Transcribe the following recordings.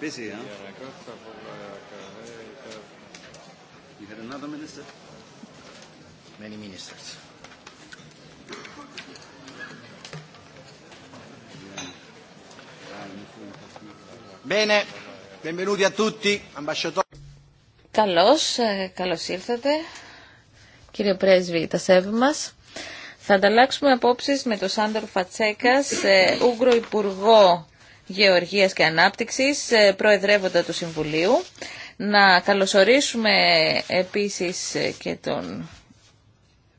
Busy, huh? You had another minister? Many ministers. Bene, benvenuti a tutti, ambasciatori. Καλώς, ε, καλώς ήρθατε. Κύριε Πρέσβη, τα σέβη μας. Θα ανταλλάξουμε απόψεις με τον Σάντορ Φατσέκας, ε, Ούγγρο Υπουργό Γεωργίας και Ανάπτυξης, ε, προεδρεύοντα του Συμβουλίου. Να καλωσορίσουμε επίσης ε, και τον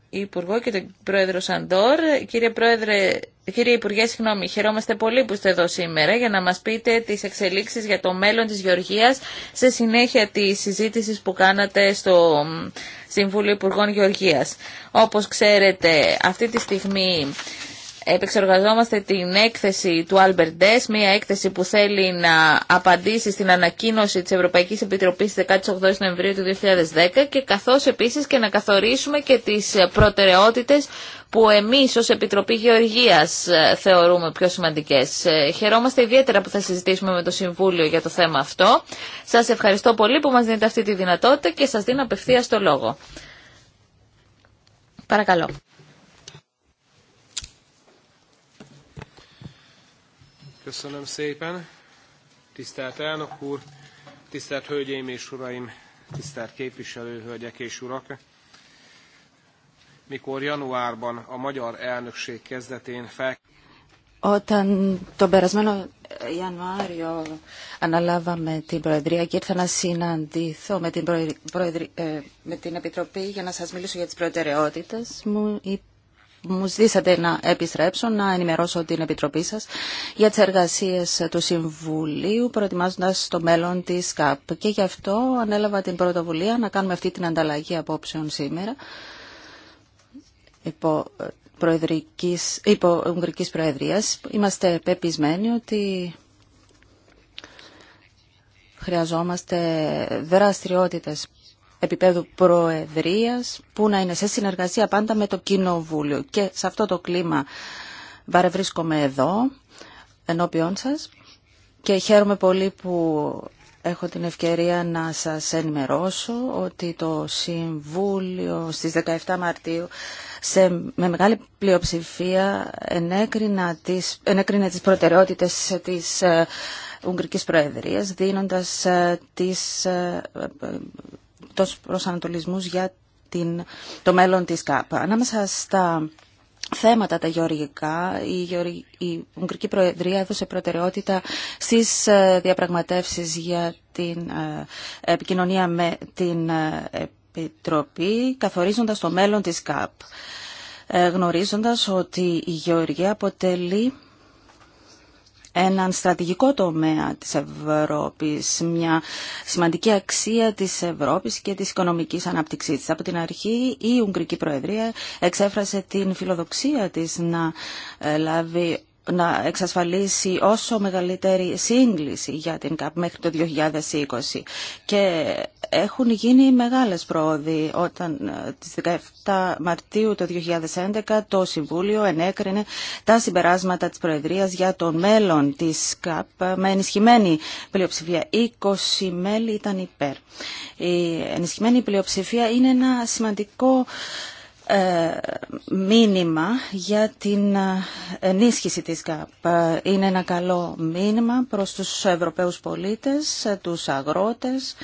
Υπουργό και τον Πρόεδρο Σαντόρ. Κύριε, Πρόεδρε, κύριε Υπουργέ, συγγνώμη, χαιρόμαστε πολύ που είστε εδώ σήμερα για να μας πείτε τις εξελίξεις για το μέλλον της Γεωργίας σε συνέχεια της συζήτηση που κάνατε στο Συμβούλιο Υπουργών Γεωργίας. Όπως ξέρετε, αυτή τη στιγμή επεξεργαζόμαστε την έκθεση του Albert Des, μια έκθεση που θέλει να απαντήσει στην ανακοίνωση της Ευρωπαϊκής Επιτροπής 18 Νοεμβρίου του 2010 και καθώς επίσης και να καθορίσουμε και τις προτεραιότητες που εμείς ως Επιτροπή Γεωργίας ε, θεωρούμε πιο σημαντικές. Ε, χαιρόμαστε ιδιαίτερα που θα συζητήσουμε με το Συμβούλιο για το θέμα αυτό. Σας ευχαριστώ πολύ που μας δίνετε αυτή τη δυνατότητα και σας δίνω απευθεία το λόγο. Παρακαλώ. Köszönöm szépen. Tisztelt elnök úr, tisztelt hölgyeim és uraim, tisztelt képviselő és urak! Mikor januárban a magyar elnökség kezdetén fel... Όταν τον περασμένο Ιανουάριο αναλάβαμε την Προεδρία και ήρθα να συναντηθώ με την, με την Επιτροπή για να σας μιλήσω για τις προτεραιότητες μου, μου ζήσατε να επιστρέψω, να ενημερώσω την Επιτροπή σας για τις εργασίες του Συμβουλίου, προετοιμάζοντας το μέλλον της ΚΑΠ. Και γι' αυτό ανέλαβα την πρωτοβουλία να κάνουμε αυτή την ανταλλαγή απόψεων σήμερα, υπό, ε, προεδρικής, υπό Ουγγρικής Προεδρίας. Είμαστε πεπισμένοι ότι χρειαζόμαστε δραστηριότητες επίπεδου προεδρίας που να είναι σε συνεργασία πάντα με το Κοινοβούλιο. Και σε αυτό το κλίμα βαρευρίσκομαι εδώ, ενώπιόν σας και χαίρομαι πολύ που έχω την ευκαιρία να σας ενημερώσω ότι το Συμβούλιο στις 17 Μαρτίου σε, με μεγάλη πλειοψηφία τις, ενέκρινε τις προτεραιότητες της ε, Ουγγρικής Προεδρίας δίνοντας ε, τις ε, τους προσανατολισμούς για την, το μέλλον της ΚΑΠ. Ανάμεσα στα θέματα τα γεωργικά. Η, Ουγγρική Προεδρία έδωσε προτεραιότητα στις ε, διαπραγματεύσεις για την ε, επικοινωνία με την ε, Επιτροπή, καθορίζοντας το μέλλον της ΚΑΠ, γνωρίζοντας ότι η γεωργία αποτελεί έναν στρατηγικό τομέα της Ευρώπης, μια σημαντική αξία της Ευρώπης και της οικονομικής ανάπτυξής Από την αρχή η Ουγγρική Προεδρία εξέφρασε την φιλοδοξία της να ε, λάβει να εξασφαλίσει όσο μεγαλύτερη σύγκληση για την ΚΑΠ μέχρι το 2020. Και έχουν γίνει μεγάλες πρόοδοι όταν ε, τις 17 Μαρτίου το 2011 το Συμβούλιο ενέκρινε τα συμπεράσματα της Προεδρίας για το μέλλον της ΚΑΠ με ενισχυμένη πλειοψηφία. 20 μέλη ήταν υπέρ. Η ενισχυμένη πλειοψηφία είναι ένα σημαντικό ε, μήνυμα για την ε, ενίσχυση της ΚΑΠ. Ε, είναι ένα καλό μήνυμα προς τους Ευρωπαίους πολίτες, τους αγρότες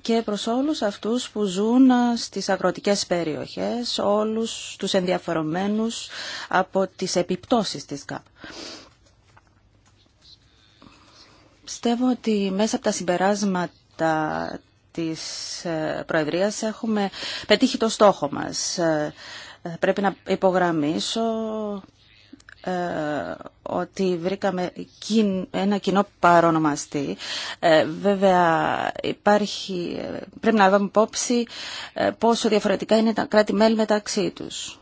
και προς όλους αυτούς που ζουν στις αγροτικές περιοχές, όλους τους ενδιαφερομένους από τις επιπτώσεις της ΚΑΠ. Πιστεύω ότι μέσα από τα συμπεράσματα της ε, Προεδρίας έχουμε πετύχει το στόχο μας. Ε, πρέπει να υπογραμμίσω ε, ότι βρήκαμε ένα κοινό παρονομαστή. Βέβαια, υπάρχει, πρέπει να λάβουμε υπόψη πόσο διαφορετικά είναι τα κράτη-μέλη μεταξύ τους.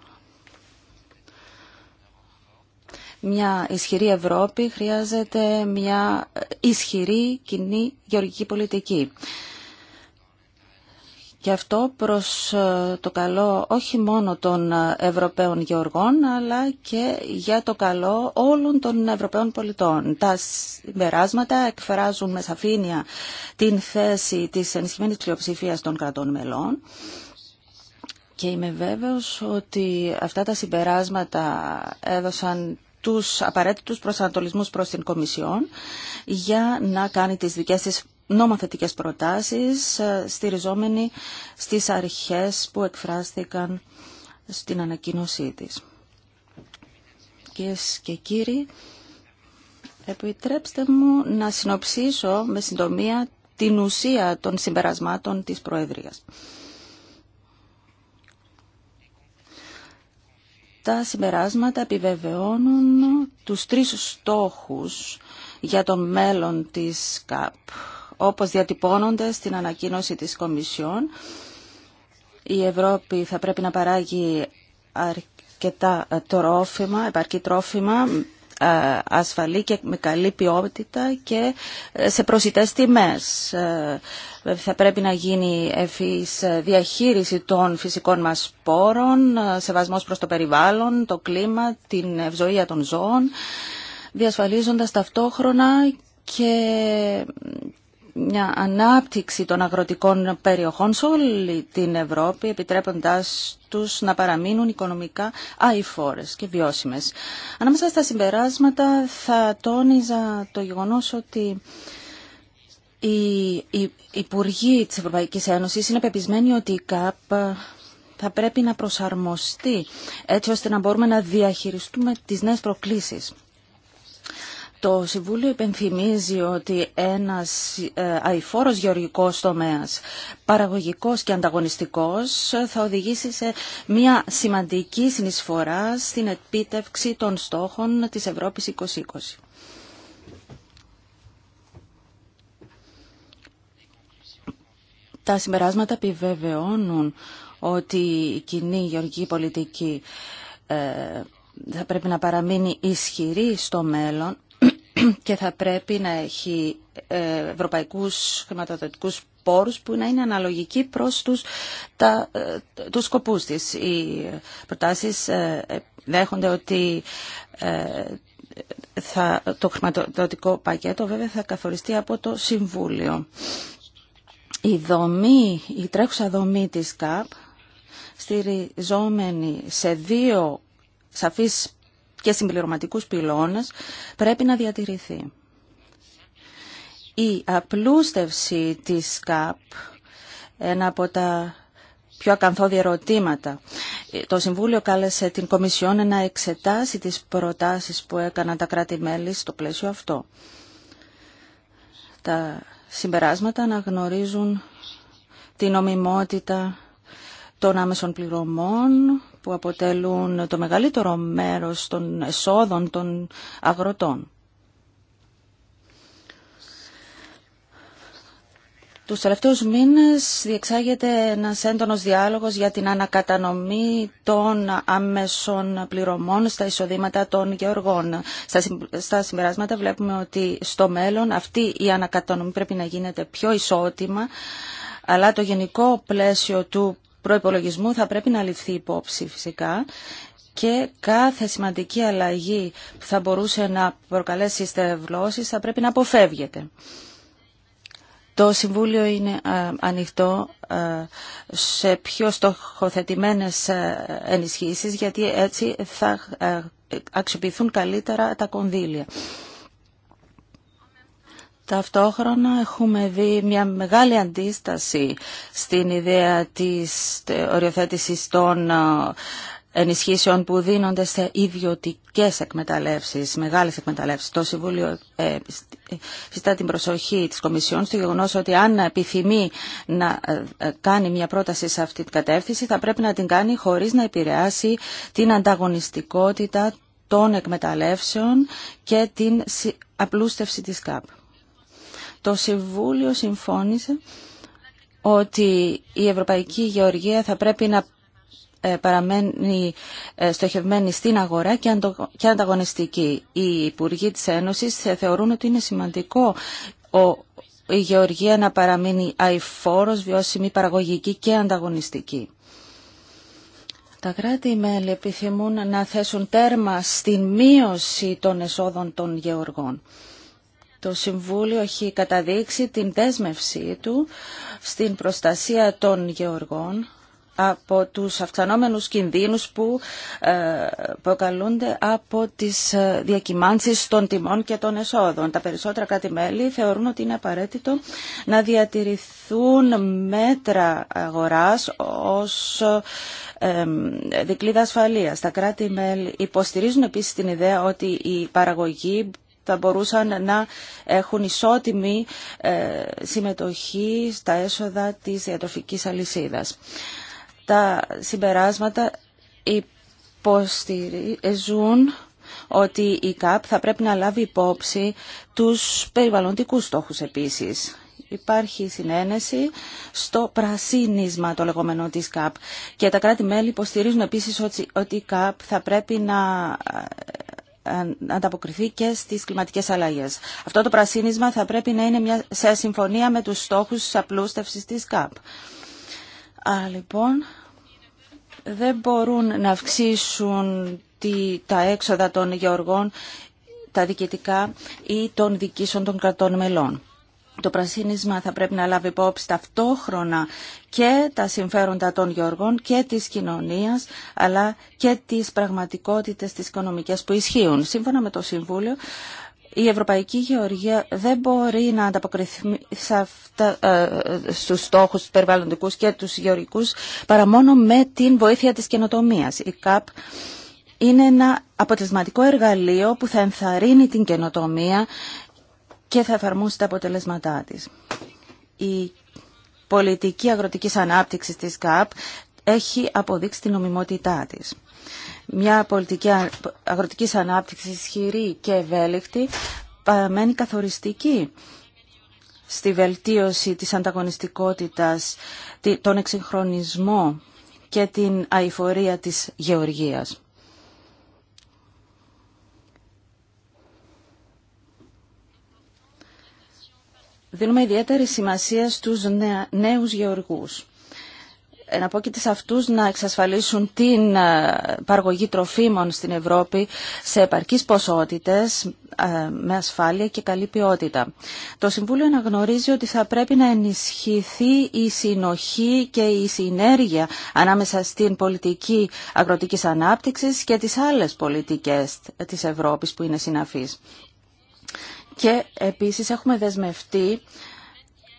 Μια ισχυρή Ευρώπη χρειάζεται μια ισχυρή κοινή γεωργική πολιτική. Γι' αυτό προς ε, το καλό όχι μόνο των ε, Ευρωπαίων γεωργών αλλά και για το καλό όλων των Ευρωπαίων πολιτών. Τα συμπεράσματα εκφράζουν με σαφήνεια την θέση της ενισχυμένης πλειοψηφία των κρατών μελών και είμαι βέβαιος ότι αυτά τα συμπεράσματα έδωσαν τους απαραίτητους προσανατολισμούς προς την Κομισιόν για να κάνει τις δικές της νομοθετικές προτάσεις ε, στηριζόμενοι στις αρχές που εκφράστηκαν στην ανακοίνωσή της. Κυρίες και κύριοι, επιτρέψτε μου να συνοψίσω με συντομία την ουσία των συμπερασμάτων της Προεδρίας. Τα συμπεράσματα επιβεβαιώνουν τους τρεις στόχους για το μέλλον της ΚΑΠ όπως διατυπώνονται στην ανακοίνωση της Κομισιόν. Η Ευρώπη θα πρέπει να παράγει αρκετά ε, τρόφιμα, επαρκή τρόφιμα, ε, ασφαλή και με καλή ποιότητα και ε, σε προσιτές τιμές. Θα πρέπει να γίνει ευφύς διαχείριση των φυσικών μας πόρων, σεβασμός προς το περιβάλλον, το κλίμα, την ευζοία των ζώων, διασφαλίζοντας ταυτόχρονα και μια ανάπτυξη των αγροτικών περιοχών σε όλη την Ευρώπη, επιτρέποντας τους να παραμείνουν οικονομικά αηφόρες και βιώσιμες. Ανάμεσα στα συμπεράσματα θα τόνιζα το γεγονός ότι οι υπουργοί της Ευρωπαϊκής Ένωσης είναι πεπισμένοι ότι η ΚΑΠ θα πρέπει να προσαρμοστεί έτσι ώστε να μπορούμε να διαχειριστούμε τις νέες προκλήσεις. Το Συμβούλιο υπενθυμίζει ότι ένας ε, αηφόρος γεωργικός τομέας, παραγωγικός και ανταγωνιστικός, θα οδηγήσει σε μια σημαντική συνεισφορά στην επίτευξη των στόχων της Ευρώπης 2020. Τα συμπεράσματα επιβεβαιώνουν ότι η κοινή γεωργική πολιτική ε, θα πρέπει να παραμείνει ισχυρή στο μέλλον και θα πρέπει να έχει ε, ευρωπαϊκούς χρηματοδοτικούς πόρους που να είναι αναλογικοί προς τους, τα, ε, τους σκοπούς της. Οι προτάσεις ε, δέχονται ότι το χρηματοδοτικό πακέτο βέβαια θα καθοριστεί από το Συμβούλιο. Η δομή, η τρέχουσα δομή της ΚΑΠ στηριζόμενη σε δύο σαφείς και συμπληρωματικούς πυλώνες πρέπει να διατηρηθεί. Η απλούστευση της ΚΑΠ, ένα από τα πιο ακαθόδια ερωτήματα. Το Συμβούλιο κάλεσε την Κομισιόν να εξετάσει τις προτάσεις που έκαναν τα κράτη-μέλη στο πλαίσιο αυτό. Τα συμπεράσματα αναγνωρίζουν την ομιμότητα των άμεσων πληρωμών που αποτελούν το μεγαλύτερο μέρος των εσόδων των αγροτών. Τους τελευταίους μήνες διεξάγεται ένας έντονος διάλογος για την ανακατανομή των αμέσων πληρωμών στα εισοδήματα των γεωργών. Στα συμπεράσματα βλέπουμε ότι στο μέλλον αυτή η ανακατανομή πρέπει να γίνεται πιο ισότιμα, αλλά το γενικό πλαίσιο του προϋπολογισμού θα πρέπει να ληφθεί υπόψη φυσικά και κάθε σημαντική αλλαγή που θα μπορούσε να προκαλέσει στευλώσεις θα πρέπει να αποφεύγεται. Το Συμβούλιο είναι ε, ανοιχτό ε, σε πιο στοχοθετημένες ε, ενισχύσεις γιατί έτσι θα αξιοποιηθούν καλύτερα τα κονδύλια. Ταυτόχρονα έχουμε δει μια μεγάλη αντίσταση στην ιδέα της οριοθέτησης των ε, ενισχύσεων που δίνονται σε ιδιωτικές εκμεταλλεύσεις, μεγάλες εκμεταλλεύσεις. Το Συμβούλιο φυστά ε, την προσοχή της Κομισιόν στο γεγονός ότι αν επιθυμεί να ε, κάνει μια πρόταση σε αυτή την κατεύθυνση θα πρέπει να την κάνει χωρίς να επηρεάσει την ανταγωνιστικότητα των εκμεταλλεύσεων και την απλούστευση της ΚΑΠ. Το Συμβούλιο συμφώνησε ότι η Ευρωπαϊκή Γεωργία θα πρέπει να ε, παραμένει ε, στοχευμένη στην αγορά και ανταγωνιστική. Οι Υπουργοί της Ένωσης θεωρούν ότι είναι σημαντικό η γεωργία να παραμείνει αηφόρος, βιώσιμη, παραγωγική και ανταγωνιστική. Τα κράτη-μέλη επιθυμούν να θέσουν τέρμα στην μείωση των εσόδων των γεωργών. Το Συμβούλιο έχει καταδείξει την δέσμευσή του στην προστασία των γεωργών από τους αυξανόμενους κινδύνους που ε, προκαλούνται από τις ε, διακυμάνσεις των τιμών και των εσόδων. Τα περισσότερα κράτη-μέλη θεωρούν ότι είναι απαραίτητο να διατηρηθούν μέτρα αγοράς ως ε, δικλείδα ασφαλείας. Τα κράτη-μέλη υποστηρίζουν επίσης την ιδέα ότι η παραγωγή θα μπορούσαν να έχουν ισότιμη ε, συμμετοχή στα έσοδα της διατροφικής αλυσίδας. Τα συμπεράσματα υποστηρίζουν ότι η ΚΑΠ θα πρέπει να λάβει υπόψη τους περιβαλλοντικούς στόχους επίσης. Υπάρχει συνένεση στο πρασίνισμα το λεγόμενο της ΚΑΠ και τα κράτη-μέλη υποστηρίζουν επίσης ότι η ΚΑΠ θα πρέπει να ανταποκριθεί και στις κλιματικές αλλαγές. Αυτό το πρασίνισμα θα πρέπει να είναι μια, σε συμφωνία με τους στόχους της απλούστευσης της ΚΑΠ. Α, λοιπόν, δεν μπορούν να αυξήσουν τη, τα έξοδα των γεωργών, τα διοικητικά ή των διοικήσεων των κρατών μελών το πρασίνισμα θα πρέπει να λάβει υπόψη ταυτόχρονα και τα συμφέροντα των γεωργών και της κοινωνίας, αλλά και τις πραγματικότητες της οικονομικές που ισχύουν. Σύμφωνα με το Συμβούλιο, η Ευρωπαϊκή Γεωργία δεν μπορεί να ανταποκριθεί σε αυτά, ε, στους στόχους τους περιβαλλοντικούς και τους γεωργικούς παρά μόνο με την βοήθεια της καινοτομίας. Η ΚΑΠ είναι ένα αποτελεσματικό εργαλείο που θα ενθαρρύνει την καινοτομία και θα εφαρμόσει τα αποτελέσματά της. Η πολιτική αγροτικής ανάπτυξης της ΚΑΠ έχει αποδείξει την νομιμότητά της. Μια πολιτική αγροτικής ανάπτυξης ισχυρή και ευέλικτη παραμένει καθοριστική στη βελτίωση της ανταγωνιστικότητας, τον εξυγχρονισμό και την αηφορία της γεωργίας. δίνουμε ιδιαίτερη σημασία στους νέους γεωργούς. Εναπόκειται σε αυτούς να εξασφαλίσουν την ε, παραγωγή τροφίμων στην Ευρώπη σε επαρκείς ποσότητες, ε, με ασφάλεια και καλή ποιότητα. Το Συμβούλιο αναγνωρίζει ότι θα πρέπει να ενισχυθεί η συνοχή και η συνέργεια ανάμεσα στην πολιτική αγροτικής ανάπτυξης και τις άλλες πολιτικές της Ευρώπης που είναι συναφείς. Και επίσης έχουμε δεσμευτεί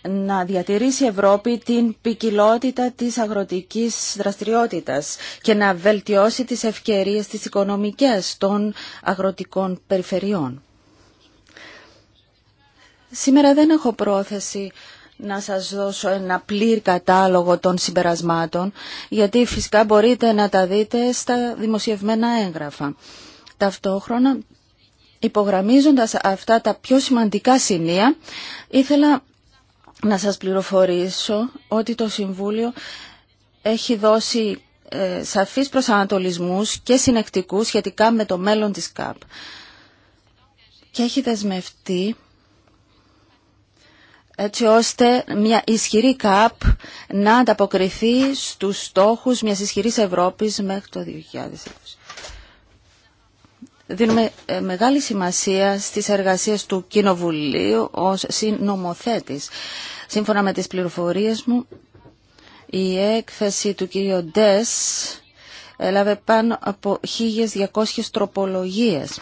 να διατηρήσει η Ευρώπη την ποικιλότητα της αγροτικής δραστηριότητας και να βελτιώσει τις ευκαιρίες της οικονομικές των αγροτικών περιφερειών. Σήμερα δεν έχω πρόθεση να σας δώσω ένα πλήρ κατάλογο των συμπερασμάτων, γιατί φυσικά μπορείτε να τα δείτε στα δημοσιευμένα έγγραφα. Ταυτόχρονα υπογραμμίζοντας αυτά τα πιο σημαντικά σημεία, ήθελα να σας πληροφορήσω ότι το Συμβούλιο έχει δώσει ε, σαφείς προσανατολισμούς και συνεκτικούς σχετικά με το μέλλον της ΚΑΠ και έχει δεσμευτεί έτσι ώστε μια ισχυρή ΚΑΠ να ανταποκριθεί στους στόχους μιας ισχυρής Ευρώπης μέχρι το 2020. Δίνουμε ε, μεγάλη σημασία στις εργασίες του Κοινοβουλίου ως συνομοθέτης. Σύμφωνα με τις πληροφορίες μου, η έκθεση του κ. Ντες έλαβε πάνω από 1.200 τροπολογίες.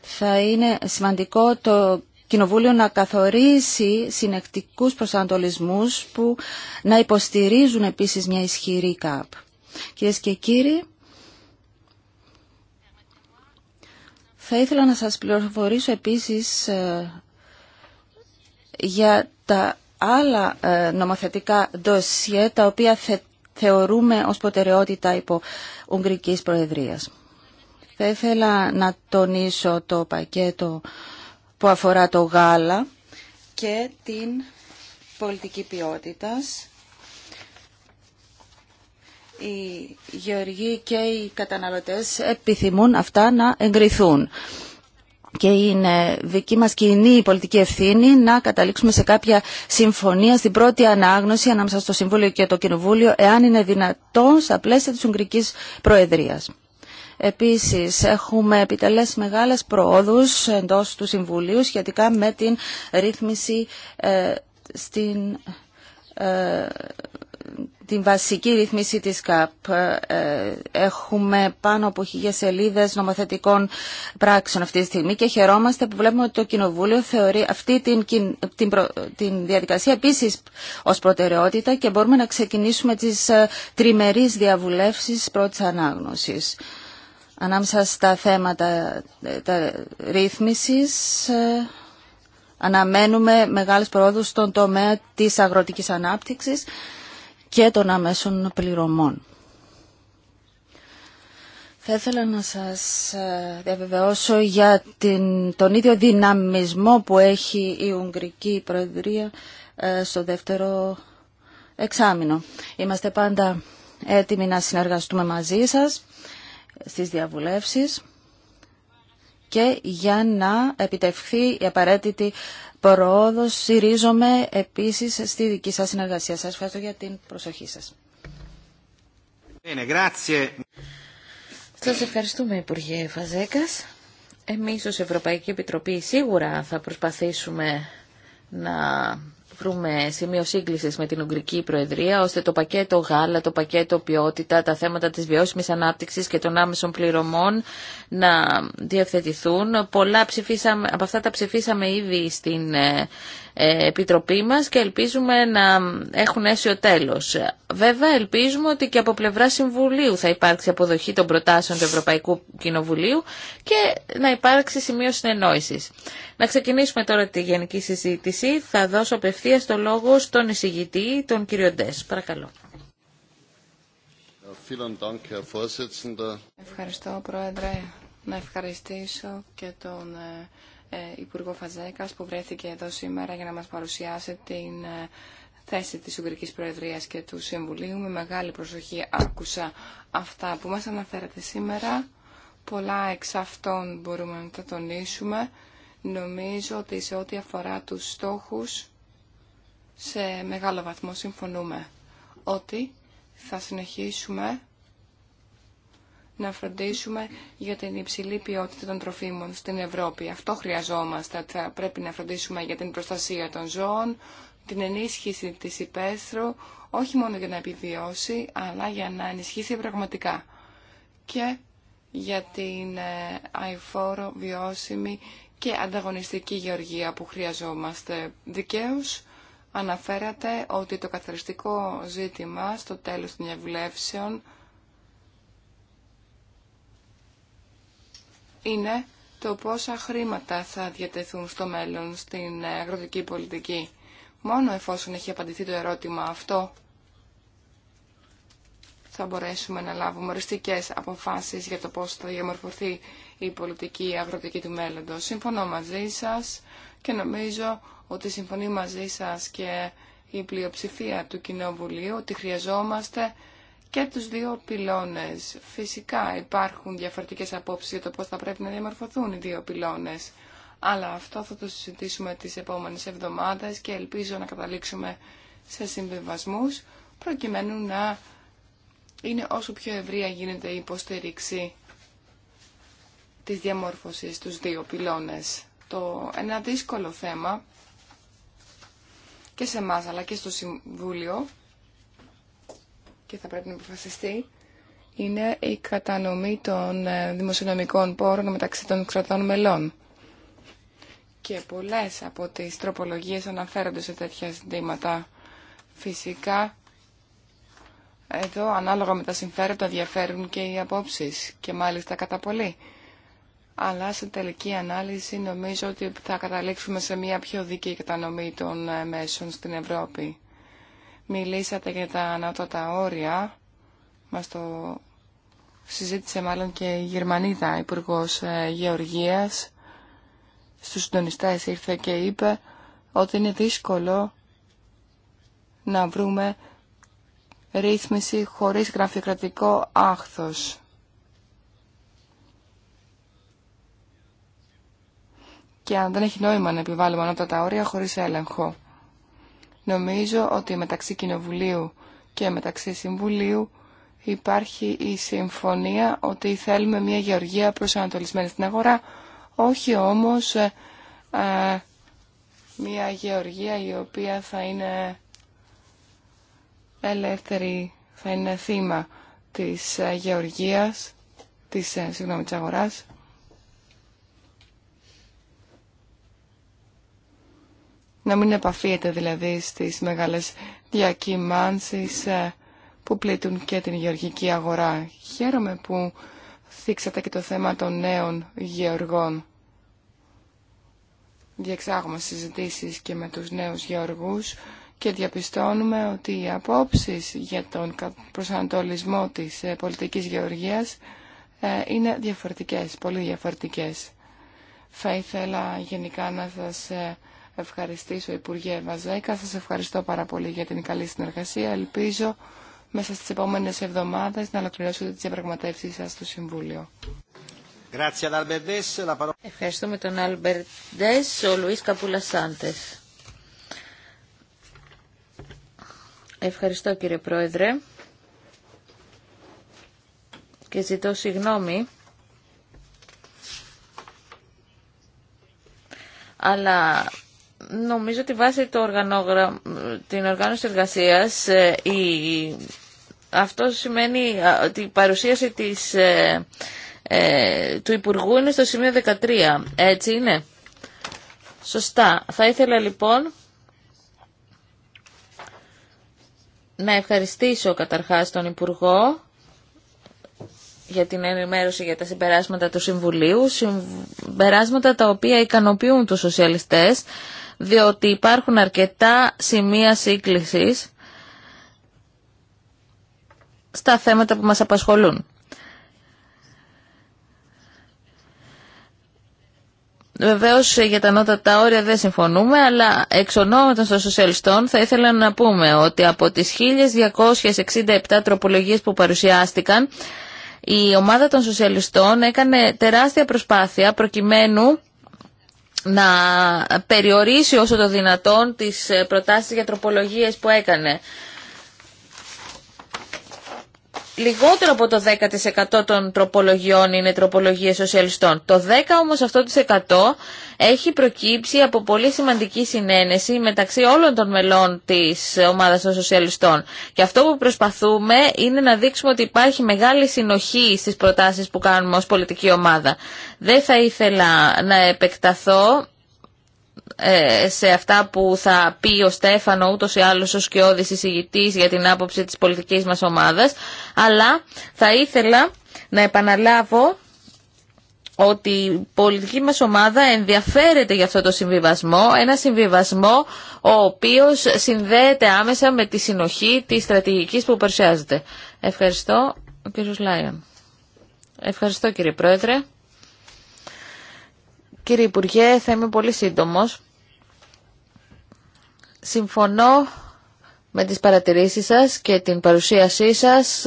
Θα είναι σημαντικό το Κοινοβούλιο να καθορίσει συνεκτικούς προσανατολισμούς που να υποστηρίζουν επίσης μια ισχυρή ΚΑΠ. Κυρίες και κύριοι, Θα ήθελα να σας πληροφορήσω επίσης ε, για τα άλλα ε, νομοθετικά ντοσιέ τα οποία θεωρούμε ως προτεραιότητα υπό Ουγγρικής Προεδρίας. Θα ήθελα να τονίσω το πακέτο που αφορά το γάλα και την πολιτική ποιότητας οι γεωργοί και οι καταναλωτές επιθυμούν αυτά να εγκριθούν. Και είναι δική μας κοινή πολιτική ευθύνη να καταλήξουμε σε κάποια συμφωνία στην πρώτη ανάγνωση ανάμεσα στο Συμβούλιο και το Κοινοβούλιο, εάν είναι δυνατόν, στα πλαίσια της Ουγγρικής Προεδρίας. Επίσης, έχουμε επιτελέσει μεγάλες προόδους εντός του Συμβουλίου σχετικά με την ρύθμιση ε, στην ε, την βασική ρυθμίση της ΚΑΠ. Ε, ε, έχουμε πάνω από χίλιες σελίδες νομοθετικών πράξεων αυτή τη στιγμή και χαιρόμαστε που βλέπουμε ότι το Κοινοβούλιο θεωρεί αυτή την, την, την διαδικασία επίσης ως προτεραιότητα και μπορούμε να ξεκινήσουμε τις ε, τριμερείς διαβουλεύσεις πρώτης ανάγνωσης. Ανάμεσα στα θέματα τα ρύθμισης, αναμένουμε μεγάλες προόδους στον τομέα της αγροτικής ανάπτυξης και των αμέσων πληρωμών. Θα ήθελα να σας ε, διαβεβαιώσω για την, τον ίδιο δυναμισμό που έχει η Ουγγρική Προεδρία ε, στο δεύτερο εξάμεινο. Είμαστε πάντα έτοιμοι να συνεργαστούμε μαζί σας στις διαβουλεύσεις και για να επιτευχθεί η απαραίτητη πρόοδο στηρίζομαι επίση στη δική σα συνεργασία. Σα ευχαριστώ για την προσοχή σα. Σα ευχαριστούμε Υπουργέ Φαζέκα. Εμεί ω Ευρωπαϊκή Επιτροπή σίγουρα θα προσπαθήσουμε να βρούμε σημείο σύγκληση με την Ουγγρική Προεδρία, ώστε το πακέτο γάλα, το πακέτο ποιότητα, τα θέματα της βιώσιμης ανάπτυξης και των άμεσων πληρωμών να διευθετηθούν. Πολλά ψηφίσαμε, από αυτά τα ψηφίσαμε ήδη στην ε, ε, Επιτροπή μας και ελπίζουμε να έχουν αίσιο τέλος. Βέβαια ελπίζουμε ότι και από πλευρά Συμβουλίου θα υπάρξει αποδοχή των προτάσεων του Ευρωπαϊκού Κοινοβουλίου και να υπάρξει σημείο συνεννόησης. Να ξεκινήσουμε τώρα τη γενική συζήτηση. Θα δώσω απευθεία το λόγο στον εισηγητή, τον κύριο Ντές. Παρακαλώ. Ευχαριστώ, Πρόεδρε. Να ευχαριστήσω και τον ε, ε, Υπουργό Φατζέκας που βρέθηκε εδώ σήμερα για να μας παρουσιάσει την ε, θέση της Ουγγρικής Προεδρίας και του Συμβουλίου. Με μεγάλη προσοχή άκουσα αυτά που μας αναφέρατε σήμερα. Πολλά εξ αυτών μπορούμε να τα τονίσουμε. Νομίζω ότι σε ό,τι αφορά τους στόχους, σε μεγάλο βαθμό συμφωνούμε ότι θα συνεχίσουμε να φροντίσουμε για την υψηλή ποιότητα των τροφίμων στην Ευρώπη. Αυτό χρειαζόμαστε. Θα πρέπει να φροντίσουμε για την προστασία των ζώων, την ενίσχυση της υπαίθρου, όχι μόνο για να επιβιώσει, αλλά για να ενισχύσει πραγματικά. Και για την ε, αηφόρο βιώσιμη και ανταγωνιστική γεωργία που χρειαζόμαστε. Δικαίως αναφέρατε ότι το καθαριστικό ζήτημα στο τέλος των διαβουλεύσεων είναι το πόσα χρήματα θα διατεθούν στο μέλλον στην αγροτική πολιτική. Μόνο εφόσον έχει απαντηθεί το ερώτημα αυτό, θα μπορέσουμε να λάβουμε οριστικέ αποφάσεις για το πώς θα διαμορφωθεί η πολιτική η αγροτική του μέλλοντος. Συμφωνώ μαζί σας και νομίζω ότι συμφωνεί μαζί σας και η πλειοψηφία του Κοινοβουλίου ότι χρειαζόμαστε και τους δύο πυλώνες. Φυσικά υπάρχουν διαφορετικές απόψεις για το πώς θα πρέπει να διαμορφωθούν οι δύο πυλώνες. Αλλά αυτό θα το συζητήσουμε τις επόμενες εβδομάδες και ελπίζω να καταλήξουμε σε συμβιβασμούς προκειμένου να είναι όσο πιο ευρεία γίνεται η υποστήριξη της διαμόρφωσης τους δύο πυλώνες. Το ένα δύσκολο θέμα και σε εμά αλλά και στο Συμβούλιο και θα πρέπει να αποφασιστεί είναι η κατανομή των ε, δημοσιονομικών πόρων μεταξύ των κρατών μελών. Και πολλές από τις τροπολογίες αναφέρονται σε τέτοια συντήματα Φυσικά, εδώ ανάλογα με τα συμφέροντα διαφέρουν και οι απόψεις και μάλιστα κατά πολύ. Αλλά σε τελική ανάλυση νομίζω ότι θα καταλήξουμε σε μια πιο δίκαιη κατανομή των ε, μέσων στην Ευρώπη. Μιλήσατε για τα ανώτατα όρια. Μας το συζήτησε μάλλον και η Γερμανίδα υπουργό ε, Γεωργίας. Στους συντονιστές ήρθε και είπε ότι είναι δύσκολο να βρούμε ρύθμιση χωρίς γραφειοκρατικό άχθος. Και αν δεν έχει νόημα να επιβάλλουμε ανώτατα όρια χωρίς έλεγχο. Νομίζω ότι μεταξύ Κοινοβουλίου και μεταξύ Συμβουλίου υπάρχει η συμφωνία ότι θέλουμε μια γεωργία προσανατολισμένη στην αγορά, όχι όμως ε, ε, μια γεωργία η οποία θα είναι ελεύθερη, θα είναι θύμα της ε, γεωργίας, της, συγγνώμη, της αγοράς. να μην επαφείτε δηλαδή στις μεγάλες διακυμάνσεις ε, που πλήττουν και την γεωργική αγορά. Χαίρομαι που θίξατε και το θέμα των νέων γεωργών. Διεξάγουμε συζητήσεις και με τους νέους γεωργούς και διαπιστώνουμε ότι οι απόψεις για τον προσανατολισμό της ε, πολιτικής γεωργίας ε, είναι διαφορετικές, πολύ διαφορετικές. Θα ήθελα γενικά να σας ευχαριστήσω, Υπουργέ Βαζέκα. Σας ευχαριστώ πάρα πολύ για την καλή συνεργασία. Ελπίζω μέσα στις επόμενες εβδομάδες να ολοκληρώσετε τις διαπραγματεύσεις σας στο Συμβούλιο. Ευχαριστούμε τον Αλμπερντές, ο Λουίς Καπουλασάντες. Ευχαριστώ κύριε Πρόεδρε και ζητώ συγγνώμη αλλά Νομίζω ότι βάσει το την οργάνωση εργασίας ε, η... αυτό σημαίνει ότι η παρουσίαση της, ε, ε, του Υπουργού είναι στο σημείο 13. Έτσι είναι. Σωστά. Θα ήθελα λοιπόν να ευχαριστήσω καταρχάς τον Υπουργό για την ενημέρωση για τα συμπεράσματα του Συμβουλίου, συμπεράσματα τα οποία ικανοποιούν τους σοσιαλιστές διότι υπάρχουν αρκετά σημεία σύγκλησης στα θέματα που μας απασχολούν. Βεβαίω για τα νότατα όρια δεν συμφωνούμε, αλλά εξ των σοσιαλιστών θα ήθελα να πούμε ότι από τις 1267 τροπολογίες που παρουσιάστηκαν, η ομάδα των σοσιαλιστών έκανε τεράστια προσπάθεια προκειμένου να περιορίσει όσο το δυνατόν τις ε, προτάσεις για τροπολογίες που έκανε λιγότερο από το 10% των τροπολογιών είναι τροπολογίες σοσιαλιστών. Το 10% όμως αυτό το 100% έχει προκύψει από πολύ σημαντική συνένεση μεταξύ όλων των μελών της ομάδας των σοσιαλιστών. Και αυτό που προσπαθούμε είναι να δείξουμε ότι υπάρχει μεγάλη συνοχή στις προτάσεις που κάνουμε ως πολιτική ομάδα. Δεν θα ήθελα να επεκταθώ ε, σε αυτά που θα πει ο Στέφανο ούτως ή άλλως ο σκιώδης εισηγητής για την άποψη της πολιτικής μας ομάδας αλλά θα ήθελα να επαναλάβω ότι η πολιτική μας ομάδα ενδιαφέρεται για αυτό το συμβιβασμό, ένα συμβιβασμό ο οποίος συνδέεται άμεσα με τη συνοχή της στρατηγικής που παρουσιάζεται. Ευχαριστώ, κύριος Λάιον. Ευχαριστώ κύριε Πρόεδρε. Κύριε Υπουργέ, θα είμαι πολύ σύντομος. Συμφωνώ με τις παρατηρήσεις σας και την παρουσίασή σας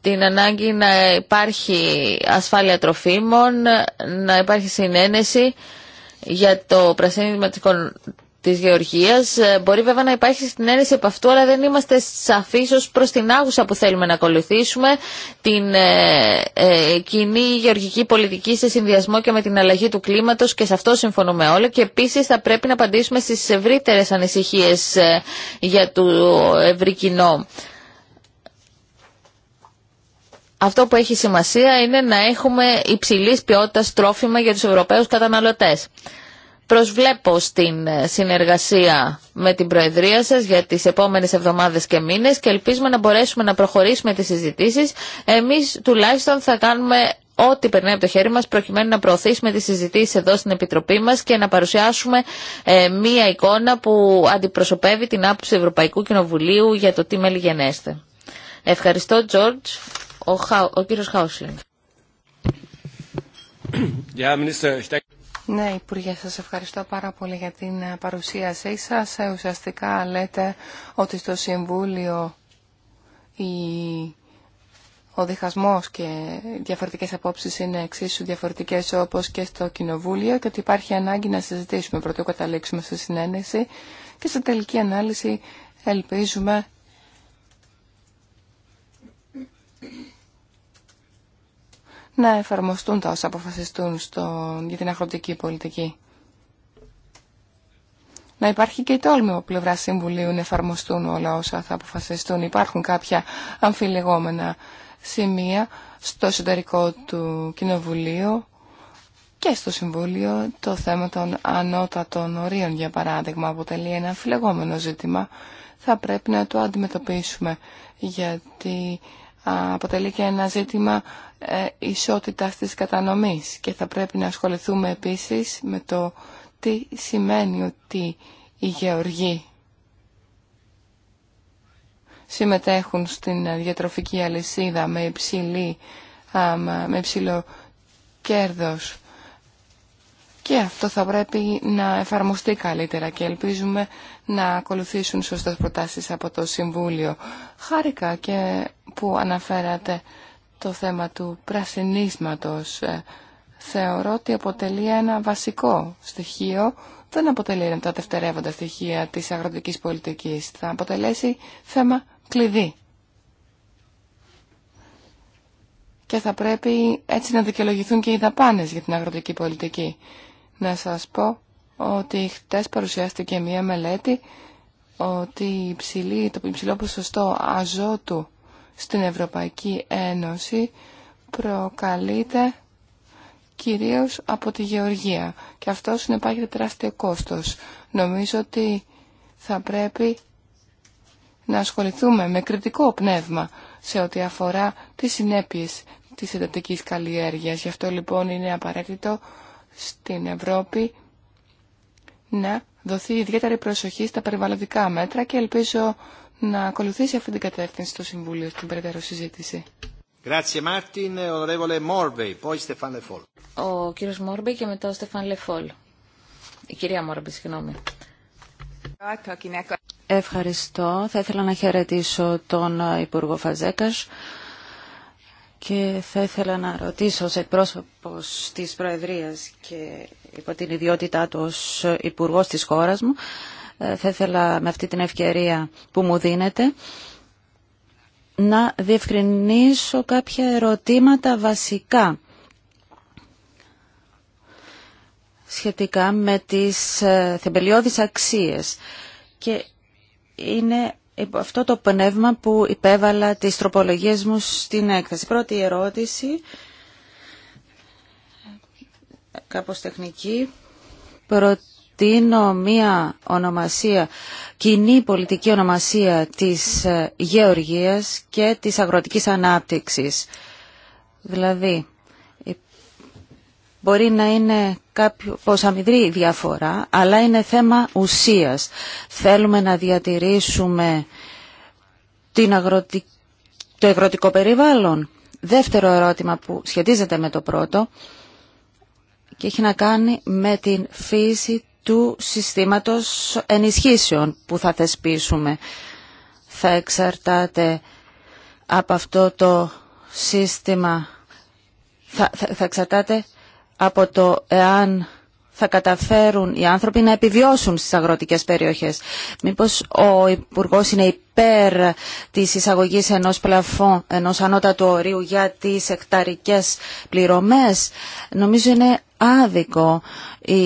την ανάγκη να υπάρχει ασφάλεια τροφίμων, να υπάρχει συνένεση για το πρασίνισμα της γεωργίας. Ε, μπορεί βέβαια να υπάρχει συνέντευξη από αυτού, αλλά δεν είμαστε σαφείς ως προς την άγουσα που θέλουμε να ακολουθήσουμε, την ε, ε, κοινή γεωργική πολιτική σε συνδυασμό και με την αλλαγή του κλίματος και σε αυτό συμφωνούμε όλοι. Και επίσης θα πρέπει να απαντήσουμε στις ευρύτερε ανησυχίες ε, για το ευρύ κοινό. Αυτό που έχει σημασία είναι να έχουμε υψηλής ποιότητας τρόφιμα για τους Ευρωπαίους καταναλωτές. Προσβλέπω στην ε, συνεργασία με την Προεδρία σας για τις επόμενες εβδομάδες και μήνες και ελπίζουμε να μπορέσουμε να προχωρήσουμε τις συζητήσεις. Εμείς τουλάχιστον θα κάνουμε ό,τι περνάει από το χέρι μας προκειμένου να προωθήσουμε τις συζητήσεις εδώ στην Επιτροπή μας και να παρουσιάσουμε ε, μία εικόνα που αντιπροσωπεύει την άποψη Ευρωπαϊκού Κοινοβουλίου για το τι μελιγενέστε. Ευχαριστώ, Τζόρτζ. Ο, ο κύριος Χάουσλινγκ. Ναι, Υπουργέ, σας ευχαριστώ πάρα πολύ για την ε, παρουσίασή σας. Ε, ουσιαστικά λέτε ότι στο Συμβούλιο η... ο διχασμός και οι διαφορετικές απόψεις είναι εξίσου διαφορετικές όπως και στο Κοινοβούλιο και ότι υπάρχει ανάγκη να συζητήσουμε πρωτού καταλήξουμε στη συνένεση και σε τελική ανάλυση ελπίζουμε να εφαρμοστούν τα όσα αποφασιστούν στο, για την αγροτική πολιτική. Να υπάρχει και η τόλμη από πλευρά Συμβουλίου να εφαρμοστούν όλα όσα θα αποφασιστούν. Υπάρχουν κάποια αμφιλεγόμενα σημεία στο εσωτερικό του Κοινοβουλίου και στο Συμβούλιο το θέμα των ανώτατων ορίων, για παράδειγμα, αποτελεί ένα αμφιλεγόμενο ζήτημα. Θα πρέπει να το αντιμετωπίσουμε γιατί αποτελεί και ένα ζήτημα ε, ισότητας της κατανομής και θα πρέπει να ασχοληθούμε επίσης με το τι σημαίνει ότι οι γεωργοί συμμετέχουν στην διατροφική αλυσίδα με, υψηλή, με υψηλό κέρδος. Και αυτό θα πρέπει να εφαρμοστεί καλύτερα και ελπίζουμε να ακολουθήσουν σωστές προτάσεις από το Συμβούλιο. Χάρηκα και που αναφέρατε το θέμα του πρασινίσματος. Ε, θεωρώ ότι αποτελεί ένα βασικό στοιχείο, δεν αποτελεί τα δευτερεύοντα στοιχεία της αγροτικής πολιτικής. Θα αποτελέσει θέμα κλειδί. Και θα πρέπει έτσι να δικαιολογηθούν και οι δαπάνες για την αγροτική πολιτική. Να σας πω ότι χτες παρουσιάστηκε μία μελέτη ότι υψηλή, το υψηλό ποσοστό αζότου στην Ευρωπαϊκή Ένωση προκαλείται κυρίως από τη γεωργία και αυτό συνεπάγεται τεράστιο κόστος. Νομίζω ότι θα πρέπει να ασχοληθούμε με κριτικό πνεύμα σε ό,τι αφορά τις συνέπειες της εντατικής καλλιέργειας. Γι' αυτό λοιπόν είναι απαραίτητο στην Ευρώπη να δοθεί ιδιαίτερη προσοχή στα περιβαλλοντικά μέτρα και ελπίζω να ακολουθήσει αυτή την κατεύθυνση στο Συμβούλιο στην περαιτέρω συζήτηση. Ο κύριο και μετά ο Στεφάν Λεφόλ. Η κυρία συγγνώμη. Ευχαριστώ. Θα ήθελα να χαιρετήσω τον Υπουργό Φαζέκα και θα ήθελα να ρωτήσω σε εκπρόσωπος της Προεδρίας και υπό την ιδιότητά του ως υπουργός της χώρας μου. Ε, θα ήθελα με αυτή την ευκαιρία που μου δίνεται να διευκρινίσω κάποια ερωτήματα βασικά σχετικά με τις ε, θεμελιώδεις αξίες και είναι αυτό το πνεύμα που υπέβαλα τις τροπολογίες μου στην έκθεση. Πρώτη ερώτηση κάπως τεχνική. Προτείνω μία ονομασία, κοινή πολιτική ονομασία της ε, γεωργίας και της αγροτικής ανάπτυξης. Δηλαδή, μπορεί να είναι κάποιο πως αμυδρή διαφορά, αλλά είναι θέμα ουσίας. Θέλουμε να διατηρήσουμε την το αγροτικό περιβάλλον. Δεύτερο ερώτημα που σχετίζεται με το πρώτο, και έχει να κάνει με την φύση του συστήματος ενισχύσεων που θα θεσπίσουμε. Θα εξαρτάται από αυτό το σύστημα, θα, θα, θα εξαρτάται από το εάν θα καταφέρουν οι άνθρωποι να επιβιώσουν στις αγροτικές περιοχές. Μήπως ο υπουργό είναι υπέρ της εισαγωγής ενός πλαφών, ενός ανώτατου ορίου για τις εκταρικές πληρωμές. Νομίζω είναι άδικο οι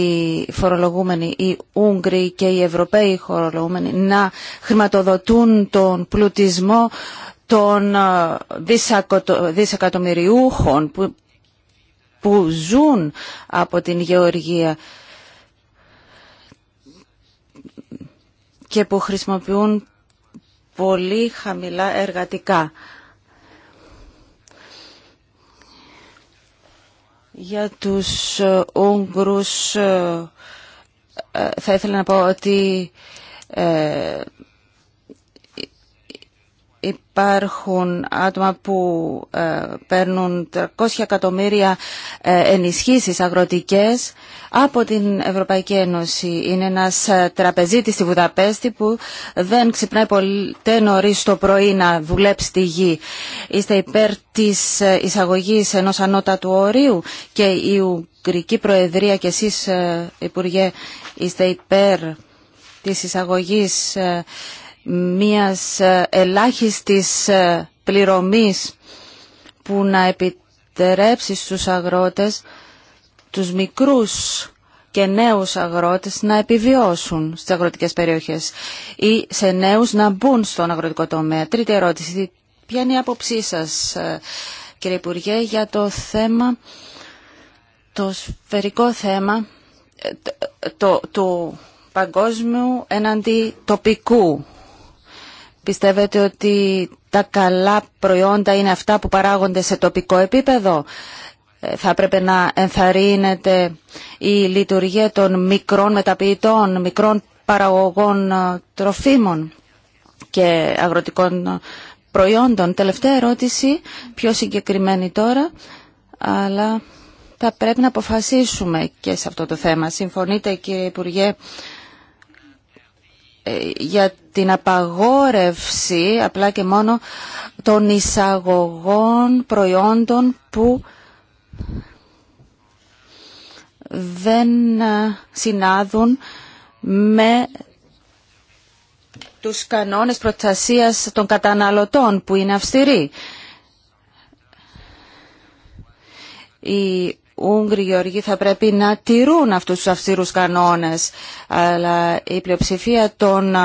φορολογούμενοι, οι Ούγγροι και οι Ευρωπαίοι φορολογούμενοι να χρηματοδοτούν τον πλουτισμό των ε, δισεκατομμυριούχων που που ζουν από την γεωργία και που χρησιμοποιούν πολύ χαμηλά εργατικά. Για τους ε, Ούγγρους ε, ε, θα ήθελα να πω ότι υπάρχουν άτομα που ε, παίρνουν 300 εκατομμύρια ε, ενισχύσεις αγροτικές από την Ευρωπαϊκή Ένωση. Είναι ένας ε, τραπεζίτης στη Βουδαπέστη που δεν ξυπνάει πολύ νωρί το πρωί να δουλέψει τη γη. Είστε υπέρ της εισαγωγής ενός ανώτατου ορίου και η Ουγγρική Προεδρία και εσείς Υπουργέ είστε υπέρ της εισαγωγής μίας ε, ελάχιστης ε, πληρωμής που να επιτρέψει στους αγρότες, τους μικρούς και νέους αγρότες να επιβιώσουν στις αγροτικές περιοχές ή σε νέους να μπουν στον αγροτικό τομέα. Τρίτη ερώτηση, ποια είναι η άποψή σας ε, κύριε Υπουργέ για το θέμα, το σφαιρικό θέμα του το, παγκόσμιου εναντί τοπικού Πιστεύετε ότι τα καλά προϊόντα είναι αυτά που παράγονται σε τοπικό επίπεδο. Ε, θα έπρεπε να ενθαρρύνεται η λειτουργία των μικρών μεταποιητών, μικρών παραγωγών ε, τροφίμων και αγροτικών ε, προϊόντων. Τελευταία ερώτηση, πιο συγκεκριμένη τώρα, αλλά θα πρέπει να αποφασίσουμε και σε αυτό το θέμα. Συμφωνείτε κύριε Υπουργέ ε, για την απαγόρευση απλά και μόνο των εισαγωγών προϊόντων που δεν ε, συνάδουν με τους κανόνες προστασίας των καταναλωτών που είναι αυστηροί. Ούγγροι γεωργοί θα πρέπει να τηρούν αυτούς τους αυστηρούς κανόνες, αλλά η πλειοψηφία των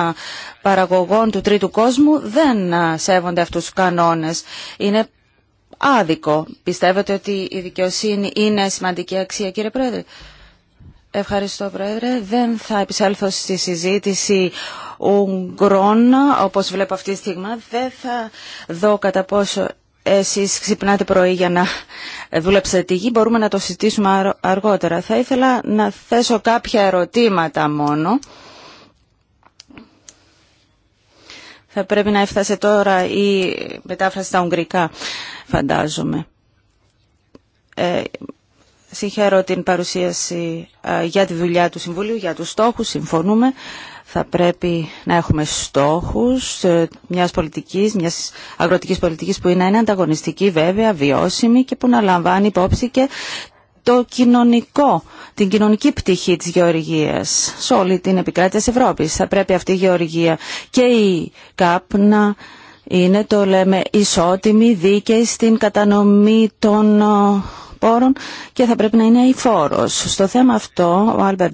παραγωγών του τρίτου κόσμου δεν σέβονται αυτούς τους κανόνες. Είναι άδικο. Πιστεύετε ότι η δικαιοσύνη είναι σημαντική αξία, κύριε Πρόεδρε. Ευχαριστώ, Πρόεδρε. Δεν θα επισέλθω στη συζήτηση Ουγγρών, όπως βλέπω αυτή τη στιγμή. Δεν θα δω κατά πόσο εσείς ξυπνάτε πρωί για να ε, δουλέψετε τη γη, μπορούμε να το συζητήσουμε αργότερα. Θα ήθελα να θέσω κάποια ερωτήματα μόνο. Θα πρέπει να έφτασε τώρα η μετάφραση στα Ουγγρικά, φαντάζομαι. Ε, την παρουσίαση για τη δουλειά του Συμβουλίου, για τους στόχους, συμφωνούμε θα πρέπει να έχουμε στόχους ε, μιας πολιτικής, μιας αγροτικής πολιτικής που είναι ανταγωνιστική βέβαια, βιώσιμη και που να λαμβάνει υπόψη και το κοινωνικό, την κοινωνική πτυχή της γεωργίας σε όλη την επικράτεια της Ευρώπης. Θα πρέπει αυτή η γεωργία και η ΚΑΠ είναι το λέμε ισότιμη δίκαιη στην κατανομή των πόρων και θα πρέπει να είναι η φόρο. Στο θέμα αυτό, ο Άλμπερτ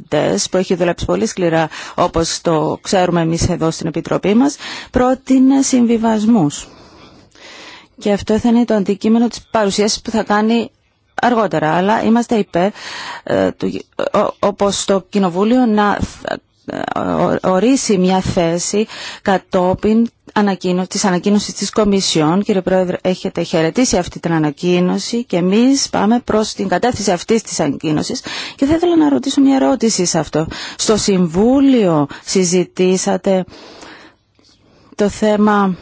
που έχει δουλέψει πολύ σκληρά, όπω το ξέρουμε εμεί εδώ στην Επιτροπή μα, πρότεινε συμβιβασμού. Και αυτό θα είναι το αντικείμενο τη παρουσίαση που θα κάνει αργότερα. Αλλά είμαστε υπέρ, ε, όπως το Κοινοβούλιο, να ε, ε, ορίσει μια θέση κατόπιν τη της ανακοίνωσης της Κομισιόν. Κύριε Πρόεδρε, έχετε χαιρετήσει αυτή την ανακοίνωση και εμείς πάμε προς την κατεύθυνση αυτής της ανακοίνωσης και θα ήθελα να ρωτήσω μια ερώτηση σε αυτό. Στο Συμβούλιο συζητήσατε το θέμα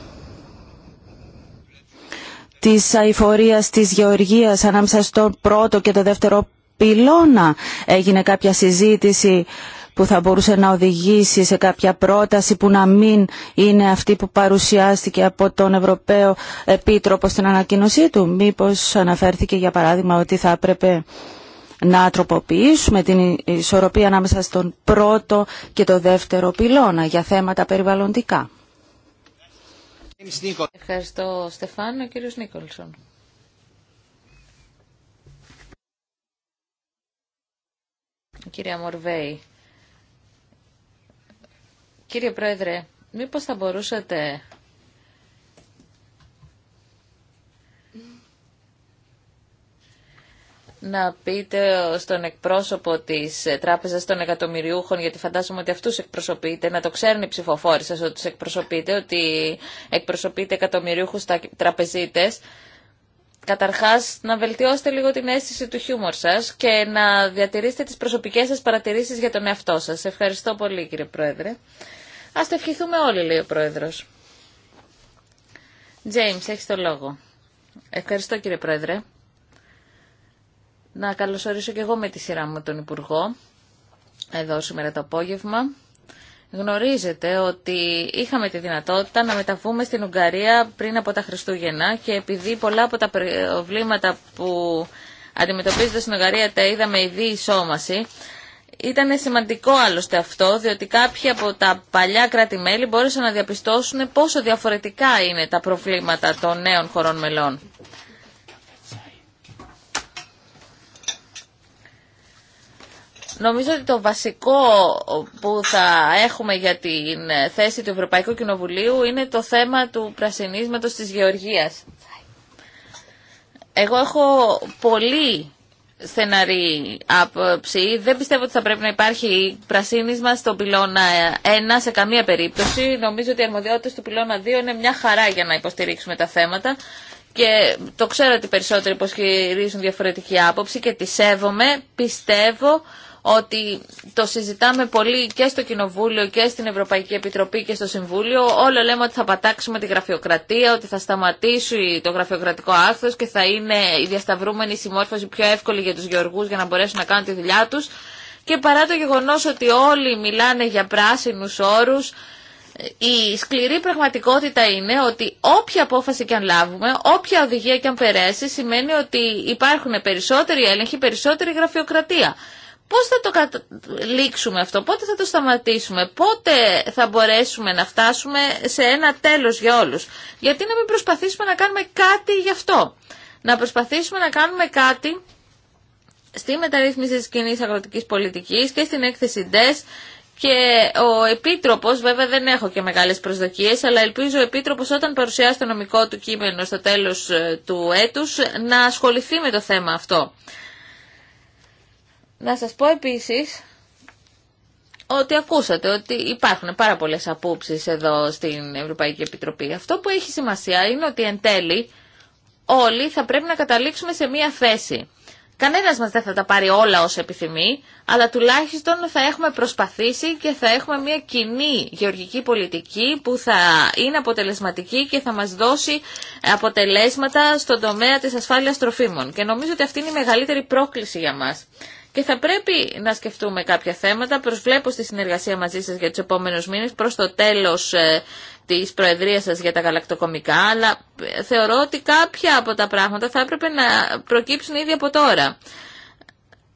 της αηφορίας της γεωργίας ανάμεσα στον πρώτο και το δεύτερο πυλώνα. Έγινε κάποια συζήτηση που θα μπορούσε να οδηγήσει σε κάποια πρόταση που να μην είναι αυτή που παρουσιάστηκε από τον Ευρωπαίο Επίτροπο στην ανακοίνωσή του. Μήπως αναφέρθηκε για παράδειγμα ότι θα έπρεπε να τροποποιήσουμε την ισορροπία ανάμεσα στον πρώτο και το δεύτερο πυλώνα για θέματα περιβαλλοντικά. Ευχαριστώ Στεφάνο. Κύριος Νίκολσον. Κυρία Μορβέη, Κύριε Πρόεδρε, μήπως θα μπορούσατε να πείτε στον εκπρόσωπο της Τράπεζας των Εκατομμυριούχων, γιατί φαντάζομαι ότι αυτούς εκπροσωπείτε, να το ξέρουν οι ψηφοφόροι σας ότι τους εκπροσωπείτε, ότι εκπροσωπείτε εκατομμυριούχους τραπεζίτες, Καταρχάς να βελτιώσετε λίγο την αίσθηση του χιούμορ σας και να διατηρήσετε τις προσωπικές σας παρατηρήσεις για τον εαυτό σας. Ευχαριστώ πολύ κύριε Πρόεδρε. Ας το ευχηθούμε όλοι, λέει ο Πρόεδρος. James, έχεις το λόγο. Ευχαριστώ κύριε Πρόεδρε. Να καλωσορίσω και εγώ με τη σειρά μου τον Υπουργό, εδώ σήμερα το απόγευμα. Γνωρίζετε ότι είχαμε τη δυνατότητα να μεταβούμε στην Ουγγαρία πριν από τα Χριστούγεννα και επειδή πολλά από τα προβλήματα που αντιμετωπίζονται στην Ουγγαρία τα είδαμε η σώμαση. Ήταν σημαντικό άλλωστε αυτό, διότι κάποιοι από τα παλιά κράτη-μέλη μπόρεσαν να διαπιστώσουν πόσο διαφορετικά είναι τα προβλήματα των νέων χωρών μελών. Νομίζω ότι το βασικό που θα έχουμε για την θέση του Ευρωπαϊκού Κοινοβουλίου είναι το θέμα του πρασινίσματος της γεωργίας. Εγώ έχω πολύ στεναρή άποψη. Δεν πιστεύω ότι θα πρέπει να υπάρχει πρασίνισμα στον πυλώνα 1 σε καμία περίπτωση. Νομίζω ότι οι αρμοδιότητε του πυλώνα 2 είναι μια χαρά για να υποστηρίξουμε τα θέματα και το ξέρω ότι περισσότεροι υποστηρίζουν διαφορετική άποψη και τη σέβομαι. Πιστεύω ότι το συζητάμε πολύ και στο Κοινοβούλιο και στην Ευρωπαϊκή Επιτροπή και στο Συμβούλιο. Όλο λέμε ότι θα πατάξουμε τη γραφειοκρατία, ότι θα σταματήσει το γραφειοκρατικό άκθο και θα είναι η διασταυρούμενη συμμόρφωση πιο εύκολη για του γεωργού για να μπορέσουν να κάνουν τη δουλειά του. Και παρά το γεγονό ότι όλοι μιλάνε για πράσινου όρου, η σκληρή πραγματικότητα είναι ότι όποια απόφαση και αν λάβουμε, όποια οδηγία και αν περάσει, σημαίνει ότι υπάρχουν περισσότεροι έλεγχοι, περισσότερη γραφειοκρατία. Πώς θα το καταλήξουμε αυτό, πότε θα το σταματήσουμε, πότε θα μπορέσουμε να φτάσουμε σε ένα τέλος για όλους. Γιατί να μην προσπαθήσουμε να κάνουμε κάτι γι' αυτό. Να προσπαθήσουμε να κάνουμε κάτι στη μεταρρύθμιση της κοινή αγροτικής πολιτικής και στην έκθεση DES. και ο Επίτροπος, βέβαια δεν έχω και μεγάλες προσδοκίες, αλλά ελπίζω ο Επίτροπος όταν παρουσιάσει το νομικό του κείμενο στο τέλος ε, του έτους να ασχοληθεί με το θέμα αυτό. Να σας πω επίσης ότι ακούσατε ότι υπάρχουν πάρα πολλές απόψεις εδώ στην Ευρωπαϊκή Επιτροπή. Αυτό που έχει σημασία είναι ότι εν τέλει όλοι θα πρέπει να καταλήξουμε σε μία θέση. Κανένας μας δεν θα τα πάρει όλα ως επιθυμεί, αλλά τουλάχιστον θα έχουμε προσπαθήσει και θα έχουμε μια κοινή γεωργική πολιτική που θα είναι αποτελεσματική και θα μας δώσει αποτελέσματα στον τομέα της ασφάλειας τροφίμων. Και νομίζω ότι αυτή είναι η μεγαλύτερη πρόκληση για μας. Και θα πρέπει να σκεφτούμε κάποια θέματα. Προσβλέπω στη συνεργασία μαζί σας για τους επόμενους μήνες προς το τέλος ε, της Προεδρίας σας για τα γαλακτοκομικά, αλλά ε, θεωρώ ότι κάποια από τα πράγματα θα έπρεπε να προκύψουν ήδη από τώρα.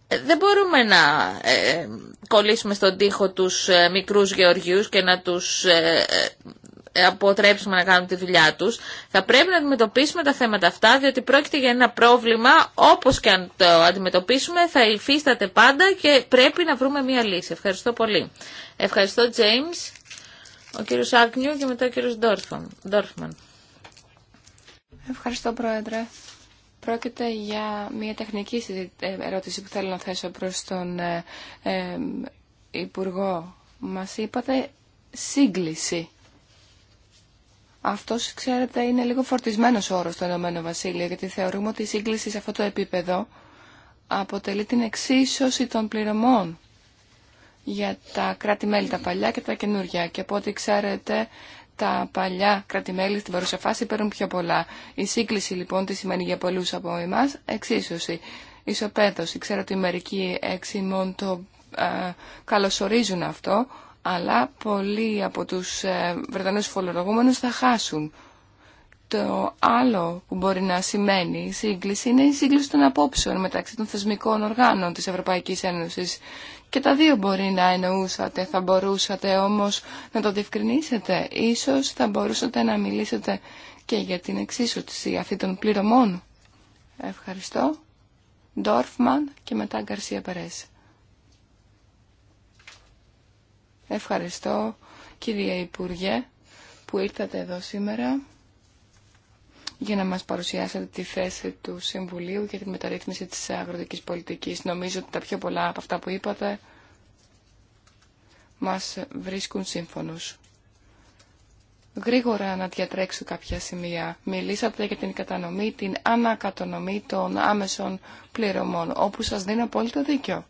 Ε, δεν μπορούμε να ε, κολλήσουμε στον τοίχο τους μικρούς γεωργιούς και να τους αποτρέψουμε να κάνουν τη δουλειά τους. Θα πρέπει να αντιμετωπίσουμε τα θέματα αυτά, διότι πρόκειται για ένα πρόβλημα, όπως και αν το αντιμετωπίσουμε, θα υφίσταται πάντα και πρέπει να βρούμε μία λύση. Ευχαριστώ πολύ. Ευχαριστώ, James, ο κύριος Άγνιου και μετά ο κύριο Ντόρφμαν. Ευχαριστώ, Πρόεδρε. Πρόκειται για μια τεχνική ε, ερώτηση που θέλω να θέσω προς τον ε, ε, Υπουργό. Μας είπατε σύγκληση. Αυτός, ξέρετε, είναι λίγο φορτισμένο όρο στο Ηνωμένο Βασίλειο, γιατί θεωρούμε ότι η σύγκληση σε αυτό το επίπεδο αποτελεί την εξίσωση των πληρωμών για τα κράτη-μέλη, τα παλιά και τα καινούργια. Και από ό,τι ξέρετε, τα παλιά κράτη-μέλη στην παρούσα φάση παίρνουν πιο πολλά. Η σύγκληση λοιπόν τι σημαίνει για πολλούς από εμάς, εξίσωση, ισοπαίδωση. Ξέρω ότι μερικοί μερικοί μόνο το ε, καλωσορίζουν αυτό, αλλά πολλοί από τους ε, Βρετανούς φορολογούμενους θα χάσουν. Το άλλο που μπορεί να σημαίνει η σύγκληση είναι η σύγκληση των απόψεων μεταξύ των θεσμικών οργάνων της Ευρωπαϊκής Ένωσης. Και τα δύο μπορεί να εννοούσατε, θα μπορούσατε όμως να το διευκρινίσετε. Ίσως θα μπορούσατε να μιλήσετε και για την εξίσωση αυτή των πληρωμών. Ευχαριστώ. Ντόρφμαν και μετά Γκαρσία Περέση. Ευχαριστώ κύριε Υπουργέ που ήρθατε εδώ σήμερα για να μας παρουσιάσετε τη θέση του Συμβουλίου για τη μεταρρύθμιση της αγροτικής πολιτικής. Νομίζω ότι τα πιο πολλά από αυτά που είπατε μας βρίσκουν σύμφωνους. Γρήγορα να διατρέξω κάποια σημεία. Μιλήσατε για την κατανομή, την ανακατονομή των άμεσων πληρωμών, όπου σας δίνω απόλυτο δίκιο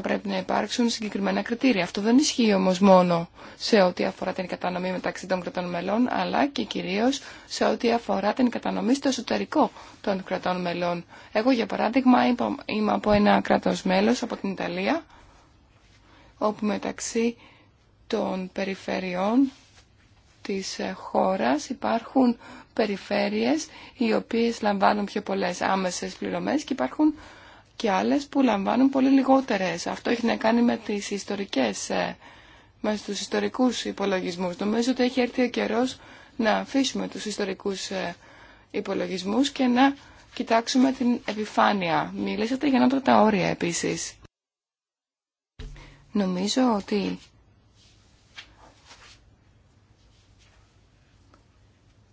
θα πρέπει να υπάρξουν συγκεκριμένα κριτήρια. Αυτό δεν ισχύει όμω μόνο σε ό,τι αφορά την κατανομή μεταξύ των κρατών μελών, αλλά και κυρίως σε ό,τι αφορά την κατανομή στο εσωτερικό των κρατών μελών. Εγώ, για παράδειγμα, είμαι από ένα κράτος μέλο από την Ιταλία, όπου μεταξύ των περιφερειών της ε, χώρας υπάρχουν περιφέρειες οι οποίες λαμβάνουν πιο πολλές άμεσες πληρωμές και υπάρχουν και άλλες που λαμβάνουν πολύ λιγότερες. Αυτό έχει να κάνει με τις ιστορικές, ε, με τους ιστορικούς υπολογισμούς. Νομίζω ότι έχει έρθει ο καιρός να αφήσουμε τους ιστορικούς ε, υπολογισμούς και να κοιτάξουμε την επιφάνεια. Μιλήσατε για να τα όρια επίσης. Νομίζω ότι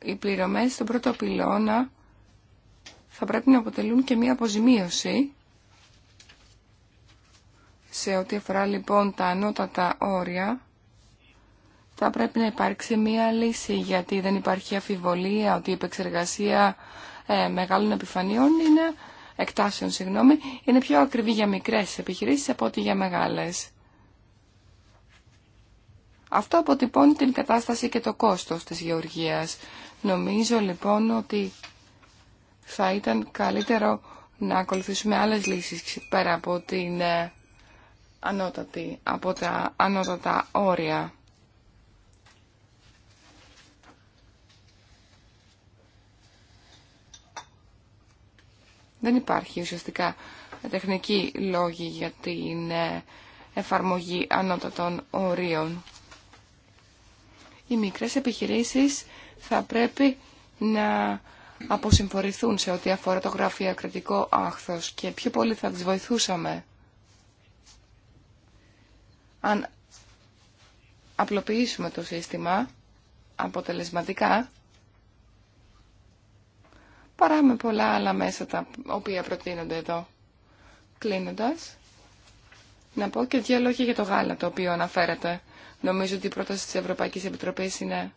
οι πληρωμές στον πρώτο πυλώνα θα πρέπει να αποτελούν και μία αποζημίωση σε ό,τι αφορά λοιπόν τα ανώτατα όρια, θα πρέπει να υπάρξει μία λύση, γιατί δεν υπάρχει αφιβολία ότι η επεξεργασία ε, μεγάλων επιφανείων είναι, εκτάσεων είναι πιο ακριβή για μικρές επιχειρήσεις από ότι για μεγάλες. Αυτό αποτυπώνει την κατάσταση και το κόστος της γεωργίας. Νομίζω λοιπόν ότι θα ήταν καλύτερο να ακολουθήσουμε άλλες λύσεις πέρα από την ε, ανώτατη από τα ανώτατα όρια. Δεν υπάρχει ουσιαστικά τεχνική λόγη για την ε, εφαρμογή ανώτατων ορίων. Οι μικρές επιχειρήσεις θα πρέπει να αποσυμφορηθούν σε ό,τι αφορά το γραφειοκρατικό άχθος και πιο πολύ θα τις βοηθούσαμε αν απλοποιήσουμε το σύστημα αποτελεσματικά, παρά με πολλά άλλα μέσα τα οποία προτείνονται εδώ. Κλείνοντας, να πω και δύο λόγια για το γάλα το οποίο αναφέρατε. Νομίζω ότι η πρόταση της Ευρωπαϊκής Επιτροπής είναι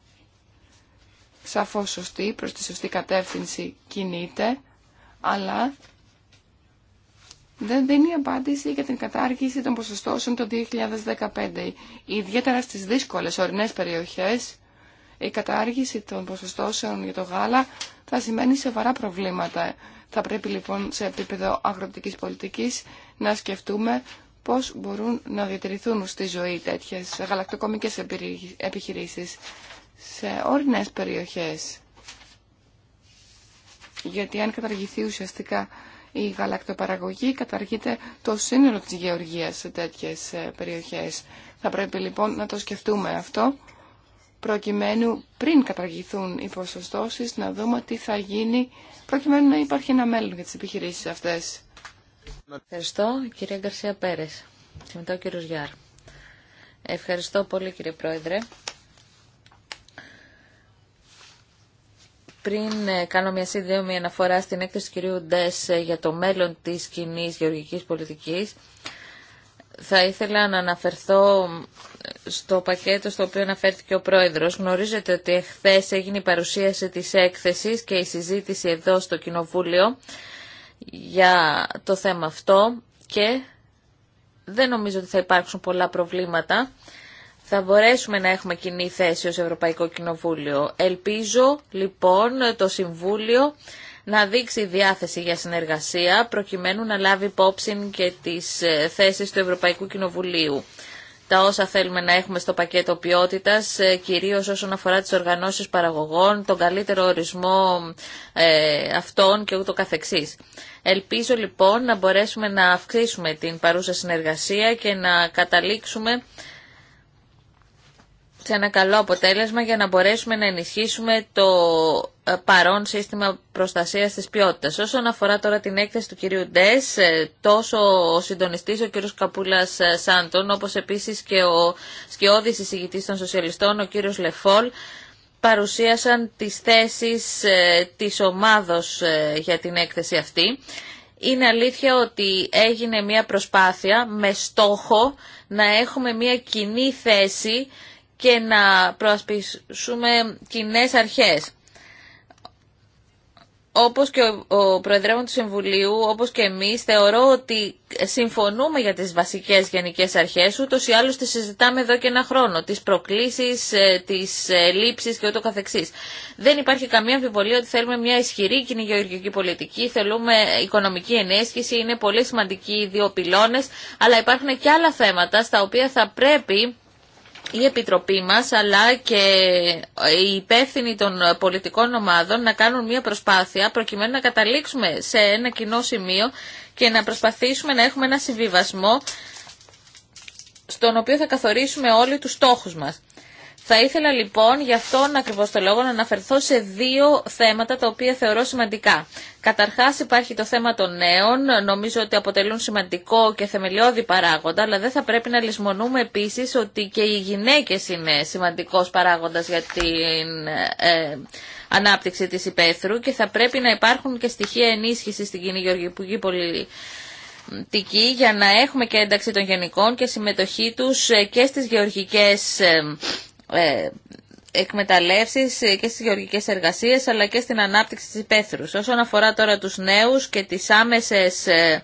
σαφώς σωστή, προς τη σωστή κατεύθυνση κινείται, αλλά δεν δίνει απάντηση για την κατάργηση των ποσοστώσεων το 2015. Ιδιαίτερα στις δύσκολες ορεινές περιοχές, η κατάργηση των ποσοστώσεων για το γάλα θα σημαίνει σοβαρά προβλήματα. Θα πρέπει λοιπόν σε επίπεδο αγροτικής πολιτικής να σκεφτούμε πώς μπορούν να διατηρηθούν στη ζωή τέτοιες γαλακτοκομικές επιχειρήσεις σε ορεινές περιοχές. Γιατί αν καταργηθεί ουσιαστικά η γαλακτοπαραγωγή καταργείται το σύνολο της γεωργίας σε τέτοιες ε, περιοχές. Θα πρέπει λοιπόν να το σκεφτούμε αυτό, προκειμένου πριν καταργηθούν οι ποσοστώσεις να δούμε τι θα γίνει, προκειμένου να υπάρχει ένα μέλλον για τις επιχειρήσεις αυτές. Ευχαριστώ, κυρία Γκαρσία Πέρες. Μετά ο κύριος Γιάρ. Ευχαριστώ πολύ κύριε Πρόεδρε. Πριν ε, κάνω μια σύνδεμη αναφορά στην έκθεση του κυρίου Ντες ε, για το μέλλον της κοινή γεωργικής πολιτικής, θα ήθελα να αναφερθώ ε, στο πακέτο στο οποίο αναφέρθηκε ο Πρόεδρος. Γνωρίζετε ότι εχθές έγινε η παρουσίαση της έκθεσης και η συζήτηση εδώ στο Κοινοβούλιο για το θέμα αυτό και δεν νομίζω ότι θα υπάρξουν πολλά προβλήματα θα μπορέσουμε να έχουμε κοινή θέση ως Ευρωπαϊκό Κοινοβούλιο. Ελπίζω λοιπόν το Συμβούλιο να δείξει διάθεση για συνεργασία προκειμένου να λάβει υπόψη και τις ε, θέσεις του Ευρωπαϊκού Κοινοβουλίου. Τα όσα θέλουμε να έχουμε στο πακέτο ποιότητας, ε, κυρίως όσον αφορά τις οργανώσεις παραγωγών, τον καλύτερο ορισμό ε, αυτών και ούτω καθεξής. Ελπίζω λοιπόν να μπορέσουμε να αυξήσουμε την παρούσα συνεργασία και να καταλήξουμε σε ένα καλό αποτέλεσμα για να μπορέσουμε να ενισχύσουμε το ε, παρόν σύστημα προστασίας της ποιότητας. Όσον αφορά τώρα την έκθεση του κυρίου Ντές, ε, τόσο ο συντονιστής ο κύριος Καπούλας ε, Σάντων, όπως επίσης και ο σκιώδης εισηγητής των σοσιαλιστών, ο κύριος Λεφόλ, παρουσίασαν τις θέσεις της ομάδος για την έκθεση αυτή. Είναι αλήθεια ότι έγινε μια προσπάθεια με στόχο να έχουμε μια κοινή θέση και να προασπίσουμε κοινέ αρχέ. Όπω και ο, ο του Συμβουλίου, όπω και εμεί θεωρώ ότι συμφωνούμε για τι βασικέ γενικέ αρχέ, ούτω ή άλλως τις συζητάμε εδώ και ένα χρόνο, τι προκλήσει, ε, τι ε, λήψει και ούτω καθεξή. Δεν υπάρχει καμία αμφιβολία ότι θέλουμε μια ισχυρή κοινή γεωργική πολιτική, θέλουμε οικονομική ενέσχυση, είναι πολύ σημαντικοί οι δύο πυλώνες, αλλά υπάρχουν και άλλα θέματα στα οποία θα πρέπει η Επιτροπή μας αλλά και οι υπεύθυνοι των πολιτικών ομάδων να κάνουν μια προσπάθεια προκειμένου να καταλήξουμε σε ένα κοινό σημείο και να προσπαθήσουμε να έχουμε ένα συμβιβασμό στον οποίο θα καθορίσουμε όλοι τους στόχους μας. Θα ήθελα λοιπόν γι' αυτόν ακριβώ το λόγο να αναφερθώ σε δύο θέματα τα οποία θεωρώ σημαντικά. Καταρχά υπάρχει το θέμα των νέων, νομίζω ότι αποτελούν σημαντικό και θεμελιώδη παράγοντα, αλλά δεν θα πρέπει να λησμονούμε επίση ότι και οι γυναίκε είναι σημαντικό παράγοντα για την ε, ανάπτυξη τη υπαίθρου και θα πρέπει να υπάρχουν και στοιχεία ενίσχυση στην κοινή γεωργική πολιτική για να έχουμε και ένταξη των γενικών και συμμετοχή τους ε, και στις γεωργικές ε, ε, εκμεταλλεύσεις και στις γεωργικές εργασίες αλλά και στην ανάπτυξη της υπαίθρους. Όσον αφορά τώρα τους νέους και τις άμεσες, ε,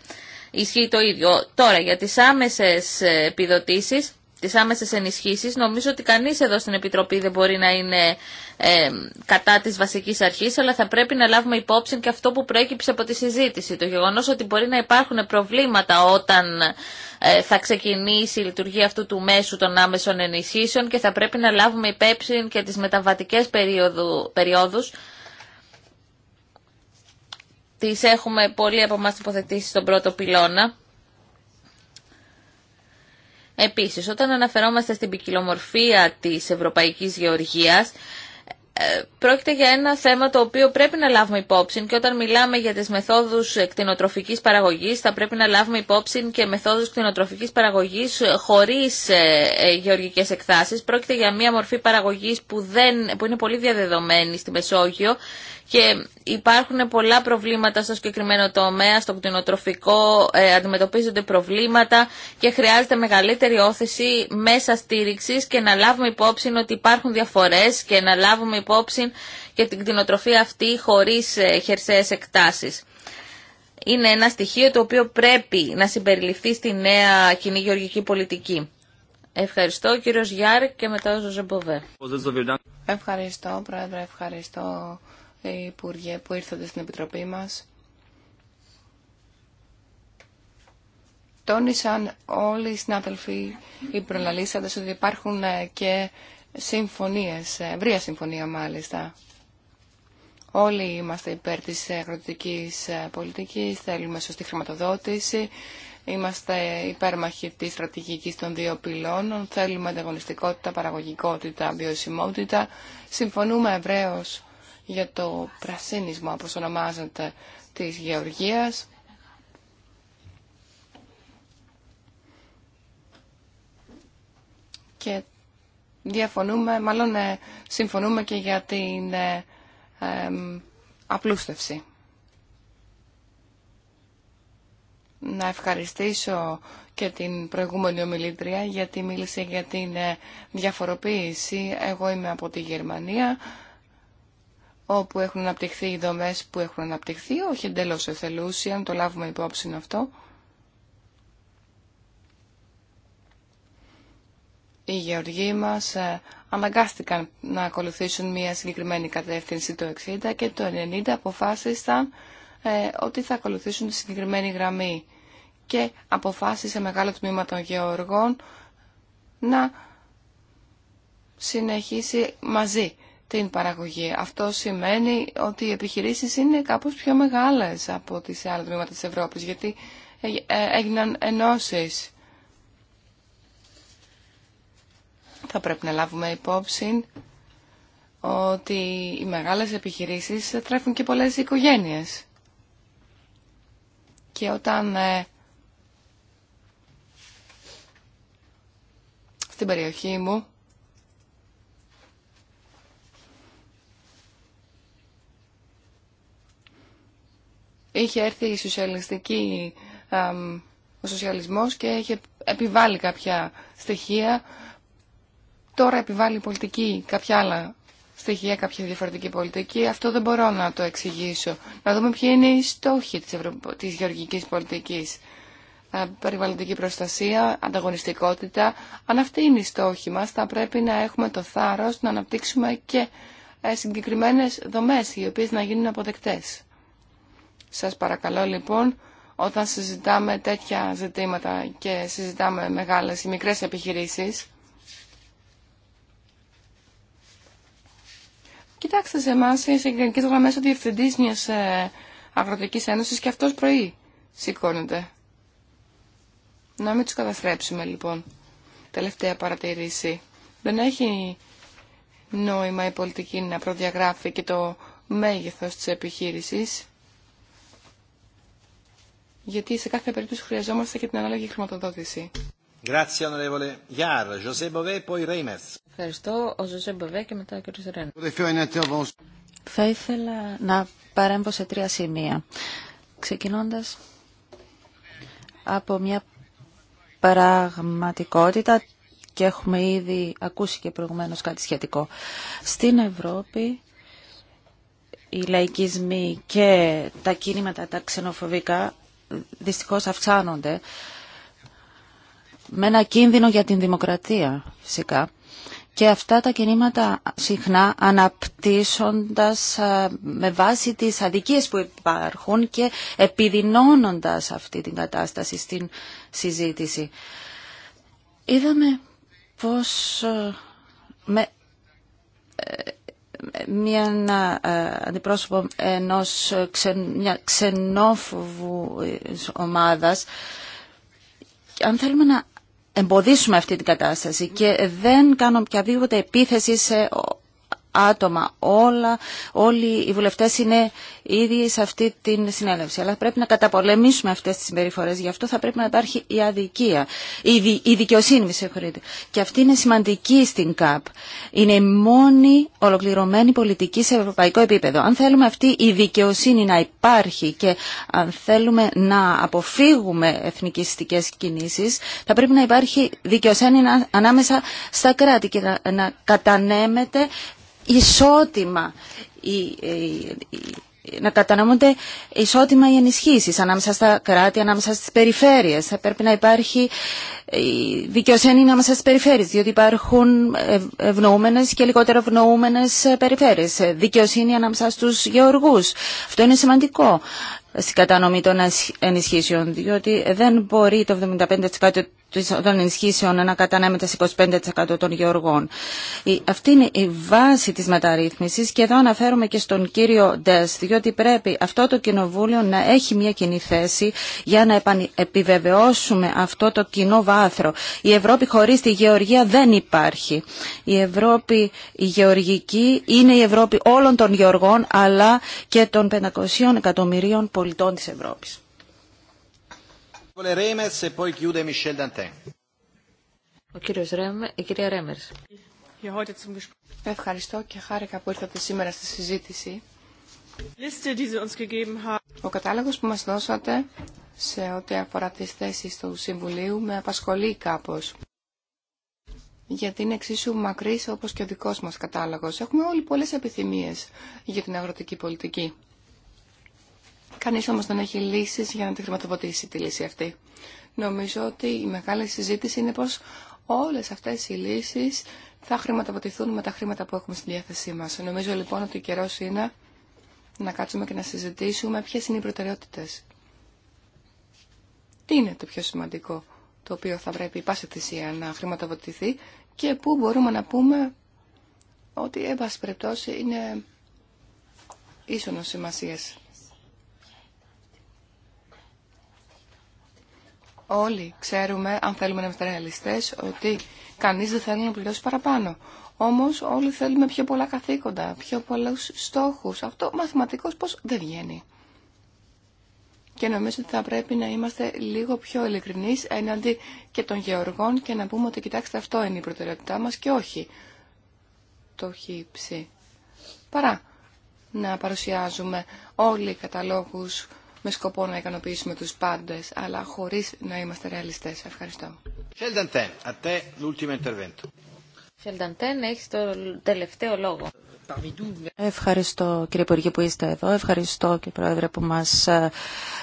ισχύει το ίδιο. Τώρα για τις άμεσες ε, επιδοτήσεις, τις άμεσες ενισχύσεις, νομίζω ότι κανείς εδώ στην Επιτροπή δεν μπορεί να είναι κατά της βασικής αρχής, αλλά θα πρέπει να λάβουμε υπόψη και αυτό που προέκυψε από τη συζήτηση. Το γεγονός ότι μπορεί να υπάρχουν προβλήματα όταν ε, θα ξεκινήσει η λειτουργία αυτού του μέσου των άμεσων ενισχύσεων και θα πρέπει να λάβουμε υπέψη και τις μεταβατικές περίοδου, περιόδους. Τις έχουμε πολλοί από εμάς τοποθετήσει στον πρώτο πυλώνα. Επίσης, όταν αναφερόμαστε στην ποικιλομορφία της ευρωπαϊκής γεωργίας, ε, πρόκειται για ένα θέμα το οποίο πρέπει να λάβουμε υπόψη και όταν μιλάμε για τις μεθόδους κτηνοτροφικής παραγωγής θα πρέπει να λάβουμε υπόψη και μεθόδους κτηνοτροφικής παραγωγής χωρίς ε, ε, γεωργικές εκθάσεις. Πρόκειται για μια μορφή παραγωγής που, δεν, που είναι πολύ διαδεδομένη στη Μεσόγειο και υπάρχουν πολλά προβλήματα στο συγκεκριμένο τομέα, στο κτηνοτροφικό ε, αντιμετωπίζονται προβλήματα και χρειάζεται μεγαλύτερη όθηση μέσα στήριξη και να λάβουμε υπόψη ότι υπάρχουν διαφορές και να λάβουμε υπόψη και την κτηνοτροφία αυτή χωρίς ε, χερσαίες εκτάσεις. Είναι ένα στοιχείο το οποίο πρέπει να συμπεριληφθεί στη νέα κοινή γεωργική πολιτική. Ευχαριστώ κύριος Γιάρ και μετά ο Ζωζεμποβέ. Ευχαριστώ πρόεδρε, ευχαριστώ Υπουργέ, που ήρθατε στην Επιτροπή μας. Τόνισαν όλοι οι συνάδελφοι, οι προλαλήσαντες, ότι υπάρχουν ε, και συμφωνίες, ε, ευρεία συμφωνία μάλιστα. Όλοι είμαστε υπέρ της αγροτικής ε, πολιτικής, θέλουμε σωστή χρηματοδότηση, είμαστε υπέρμαχοι της στρατηγικής των δύο πυλώνων, θέλουμε ανταγωνιστικότητα, παραγωγικότητα, βιωσιμότητα. Συμφωνούμε ευρέως για το πρασίνισμα, όπως ονομάζεται, της γεωργίας. Και διαφωνούμε, μάλλον ε, συμφωνούμε και για την ε, απλούστευση. Να ευχαριστήσω και την προηγούμενη ομιλήτρια γιατί μίλησε για την ε, διαφοροποίηση. Εγώ είμαι από τη Γερμανία, όπου έχουν αναπτυχθεί οι δομές που έχουν αναπτυχθεί, όχι εντελώ εθελούσια, αν το λάβουμε υπόψη αυτό. Οι γεωργοί μας ε, αναγκάστηκαν να ακολουθήσουν μια συγκεκριμένη κατεύθυνση το 60 και το 90 αποφάσισαν ε, ότι θα ακολουθήσουν τη συγκεκριμένη γραμμή και αποφάσισε μεγάλο τμήμα των γεωργών να συνεχίσει μαζί την παραγωγή. Αυτό σημαίνει ότι οι επιχειρήσεις είναι κάπως πιο μεγάλες από τις άλλα τμήματα της Ευρώπης, γιατί ε, ε, έγιναν ενώσεις. Θα πρέπει να λάβουμε υπόψη ότι οι μεγάλες επιχειρήσεις τρέφουν και πολλές οικογένειες. Και όταν ε, στην περιοχή μου είχε έρθει η σοσιαλιστική, ο σοσιαλισμός και είχε επιβάλει κάποια στοιχεία. Τώρα επιβάλλει η πολιτική κάποια άλλα στοιχεία, κάποια διαφορετική πολιτική. Αυτό δεν μπορώ να το εξηγήσω. Να δούμε ποιοι είναι οι στόχοι της, Ευρω... της γεωργικής πολιτικής. Περιβαλλοντική προστασία, ανταγωνιστικότητα. Αν αυτή είναι η στόχη μας, θα πρέπει να έχουμε το θάρρος να αναπτύξουμε και ε, συγκεκριμένες δομές οι οποίες να γίνουν αποδεκτές. Σας παρακαλώ λοιπόν όταν συζητάμε τέτοια ζητήματα και συζητάμε μεγάλες ή μικρές επιχειρήσεις Κοιτάξτε σε εμά σε γενικέ γραμμέ ο διευθυντή μια ε, αγροτική ένωση και αυτός πρωί σηκώνεται. Να μην του καταστρέψουμε λοιπόν. Τελευταία παρατηρήση. Δεν έχει νόημα η πολιτική να προδιαγράφει και το μέγεθος της επιχείρησης γιατί σε κάθε περίπτωση χρειαζόμαστε και την ανάλογη χρηματοδότηση. Ευχαριστώ. Ο Ζωζέ Μποβέ και μετά ο κ. Ρένα. Θα ήθελα να παρέμβω σε τρία σημεία. Ξεκινώντας από μια πραγματικότητα και έχουμε ήδη ακούσει και προηγουμένως κάτι σχετικό. Στην Ευρώπη οι λαϊκισμοί και τα κίνηματα τα ξενοφοβικά δυστυχώς αυξάνονται με ένα κίνδυνο για την δημοκρατία φυσικά. Και αυτά τα κινήματα συχνά αναπτύσσοντας ε, με βάση τις αδικίες που υπάρχουν και επιδεινώνοντας αυτή την κατάσταση στην συζήτηση. Είδαμε πως ε, μια ε, αντιπρόσωπο ενός μια ξενόφοβου ομάδας. Αν θέλουμε να εμποδίσουμε αυτή την κατάσταση και δεν κάνω οποιαδήποτε επίθεση σε άτομα. Όλα, όλοι οι βουλευτές είναι ήδη σε αυτή την συνέλευση. Αλλά πρέπει να καταπολεμήσουμε αυτές τις συμπεριφορές. Γι' αυτό θα πρέπει να υπάρχει η αδικία, η, δικαιοσύνη, με συγχωρείτε. Και αυτή είναι σημαντική στην ΚΑΠ. Είναι η μόνη ολοκληρωμένη πολιτική σε ευρωπαϊκό επίπεδο. Αν θέλουμε αυτή η δικαιοσύνη να υπάρχει και αν θέλουμε να αποφύγουμε εθνικιστικές κινήσεις, θα πρέπει να υπάρχει δικαιοσύνη ανάμεσα στα κράτη και να, να κατανέμεται ισότιμα να κατανοούνται ισότιμα οι ενισχύσεις ανάμεσα στα κράτη, ανάμεσα στις περιφέρειες. Θα πρέπει να υπάρχει η δικαιοσύνη είναι ανάμεσα στι περιφέρειε, διότι υπάρχουν ευνοούμενε και λιγότερο ευνοούμενε ε, περιφέρειες. Δικαιοσύνη ανάμεσα στου γεωργού. Αυτό είναι σημαντικό στην κατανομή των ενισχύσεων, διότι δεν μπορεί το 75% των ενισχύσεων να κατανέμεται σε 25% των γεωργών. Αυτή είναι η βάση της μεταρρύθμισης και εδώ αναφέρομαι και στον κύριο Ντες, διότι πρέπει αυτό το κοινοβούλιο να έχει μια κοινή θέση για να επιβεβαιώσουμε αυτό το κοινό βάρο η Ευρώπη χωρίς τη γεωργία δεν υπάρχει. Η Ευρώπη η γεωργική είναι η Ευρώπη όλων των γεωργών αλλά και των 500 εκατομμυρίων πολιτών της Ευρώπης. Ο κύριος Ρέμε, Ευχαριστώ και χάρηκα που ήρθατε σήμερα στη συζήτηση. Ο κατάλογος που μας δώσατε σε ό,τι αφορά τις θέσεις του Συμβουλίου με απασχολεί κάπως. Γιατί είναι εξίσου μακρύς όπως και ο δικός μας κατάλογος. Έχουμε όλοι πολλές επιθυμίες για την αγροτική πολιτική. Κανείς όμως δεν έχει λύσεις για να τη χρηματοδοτήσει τη λύση αυτή. Νομίζω ότι η μεγάλη συζήτηση είναι πως όλες αυτές οι λύσεις θα χρηματοδοτηθούν με τα χρήματα που έχουμε στη διάθεσή μας. Νομίζω λοιπόν ότι ο καιρός είναι να κάτσουμε και να συζητήσουμε ποιες είναι οι προτεραιότητες. Τι είναι το πιο σημαντικό το οποίο θα πρέπει η πάση θυσία να χρηματοδοτηθεί και πού μπορούμε να πούμε ότι εν πάση περιπτώσει είναι ίσονος σημασίας. Όλοι ξέρουμε, αν θέλουμε να είμαστε ρεαλιστές, ότι κανείς δεν θέλει να πληρώσει παραπάνω. Όμως όλοι θέλουμε πιο πολλά καθήκοντα, πιο πολλούς στόχους. Αυτό μαθηματικώς πώς δεν βγαίνει. Και νομίζω ότι θα πρέπει να είμαστε λίγο πιο ειλικρινεί έναντι και των γεωργών και να πούμε ότι κοιτάξτε αυτό είναι η προτεραιότητά μας και όχι το χύψη. Παρά να παρουσιάζουμε όλοι οι καταλόγους με σκοπό να ικανοποιήσουμε τους πάντες, αλλά χωρίς να είμαστε ρεαλιστές. Ευχαριστώ λόγο. Ευχαριστώ κύριε Υπουργέ που είστε εδώ. Ευχαριστώ κύριε Πρόεδρε που μας ε,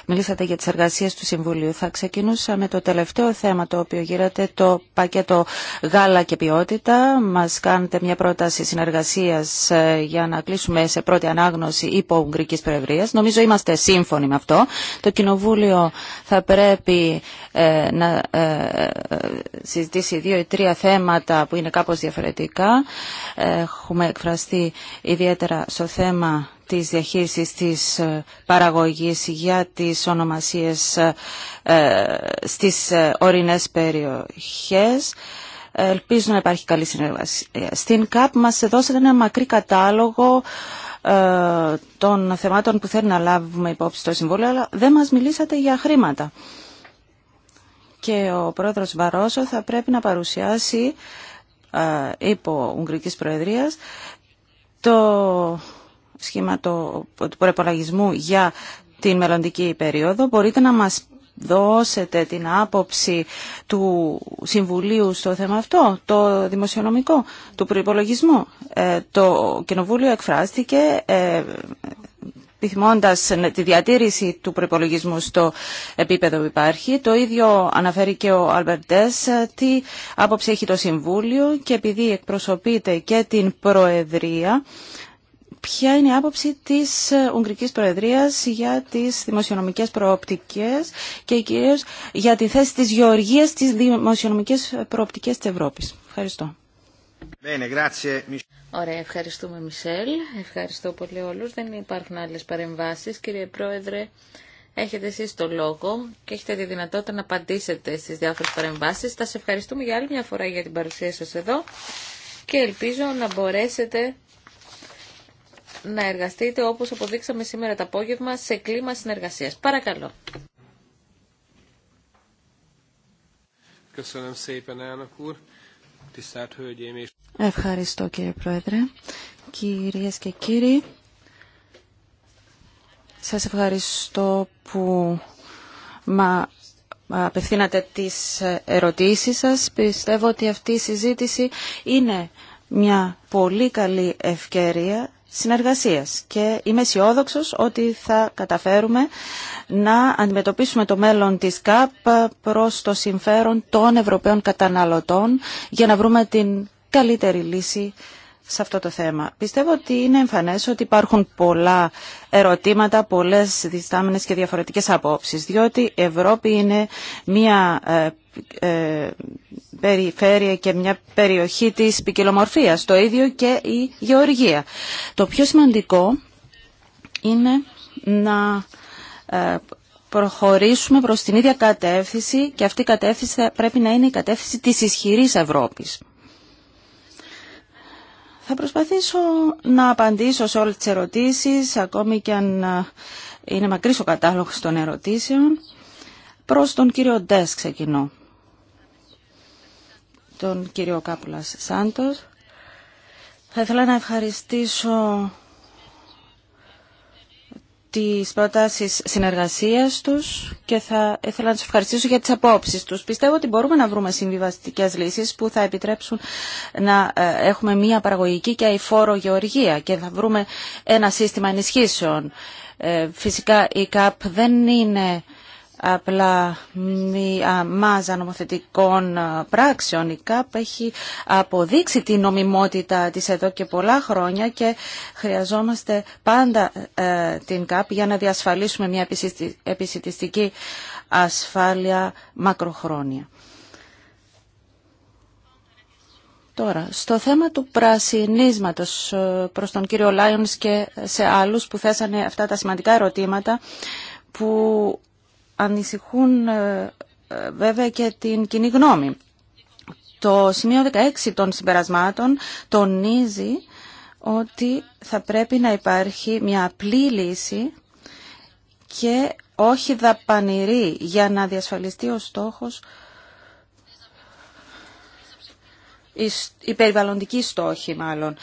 μιλήσατε για τις εργασίες του Συμβουλίου. Θα ξεκινούσα με το τελευταίο θέμα το οποίο γύρατε, το πακέτο γάλα και ποιότητα. Μας κάνετε μια πρόταση συνεργασίας ε, για να κλείσουμε σε πρώτη ανάγνωση υπό Ουγγρικής Προεδρία. Νομίζω είμαστε σύμφωνοι με αυτό. Το Κοινοβούλιο θα πρέπει ε, να συζητήσει δύο ή τρία θέματα που είναι κάπως διαφορετικά. Έχουμε εκφραστεί ιδιαίτερα στο θέμα της διαχείρισης της ε, παραγωγής για τις ονομασίες ε, ε, στις ορεινές περιοχές. Ελπίζω να υπάρχει καλή συνεργασία. Στην ΚΑΠ μας δώσετε ένα μακρύ κατάλογο των θεμάτων που θέλει να λάβουμε υπόψη στο Συμβούλιο, αλλά δεν μας μιλήσατε για χρήματα. Και ο πρόεδρος Βαρόσο θα πρέπει να παρουσιάσει υπό Ουγγρικής Προεδρίας το σχήμα του προπολογισμού για την μελλοντική περίοδο. Μπορείτε να μας δώσετε την άποψη του Συμβουλίου στο θέμα αυτό, το δημοσιονομικό, του προϋπολογισμού. Ε, το Κοινοβούλιο εκφράστηκε ε, επιθυμώντα τη διατήρηση του προπολογισμού στο επίπεδο που υπάρχει. Το ίδιο αναφέρει και ο Αλμπερντές, τι άποψη έχει το Συμβούλιο και επειδή εκπροσωπείται και την Προεδρία, ποια είναι η άποψη της Ουγγρικής Προεδρίας για τι δημοσιονομικέ προοπτικές και κυρίω για τη θέση τη γεωργία της δημοσιονομική προοπτική τη Ευρώπη. Ευχαριστώ. Ωραία, ευχαριστούμε Μισελ. Ευχαριστώ πολύ όλους. Δεν υπάρχουν άλλες παρεμβάσεις. Κύριε Πρόεδρε, έχετε εσείς το λόγο και έχετε τη δυνατότητα να απαντήσετε στις διάφορες παρεμβάσεις. Θα ευχαριστούμε για άλλη μια φορά για την παρουσία σας εδώ και ελπίζω να μπορέσετε να εργαστείτε όπως αποδείξαμε σήμερα το απόγευμα σε κλίμα συνεργασίας. Παρακαλώ. Ευχαριστώ κύριε Πρόεδρε. Κυρίες και κύριοι, σας ευχαριστώ που μα απευθύνατε τις ερωτήσεις σας. Πιστεύω ότι αυτή η συζήτηση είναι μια πολύ καλή ευκαιρία συνεργασίας και είμαι αισιόδοξο ότι θα καταφέρουμε να αντιμετωπίσουμε το μέλλον της ΚΑΠ προς το συμφέρον των Ευρωπαίων καταναλωτών για να βρούμε την καλύτερη λύση σε αυτό το θέμα. Πιστεύω ότι είναι εμφανές ότι υπάρχουν πολλά ερωτήματα, πολλές διστάμενες και διαφορετικές απόψεις, διότι η Ευρώπη είναι μια ε, ε, περιφέρεια και μια περιοχή της ποικιλομορφίας. Το ίδιο και η γεωργία. Το πιο σημαντικό είναι να ε, προχωρήσουμε προς την ίδια κατεύθυνση και αυτή η κατεύθυνση πρέπει να είναι η κατεύθυνση της ισχυρής Ευρώπης. Θα προσπαθήσω να απαντήσω σε όλες τις ερωτήσεις, ακόμη και αν ε, είναι μακρύς ο κατάλογος των ερωτήσεων. Προς τον κύριο Ντές ξεκινώ τον κύριο Κάπουλας Σάντος. Θα ήθελα να ευχαριστήσω τις προτάσεις συνεργασίας τους και θα ήθελα να τους ευχαριστήσω για τις απόψεις τους. Πιστεύω ότι μπορούμε να βρούμε συμβιβαστικές λύσεις που θα επιτρέψουν να ε, έχουμε μία παραγωγική και αηφόρο γεωργία και θα βρούμε ένα σύστημα ενισχύσεων. Ε, φυσικά η ΚΑΠ δεν είναι απλά μία μάζα νομοθετικών πράξεων. Η ΚΑΠ έχει αποδείξει την νομιμότητα της εδώ και πολλά χρόνια και χρειαζόμαστε πάντα ε, την ΚΑΠ για να διασφαλίσουμε μια επισητιστική ασφάλεια μακροχρόνια. Τώρα, στο θέμα του πρασινίσματος ε, προς τον κύριο Λάιονς και σε άλλους που θέσανε αυτά τα σημαντικά ερωτήματα που ανησυχούν ε, ε, βέβαια και την κοινή γνώμη. Το σημείο 16 των συμπερασμάτων τονίζει ότι θα πρέπει να υπάρχει μια απλή λύση και όχι δαπανηρή για να διασφαλιστεί ο στόχος η περιβαλλοντική στόχη μάλλον.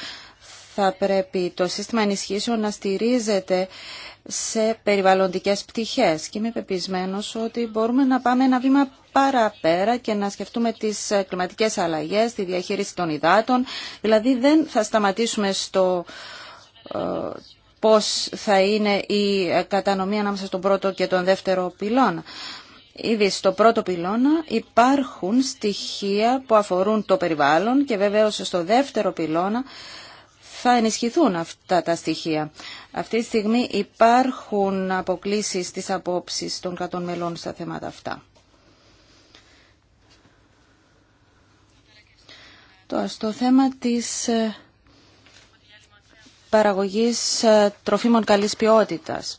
Θα πρέπει το σύστημα ενισχύσεων να στηρίζεται σε περιβαλλοντικές πτυχές και είμαι πεπισμένος ότι μπορούμε να πάμε ένα βήμα παραπέρα και να σκεφτούμε τις ε, κλιματικές αλλαγές, τη διαχείριση των υδάτων. Δηλαδή δεν θα σταματήσουμε στο ε, πώς θα είναι η ε, κατανομή ανάμεσα στον πρώτο και τον δεύτερο πυλώνα. Ήδη στο πρώτο πυλώνα υπάρχουν στοιχεία που αφορούν το περιβάλλον και βεβαίως στο δεύτερο πυλώνα θα ενισχυθούν αυτά τα στοιχεία. Αυτή τη στιγμή υπάρχουν αποκλήσεις στις απόψεις των κρατών μελών στα θέματα αυτά. Τώρα, στο θέμα της ε, παραγωγής ε, τροφίμων καλής ποιότητας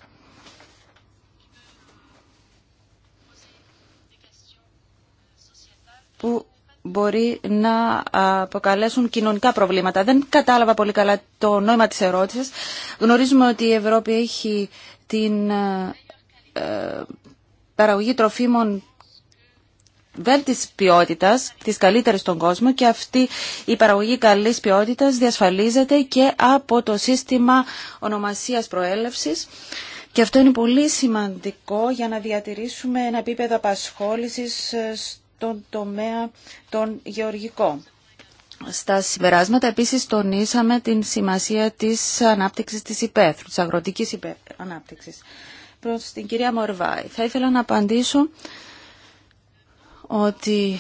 μπορεί να αποκαλέσουν κοινωνικά προβλήματα. Δεν κατάλαβα πολύ καλά το νόημα της ερώτησης. Γνωρίζουμε ότι η Ευρώπη έχει την ε, ε, παραγωγή τροφίμων βέλτιστης ποιότητας, της καλύτερης στον κόσμο και αυτή η παραγωγή καλής ποιότητας διασφαλίζεται και από το σύστημα ονομασίας προέλευσης. Και αυτό είναι πολύ σημαντικό για να διατηρήσουμε ένα επίπεδο απασχόλησης ε, τον τομέα τον γεωργικό. Στα συμπεράσματα επίσης τονίσαμε την σημασία της ανάπτυξης της υπαίθρου, της αγροτικής ανάπτυξης. Προς την κυρία Μορβάη, θα ήθελα να απαντήσω ότι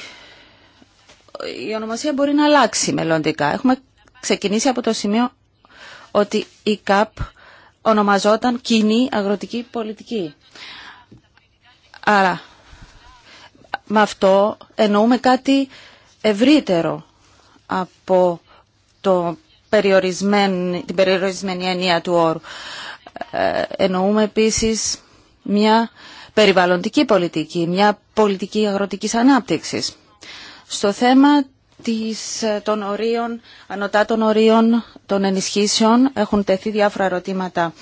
η ονομασία μπορεί να αλλάξει μελλοντικά. Έχουμε ξεκινήσει από το σημείο ότι η ΚΑΠ ονομαζόταν Κοινή Αγροτική Πολιτική. Άρα με αυτό εννοούμε κάτι ευρύτερο από το περιορισμένη, την περιορισμένη έννοια του όρου. Ε, εννοούμε επίσης μια περιβαλλοντική πολιτική, μια πολιτική αγροτικής ανάπτυξης. Στο θέμα της, ε, των ορίων, ανωτά των ορίων των ενισχύσεων έχουν τεθεί διάφορα ερωτήματα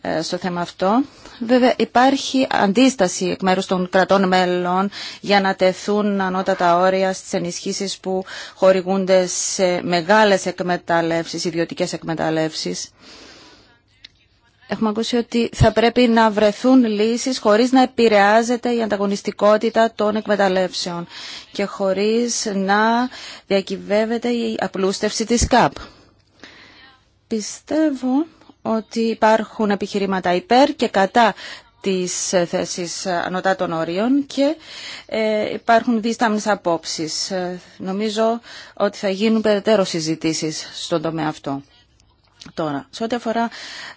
ε, στο θέμα αυτό. Βέβαια υπάρχει αντίσταση εκ μέρους των κρατών μέλων για να τεθούν ανώτατα όρια στις ενισχύσεις που χορηγούνται σε μεγάλες εκμεταλλεύσεις, ιδιωτικές εκμεταλλεύσεις. Έχουμε ακούσει ότι θα πρέπει να βρεθούν λύσεις χωρίς να επηρεάζεται η ανταγωνιστικότητα των εκμεταλλεύσεων και χωρίς να διακυβεύεται η απλούστευση της ΚΑΠ. Πιστεύω ότι υπάρχουν επιχειρήματα υπέρ και κατά της θέσης ανωτά των όριων και ε, υπάρχουν δίσταμνες απόψεις. Ε, νομίζω ότι θα γίνουν περαιτέρω συζητήσεις στον τομέα αυτό. Τώρα, σε ό,τι αφορά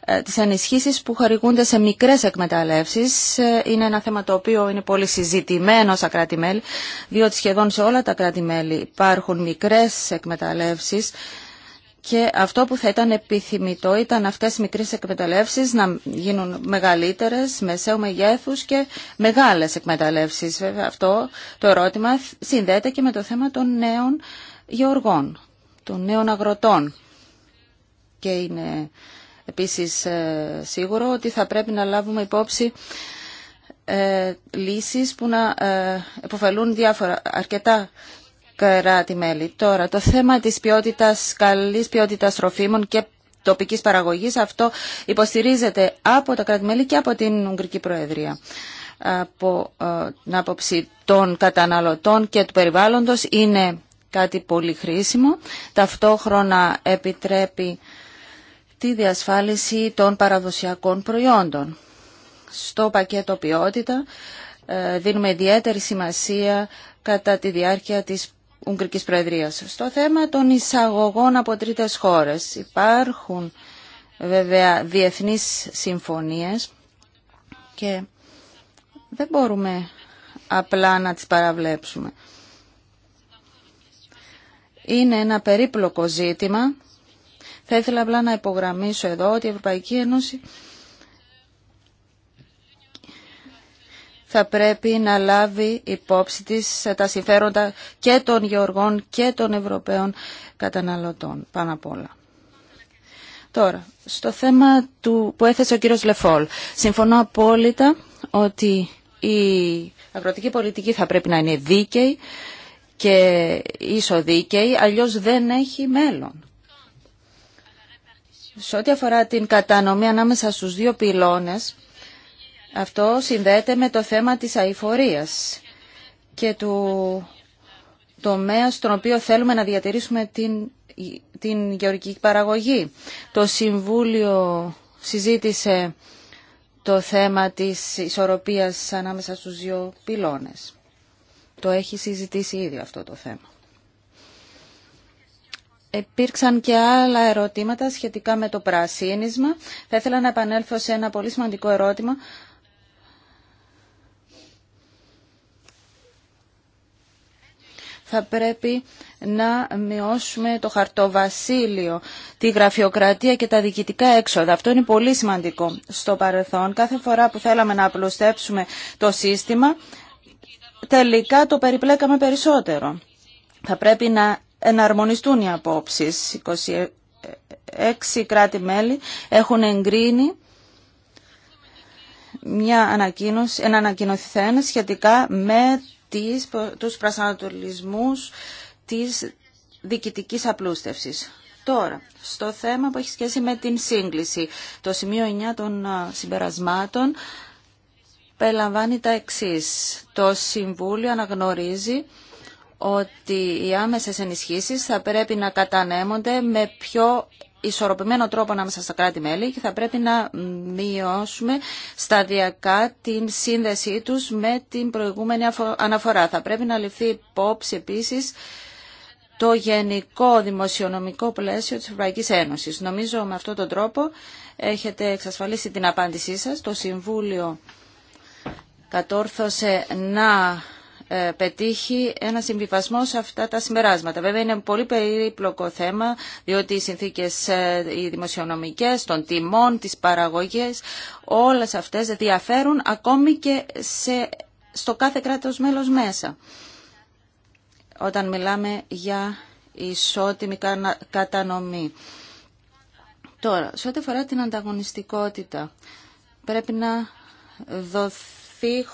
ε, τις ενισχύσεις που χορηγούνται σε μικρές εκμεταλλεύσεις, είναι ένα θέμα το οποίο είναι πολύ συζητημένο στα κράτη-μέλη, διότι σχεδόν σε όλα τα κράτη-μέλη υπάρχουν μικρές εκμεταλλεύσεις και αυτό που θα ήταν επιθυμητό ήταν αυτές οι μικρές εκμεταλλεύσεις να γίνουν μεγαλύτερες, μεσαίου μεγέθους και μεγάλες εκμεταλλεύσεις. Βέβαια αυτό το ερώτημα συνδέεται και με το θέμα των νέων γεωργών, των νέων αγροτών. Και είναι επίσης ε, σίγουρο ότι θα πρέπει να λάβουμε υπόψη ε, λύσεις που να υποφελούν ε, διάφορα αρκετά Τώρα, το θέμα της ποιότητας, καλής ποιότητας τροφίμων και τοπικής παραγωγής, αυτό υποστηρίζεται από τα κράτη-μέλη και από την Ουγγρική Προεδρία από ε, την άποψη των καταναλωτών και του περιβάλλοντος είναι κάτι πολύ χρήσιμο. Ταυτόχρονα επιτρέπει τη διασφάλιση των παραδοσιακών προϊόντων. Στο πακέτο ποιότητα ε, δίνουμε ιδιαίτερη σημασία κατά τη διάρκεια της Ουγγρικής Προεδρίας. Στο θέμα των εισαγωγών από τρίτες χώρες υπάρχουν βέβαια διεθνείς συμφωνίες και δεν μπορούμε απλά να τις παραβλέψουμε. Είναι ένα περίπλοκο ζήτημα. Θα ήθελα απλά να υπογραμμίσω εδώ ότι η Ευρωπαϊκή Ένωση θα πρέπει να λάβει υπόψη της τα συμφέροντα και των γεωργών και των Ευρωπαίων καταναλωτών πάνω απ' όλα. Τώρα, στο θέμα του, που έθεσε ο κύριος Λεφόλ, συμφωνώ απόλυτα ότι η αγροτική πολιτική θα πρέπει να είναι δίκαιη και δίκαιη αλλιώς δεν έχει μέλλον. Σε ό,τι αφορά την κατανομή ανάμεσα στους δύο πυλώνες, αυτό συνδέεται με το θέμα της αηφορίας και του τομέα στον οποίο θέλουμε να διατηρήσουμε την, την γεωργική παραγωγή. Το Συμβούλιο συζήτησε το θέμα της ισορροπίας ανάμεσα στους δύο πυλώνες. Το έχει συζητήσει ήδη αυτό το θέμα. Επήρξαν και άλλα ερωτήματα σχετικά με το πρασίνισμα. Θα ήθελα να επανέλθω σε ένα πολύ σημαντικό ερώτημα θα πρέπει να μειώσουμε το χαρτοβασίλειο, τη γραφειοκρατία και τα διοικητικά έξοδα. Αυτό είναι πολύ σημαντικό στο παρελθόν. Κάθε φορά που θέλαμε να απλουστέψουμε το σύστημα, τελικά το περιπλέκαμε περισσότερο. Θα πρέπει να εναρμονιστούν οι απόψεις. 26 κράτη-μέλη έχουν εγκρίνει μια ανακοίνωση, ένα ανακοινωθέν σχετικά με τις, τους προσανατολισμούς της διοικητικής απλούστευσης. Τώρα, στο θέμα που έχει σχέση με την σύγκληση, το σημείο 9 των συμπερασμάτων περιλαμβάνει τα εξής. Το Συμβούλιο αναγνωρίζει ότι οι άμεσες ενισχύσεις θα πρέπει να κατανέμονται με πιο ισορροπημένο τρόπο ανάμεσα στα κράτη-μέλη και θα πρέπει να μειώσουμε σταδιακά την σύνδεσή τους με την προηγούμενη αναφορά. Θα πρέπει να ληφθεί υπόψη επίσης το γενικό δημοσιονομικό πλαίσιο της Ευρωπαϊκής Ένωσης. Νομίζω με αυτόν τον τρόπο έχετε εξασφαλίσει την απάντησή σας. Το Συμβούλιο κατόρθωσε να ε, πετύχει ένα συμβιβασμό σε αυτά τα συμπεράσματα. Βέβαια είναι πολύ περίπλοκο θέμα, διότι οι συνθήκες ε, οι δημοσιονομικές, των τιμών, τις παραγωγές, όλες αυτές διαφέρουν ακόμη και σε, στο κάθε κράτος μέλος μέσα. Όταν μιλάμε για ισότιμη κατανομή. Τώρα, σε ό,τι αφορά την ανταγωνιστικότητα, πρέπει να δοθεί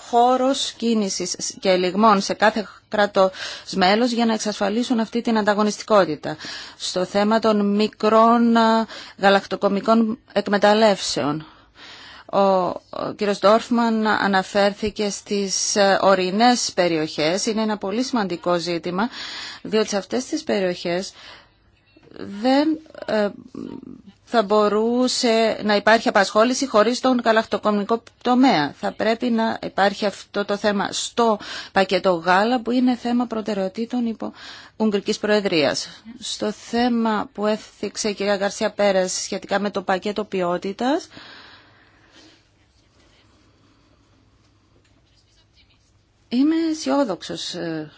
χώρος κίνησης και ελιγμών σε κάθε κράτο μέλος για να εξασφαλίσουν αυτή την ανταγωνιστικότητα. Στο θέμα των μικρών γαλακτοκομικών εκμεταλλεύσεων. Ο κύριος Ντόρφμαν αναφέρθηκε στις ορεινές περιοχές. Είναι ένα πολύ σημαντικό ζήτημα, διότι σε αυτές τις περιοχές δεν ε, θα μπορούσε να υπάρχει απασχόληση χωρίς τον καλαχτοκομικό τομέα. Θα πρέπει να υπάρχει αυτό το θέμα στο πακέτο γάλα που είναι θέμα προτεραιοτήτων υπό Ουγγρικής Προεδρίας. Στο θέμα που έφτιαξε η κυρία Γκαρσία Πέρες σχετικά με το πακέτο ποιότητας, είμαι αισιόδοξο ε,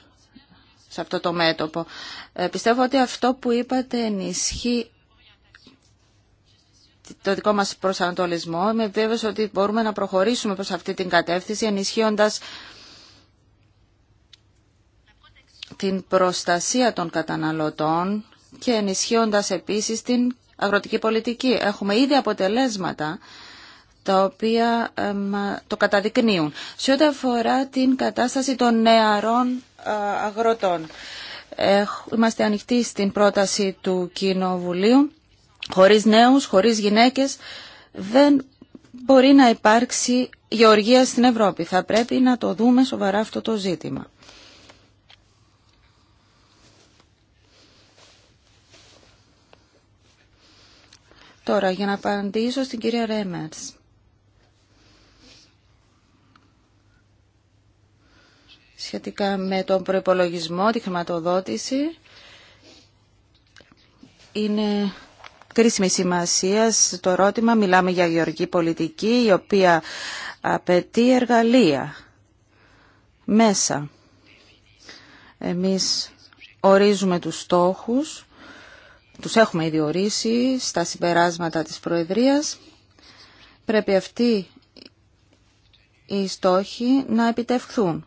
σε αυτό το μέτωπο. Ε, πιστεύω ότι αυτό που είπατε ενισχύει το δικό μας προσανατολισμό. Είμαι βέβαιος ότι μπορούμε να προχωρήσουμε προς αυτή την κατεύθυνση ενισχύοντας την προστασία των καταναλωτών και ενισχύοντας επίσης την αγροτική πολιτική. Έχουμε ήδη αποτελέσματα τα οποία το καταδεικνύουν. Σε ό,τι αφορά την κατάσταση των νεαρών ε, αγροτών, ε, είμαστε ανοιχτοί στην πρόταση του Κοινοβουλίου χωρίς νέους, χωρίς γυναίκες, δεν μπορεί να υπάρξει γεωργία στην Ευρώπη. Θα πρέπει να το δούμε σοβαρά αυτό το ζήτημα. Τώρα, για να απαντήσω στην κυρία Ρέμερς. Σχετικά με τον προϋπολογισμό, τη χρηματοδότηση, είναι κρίσιμη σημασία το ερώτημα. Μιλάμε για γεωργική πολιτική η οποία απαιτεί εργαλεία, μέσα. Εμείς ορίζουμε τους στόχους, τους έχουμε ήδη ορίσει στα συμπεράσματα της Προεδρίας. Πρέπει αυτοί οι στόχοι να επιτευχθούν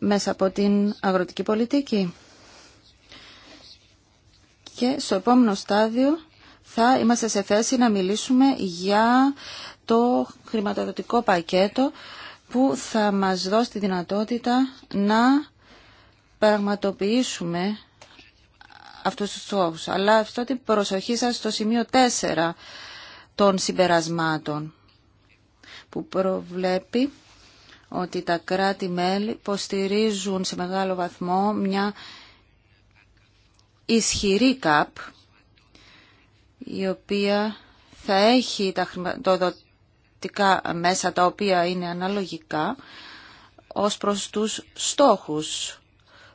μέσα από την αγροτική πολιτική και στο επόμενο στάδιο θα είμαστε σε θέση να μιλήσουμε για το χρηματοδοτικό πακέτο που θα μας δώσει τη δυνατότητα να πραγματοποιήσουμε αυτούς τους στόχους. Αλλά αυτό την προσοχή σας στο σημείο 4 των συμπερασμάτων που προβλέπει ότι τα κράτη-μέλη υποστηρίζουν σε μεγάλο βαθμό μια ισχυρή ΚΑΠ, η οποία θα έχει τα χρηματοδοτικά μέσα τα οποία είναι αναλογικά ως προς τους στόχους.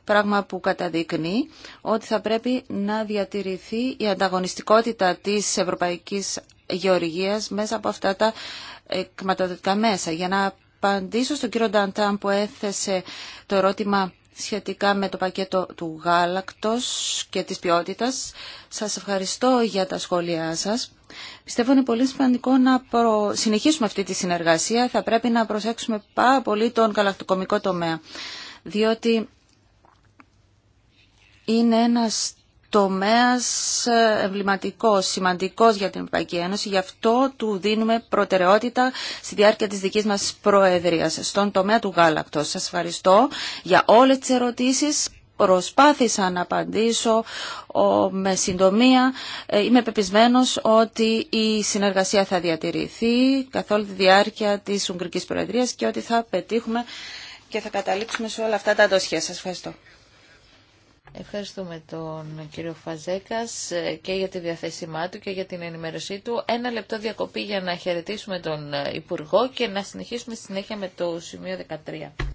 Πράγμα που καταδείκνει ότι θα πρέπει να διατηρηθεί η ανταγωνιστικότητα της Ευρωπαϊκής Γεωργίας μέσα από αυτά τα χρηματοδοτικά μέσα. Για να απαντήσω στον κύριο Νταντάν που έθεσε το ερώτημα σχετικά με το πακέτο του γάλακτος και της ποιότητας. Σας ευχαριστώ για τα σχόλιά σας. Πιστεύω είναι πολύ σημαντικό να συνεχίσουμε αυτή τη συνεργασία. Θα πρέπει να προσέξουμε πάρα πολύ τον γαλακτοκομικό τομέα, διότι είναι ένας τομέας ε, εμβληματικός, σημαντικός για την Ευρωπαϊκή Ένωση. Γι' αυτό του δίνουμε προτεραιότητα στη διάρκεια της δικής μας προεδρίας, στον τομέα του γάλακτος. Σας ευχαριστώ για όλες τις ερωτήσεις. Προσπάθησα να απαντήσω με συντομία. Ε, είμαι πεπισμένος ότι η συνεργασία θα διατηρηθεί καθ' όλη τη διάρκεια της Ουγγρικής Προεδρίας και ότι θα πετύχουμε και θα καταλήξουμε σε όλα αυτά τα δοσιά. Σας ευχαριστώ. Ευχαριστούμε τον κύριο Φαζέκας ε, και για τη διαθέσιμά του και για την ενημέρωσή του. Ένα λεπτό διακοπή για να χαιρετήσουμε τον ε, Υπουργό και να συνεχίσουμε στη συνέχεια με το σημείο 13.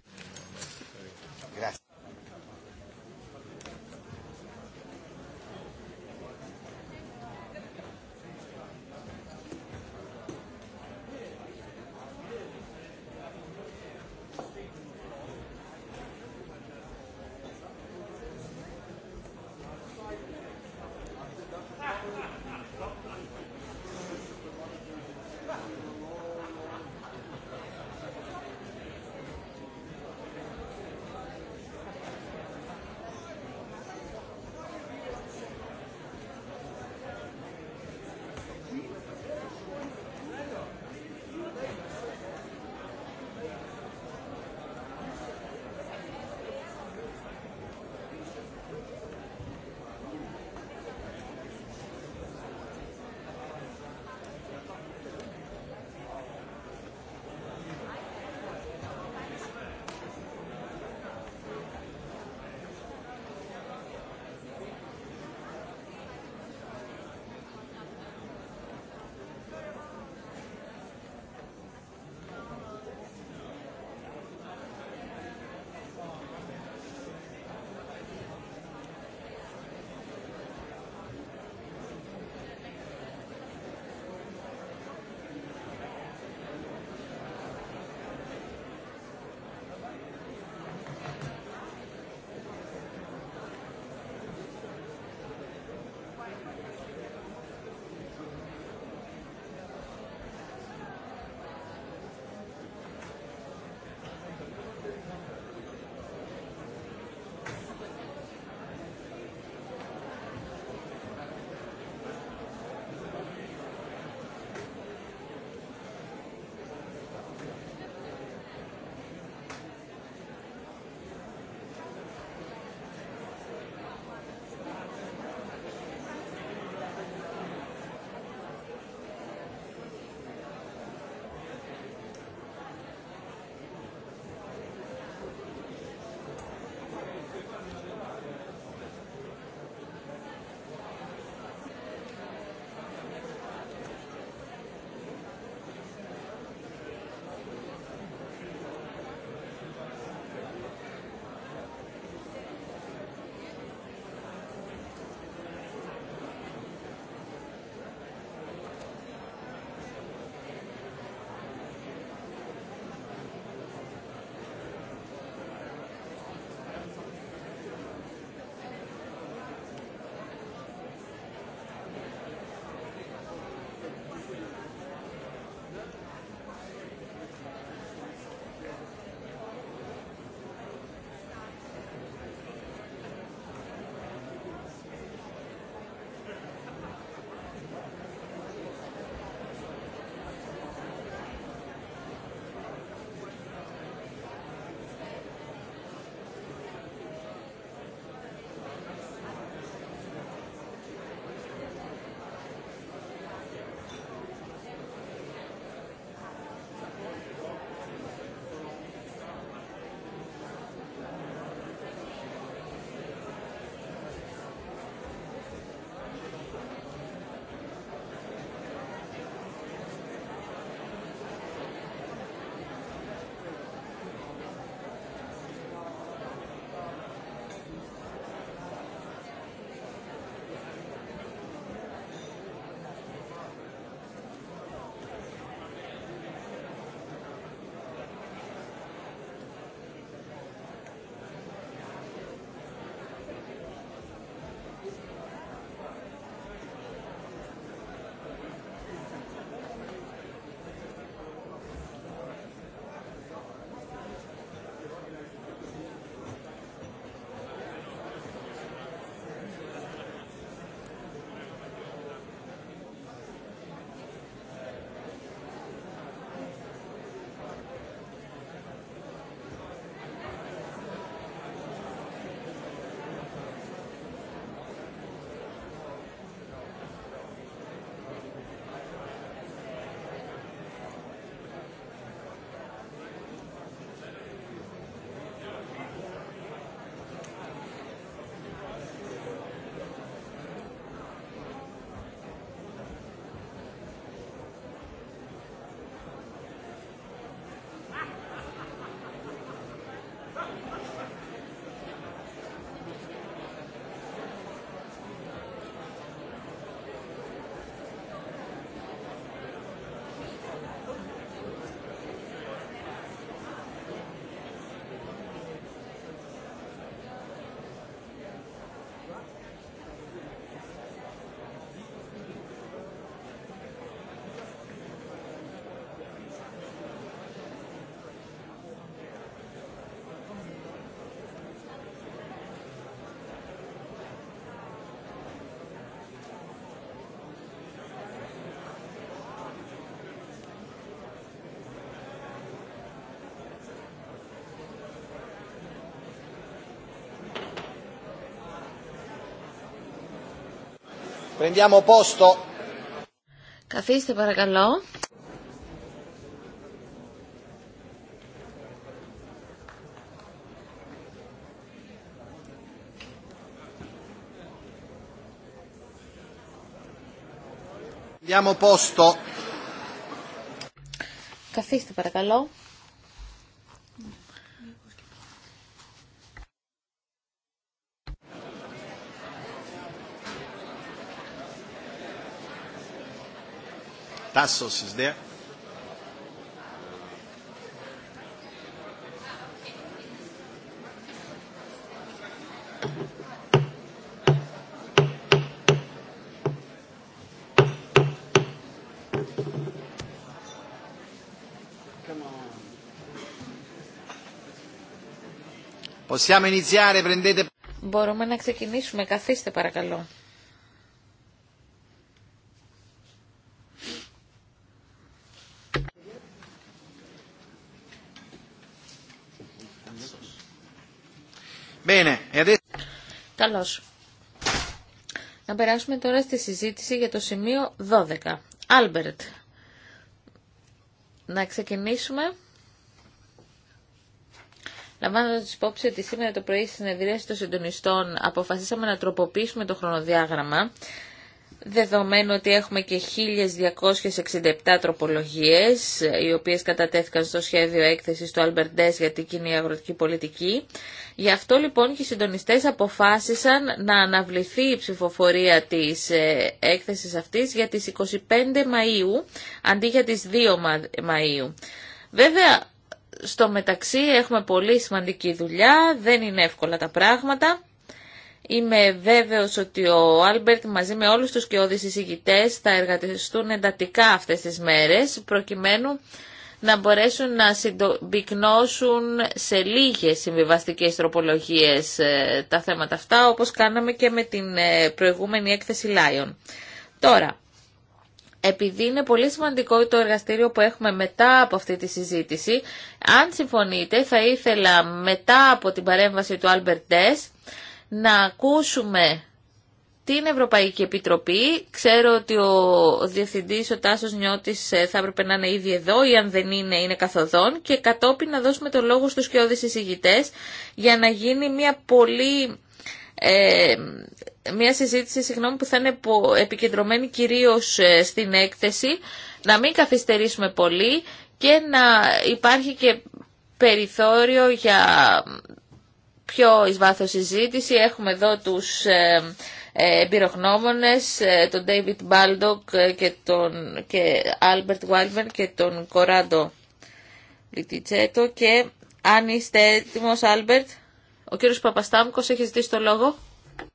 Prendiamo posto. Καθίστε παρακαλώ. Prendiamo posto. Καθίστε παρακαλώ. is there. Μπορούμε να ξεκινήσουμε. Καθίστε παρακαλώ. Καλώς. Να περάσουμε τώρα στη συζήτηση για το σημείο 12. Άλμπερτ, να ξεκινήσουμε Λαμβάνοντα υπόψη ότι σήμερα το πρωί στη συνεδρίαση των συντονιστών αποφασίσαμε να τροποποιήσουμε το χρονοδιάγραμμα Δεδομένου ότι έχουμε και 1.267 τροπολογίες, οι οποίες κατατέθηκαν στο σχέδιο έκθεσης του Αλμπερντές για την κοινή αγροτική πολιτική. Γι' αυτό λοιπόν και οι συντονιστές αποφάσισαν να αναβληθεί η ψηφοφορία της ε, έκθεσης αυτής για τις 25 Μαΐου, αντί για τις 2 Μαΐου. Βέβαια, στο μεταξύ έχουμε πολύ σημαντική δουλειά, δεν είναι εύκολα τα πράγματα. Είμαι βέβαιος ότι ο Άλμπερτ μαζί με όλους τους κοιόδης εισηγητές θα εργατιστούν εντατικά αυτές τις μέρες προκειμένου να μπορέσουν να συμπυκνώσουν σε λίγες συμβιβαστικές τροπολογίες ε, τα θέματα αυτά όπως κάναμε και με την ε, προηγούμενη έκθεση Lion. Τώρα, επειδή είναι πολύ σημαντικό το εργαστήριο που έχουμε μετά από αυτή τη συζήτηση, αν συμφωνείτε θα ήθελα μετά από την παρέμβαση του Albert να ακούσουμε την Ευρωπαϊκή Επιτροπή. Ξέρω ότι ο Διευθυντής, ο Τάσος Νιώτης, ε, θα έπρεπε να είναι ήδη εδώ ή αν δεν είναι, είναι καθοδόν και κατόπιν να δώσουμε το λόγο στους κοιόδης εισηγητές για να γίνει μια πολύ... Ε, μια συζήτηση συγγνώμη, που θα είναι επικεντρωμένη κυρίως ε, στην έκθεση, να μην καθυστερήσουμε πολύ και να υπάρχει και περιθώριο για πιο εις βάθος συζήτηση. Έχουμε εδώ τους ε, ε, εμπειρογνώμονες, ε, τον David Baldock και τον και Albert Wildman και τον Κοράντο Λιτιτσέτο και αν είστε έτοιμος Albert, ο κύριος Παπαστάμκος έχει ζητήσει το λόγο.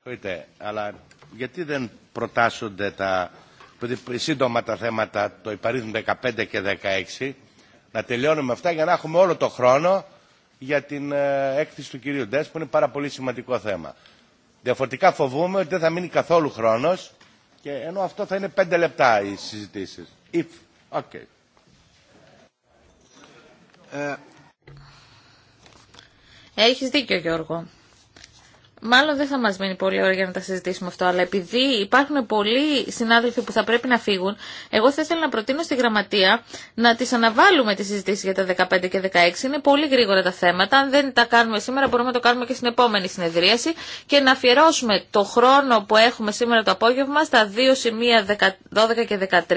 Είτε, αλλά γιατί δεν προτάσσονται τα σύντομα τα θέματα το υπαρίδουν 15 και 16 να τελειώνουμε αυτά για να έχουμε όλο το χρόνο για την ε, έκθεση του κυρίου Ντές που είναι πάρα πολύ σημαντικό θέμα. Διαφορετικά φοβούμε ότι δεν θα μείνει καθόλου χρόνος και ενώ αυτό θα είναι πέντε λεπτά οι συζητήσεις. If. Okay. Ε, έχεις δίκιο Γιώργο. Μάλλον δεν θα μας μείνει πολύ ώρα για να τα συζητήσουμε αυτό, αλλά επειδή υπάρχουν πολλοί συνάδελφοι που θα πρέπει να φύγουν, εγώ θα ήθελα να προτείνω στη γραμματεία να τις αναβάλουμε τις συζητήσεις για τα 15 και 16. Είναι πολύ γρήγορα τα θέματα. Αν δεν τα κάνουμε σήμερα, μπορούμε να το κάνουμε και στην επόμενη συνεδρίαση και να αφιερώσουμε το χρόνο που έχουμε σήμερα το απόγευμα στα δύο σημεία 12 και 13.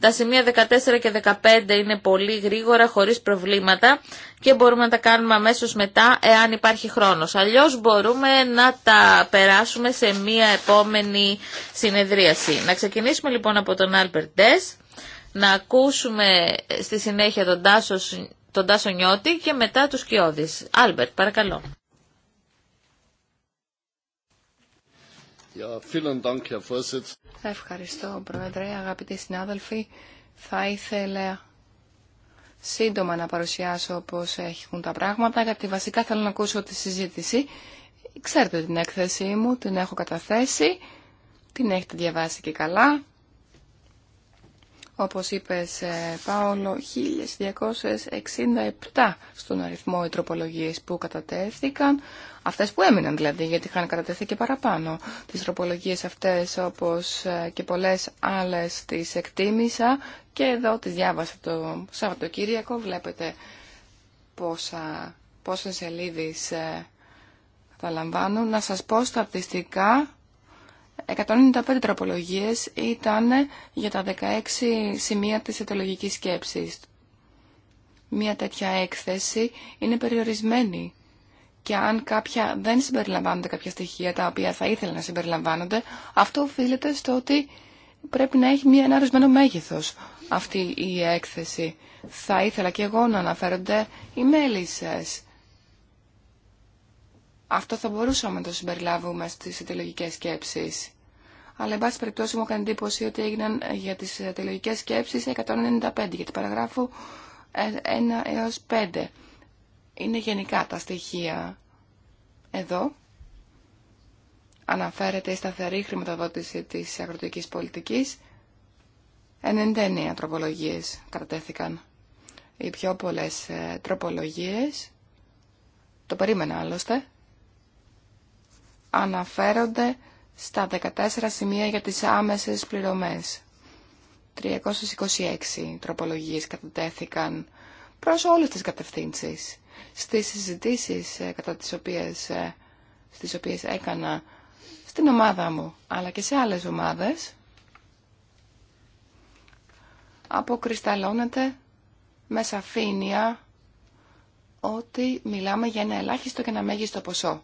Τα σημεία 14 και 15 είναι πολύ γρήγορα, χωρίς προβλήματα και μπορούμε να τα κάνουμε αμέσως μετά, εάν υπάρχει χρόνος. Αλλιώς μπορούμε να τα περάσουμε σε μία επόμενη συνεδρίαση. Να ξεκινήσουμε λοιπόν από τον Άλπερτ Ντες, να ακούσουμε στη συνέχεια τον Τάσο, τον Νιώτη και μετά τους Κιώδης. Άλπερτ, παρακαλώ. Ευχαριστώ, Πρόεδρε, αγαπητοί συνάδελφοι. Θα ήθελα σύντομα να παρουσιάσω πώς έχουν τα πράγματα, γιατί βασικά θέλω να ακούσω τη συζήτηση Ξέρετε την έκθεσή μου, την έχω καταθέσει, την έχετε διαβάσει και καλά. Όπως είπες, ε, Πάολο, 1267 στον αριθμό οι τροπολογίες που κατατέθηκαν, αυτές που έμειναν δηλαδή, γιατί είχαν κατατεθεί και παραπάνω. Τις τροπολογίες αυτές, όπως ε, και πολλές άλλες, τις εκτίμησα και εδώ τις διάβασα το Σαββατοκύριακο. Βλέπετε πόσα, πόσες σελίδες ε, θα να σας πω στατιστικά 195 τροπολογίες ήταν για τα 16 σημεία της αιτιολογικής σκέψης. Μία τέτοια έκθεση είναι περιορισμένη και αν κάποια δεν συμπεριλαμβάνονται κάποια στοιχεία τα οποία θα ήθελα να συμπεριλαμβάνονται, αυτό οφείλεται στο ότι πρέπει να έχει μία, ένα ορισμένο μέγεθος αυτή η έκθεση. Θα ήθελα και εγώ να αναφέρονται οι μέλησες. Αυτό θα μπορούσαμε να το συμπεριλάβουμε στις αιτιολογικές σκέψει, Αλλά, εν πάση περιπτώσει, μου έκανε εντύπωση ότι έγιναν ε, για τις αιτιολογικές σκέψεις 195, γιατί παραγράφω παραγράφου ε, 1 έως 5. Είναι γενικά τα στοιχεία εδώ. Αναφέρεται η σταθερή χρηματοδότηση της αγροτική πολιτικής. 99 τροπολογίε κρατέθηκαν. Οι πιο πολλέ ε, τροπολογίε το περίμενα άλλωστε, αναφέρονται στα 14 σημεία για τις άμεσες πληρωμές. 326 τροπολογίες κατατέθηκαν προς όλες τις κατευθύνσεις. Στις συζητήσεις ε, κατά τις οποίες, ε, στις οποίες έκανα στην ομάδα μου, αλλά και σε άλλες ομάδες, αποκρισταλώνεται με σαφήνεια ότι μιλάμε για ένα ελάχιστο και ένα μέγιστο ποσό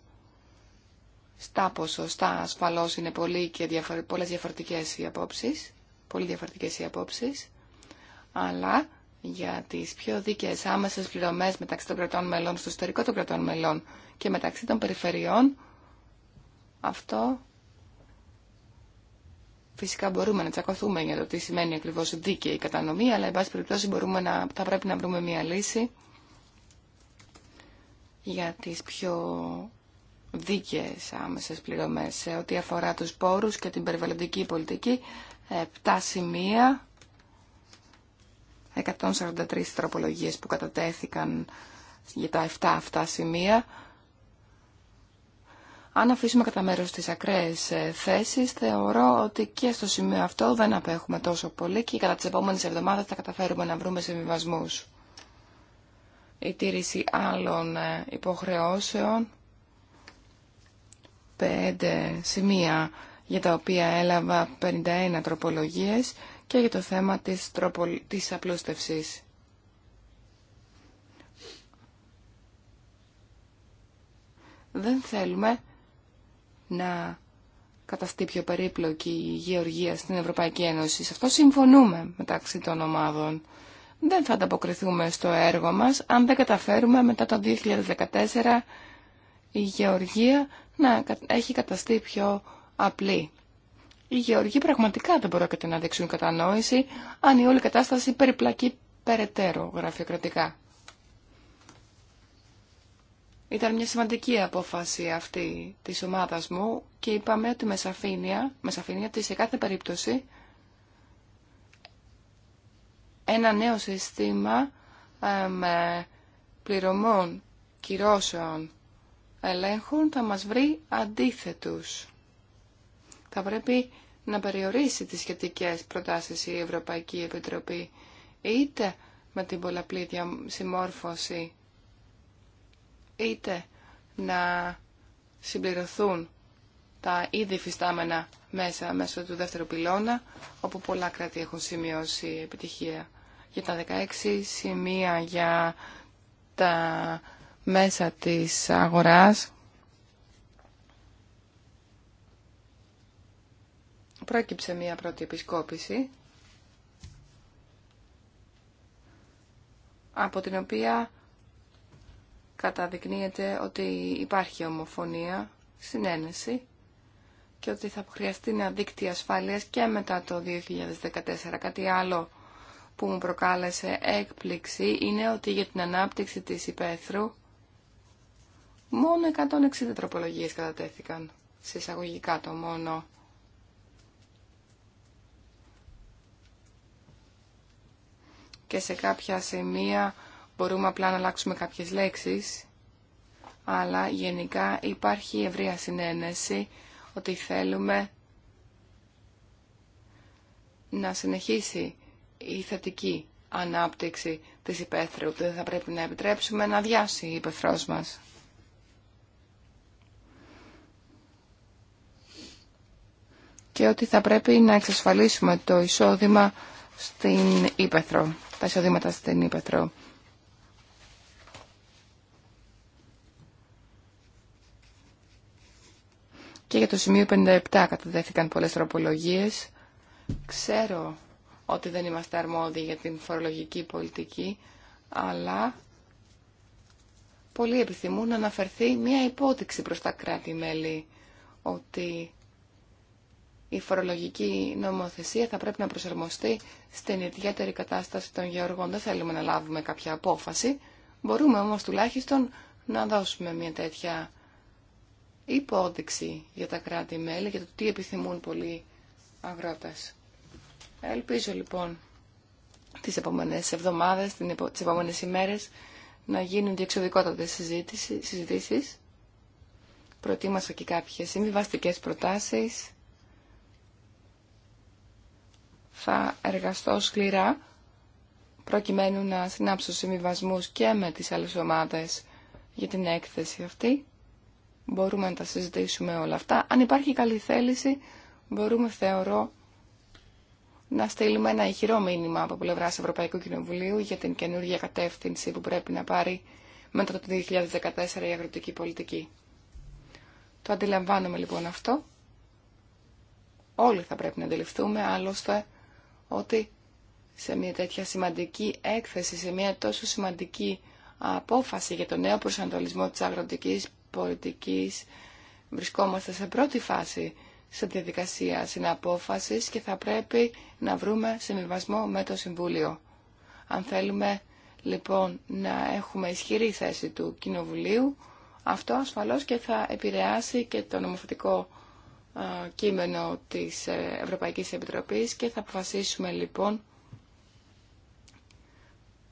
στα ποσοστά ασφαλώς είναι πολύ και διαφορε... πολλές διαφορετικές οι απόψεις, πολύ διαφορετικές οι αλλά για τις πιο δίκαιες άμεσες πληρωμές μεταξύ των κρατών μελών, στο εσωτερικό των κρατών μελών και μεταξύ των περιφερειών, αυτό φυσικά μπορούμε να τσακωθούμε για το τι σημαίνει ακριβώς δίκαιη κατανομή, αλλά εν πάση περιπτώσει μπορούμε να, θα πρέπει να βρούμε μια λύση για τις πιο δίκαιες άμεσες πληρωμές σε ό,τι αφορά τους πόρους και την περιβαλλοντική πολιτική. 7 σημεία, 143 τροπολογίες που κατατέθηκαν για τα 7 αυτά σημεία. Αν αφήσουμε κατά μέρο τις ακραίες ε, θέσεις, θεωρώ ότι και στο σημείο αυτό δεν απέχουμε τόσο πολύ και κατά τις επόμενες εβδομάδες θα καταφέρουμε να βρούμε συμβιβασμούς. Η τήρηση άλλων ε, υποχρεώσεων πέντε σημεία για τα οποία έλαβα 51 τροπολογίες και για το θέμα της, τροπο... της απλούστευσης. Δεν θέλουμε να καταστεί πιο περίπλοκη η γεωργία στην Ευρωπαϊκή Ένωση. Σε αυτό συμφωνούμε μεταξύ των ομάδων. Δεν θα ανταποκριθούμε στο έργο μας αν δεν καταφέρουμε μετά το 2014 η γεωργία να έχει καταστεί πιο απλή. Οι γεωργοί πραγματικά δεν πρόκειται να δείξουν κατανόηση αν η όλη κατάσταση περιπλακεί περαιτέρω γραφειοκρατικά. Ήταν μια σημαντική απόφαση αυτή της ομάδας μου και είπαμε ότι με σαφήνεια, με σε κάθε περίπτωση ένα νέο σύστημα ε, με πληρωμών, κυρώσεων ελέγχων θα μας βρει αντίθετους. Θα πρέπει να περιορίσει τις σχετικές προτάσεις η Ευρωπαϊκή Επιτροπή είτε με την πολλαπλή συμμόρφωση είτε να συμπληρωθούν τα ήδη φυστάμενα μέσα μέσω του δεύτερου πυλώνα, όπου πολλά κράτη έχουν σημειώσει επιτυχία. Για τα 16 σημεία για τα μέσα της αγοράς πρόκυψε μία πρώτη επισκόπηση από την οποία καταδεικνύεται ότι υπάρχει ομοφωνία, συνένεση και ότι θα χρειαστεί να δίκτυο ασφάλειας και μετά το 2014. Κάτι άλλο που μου προκάλεσε έκπληξη είναι ότι για την ανάπτυξη της υπαίθρου Μόνο 160 τροπολογίες κατατέθηκαν. Σε εισαγωγικά το μόνο. Και σε κάποια σημεία μπορούμε απλά να αλλάξουμε κάποιες λέξεις. Αλλά γενικά υπάρχει ευρεία συνένεση ότι θέλουμε να συνεχίσει η θετική ανάπτυξη της υπαίθρου. Δεν θα πρέπει να επιτρέψουμε να διάσει η υπεθρός μας. και ότι θα πρέπει να εξασφαλίσουμε το εισόδημα στην Ήπεθρο, τα εισόδηματα στην Ήπεθρο. Και για το σημείο 57 καταδέθηκαν πολλές τροπολογίες. Ξέρω ότι δεν είμαστε αρμόδιοι για την φορολογική πολιτική, αλλά πολλοί επιθυμούν να αναφερθεί μια υπόδειξη προς τα κράτη-μέλη ότι η φορολογική νομοθεσία θα πρέπει να προσαρμοστεί στην ιδιαίτερη κατάσταση των γεωργών. Δεν θέλουμε να λάβουμε κάποια απόφαση, μπορούμε όμως τουλάχιστον να δώσουμε μια τέτοια υπόδειξη για τα κράτη-μέλη, για το τι επιθυμούν πολλοί αγρότες. Ελπίζω λοιπόν τις επόμενες εβδομάδες, τις επόμενες ημέρες να γίνουν διεξοδικότατες συζητήσεις. Προετοίμασα και κάποιες συμβιβαστικές προτάσεις θα εργαστώ σκληρά προκειμένου να συνάψω συμβιβασμούς και με τις άλλες ομάδες για την έκθεση αυτή. Μπορούμε να τα συζητήσουμε όλα αυτά. Αν υπάρχει καλή θέληση, μπορούμε, θεωρώ, να στείλουμε ένα ηχηρό μήνυμα από πλευρά Ευρωπαϊκού Κοινοβουλίου για την καινούργια κατεύθυνση που πρέπει να πάρει μετά το 2014 η αγροτική πολιτική. Το αντιλαμβάνομαι λοιπόν αυτό. Όλοι θα πρέπει να αντιληφθούμε, άλλωστε ότι σε μια τέτοια σημαντική έκθεση, σε μια τόσο σημαντική απόφαση για το νέο προσανατολισμό της αγροτικής πολιτικής βρισκόμαστε σε πρώτη φάση σε διαδικασία συναπόφασης και θα πρέπει να βρούμε συμβιβασμό με το Συμβούλιο. Αν θέλουμε λοιπόν να έχουμε ισχυρή θέση του Κοινοβουλίου, αυτό ασφαλώς και θα επηρεάσει και το νομοθετικό ε, κείμενο της ε, Ευρωπαϊκής Επιτροπής και θα αποφασίσουμε λοιπόν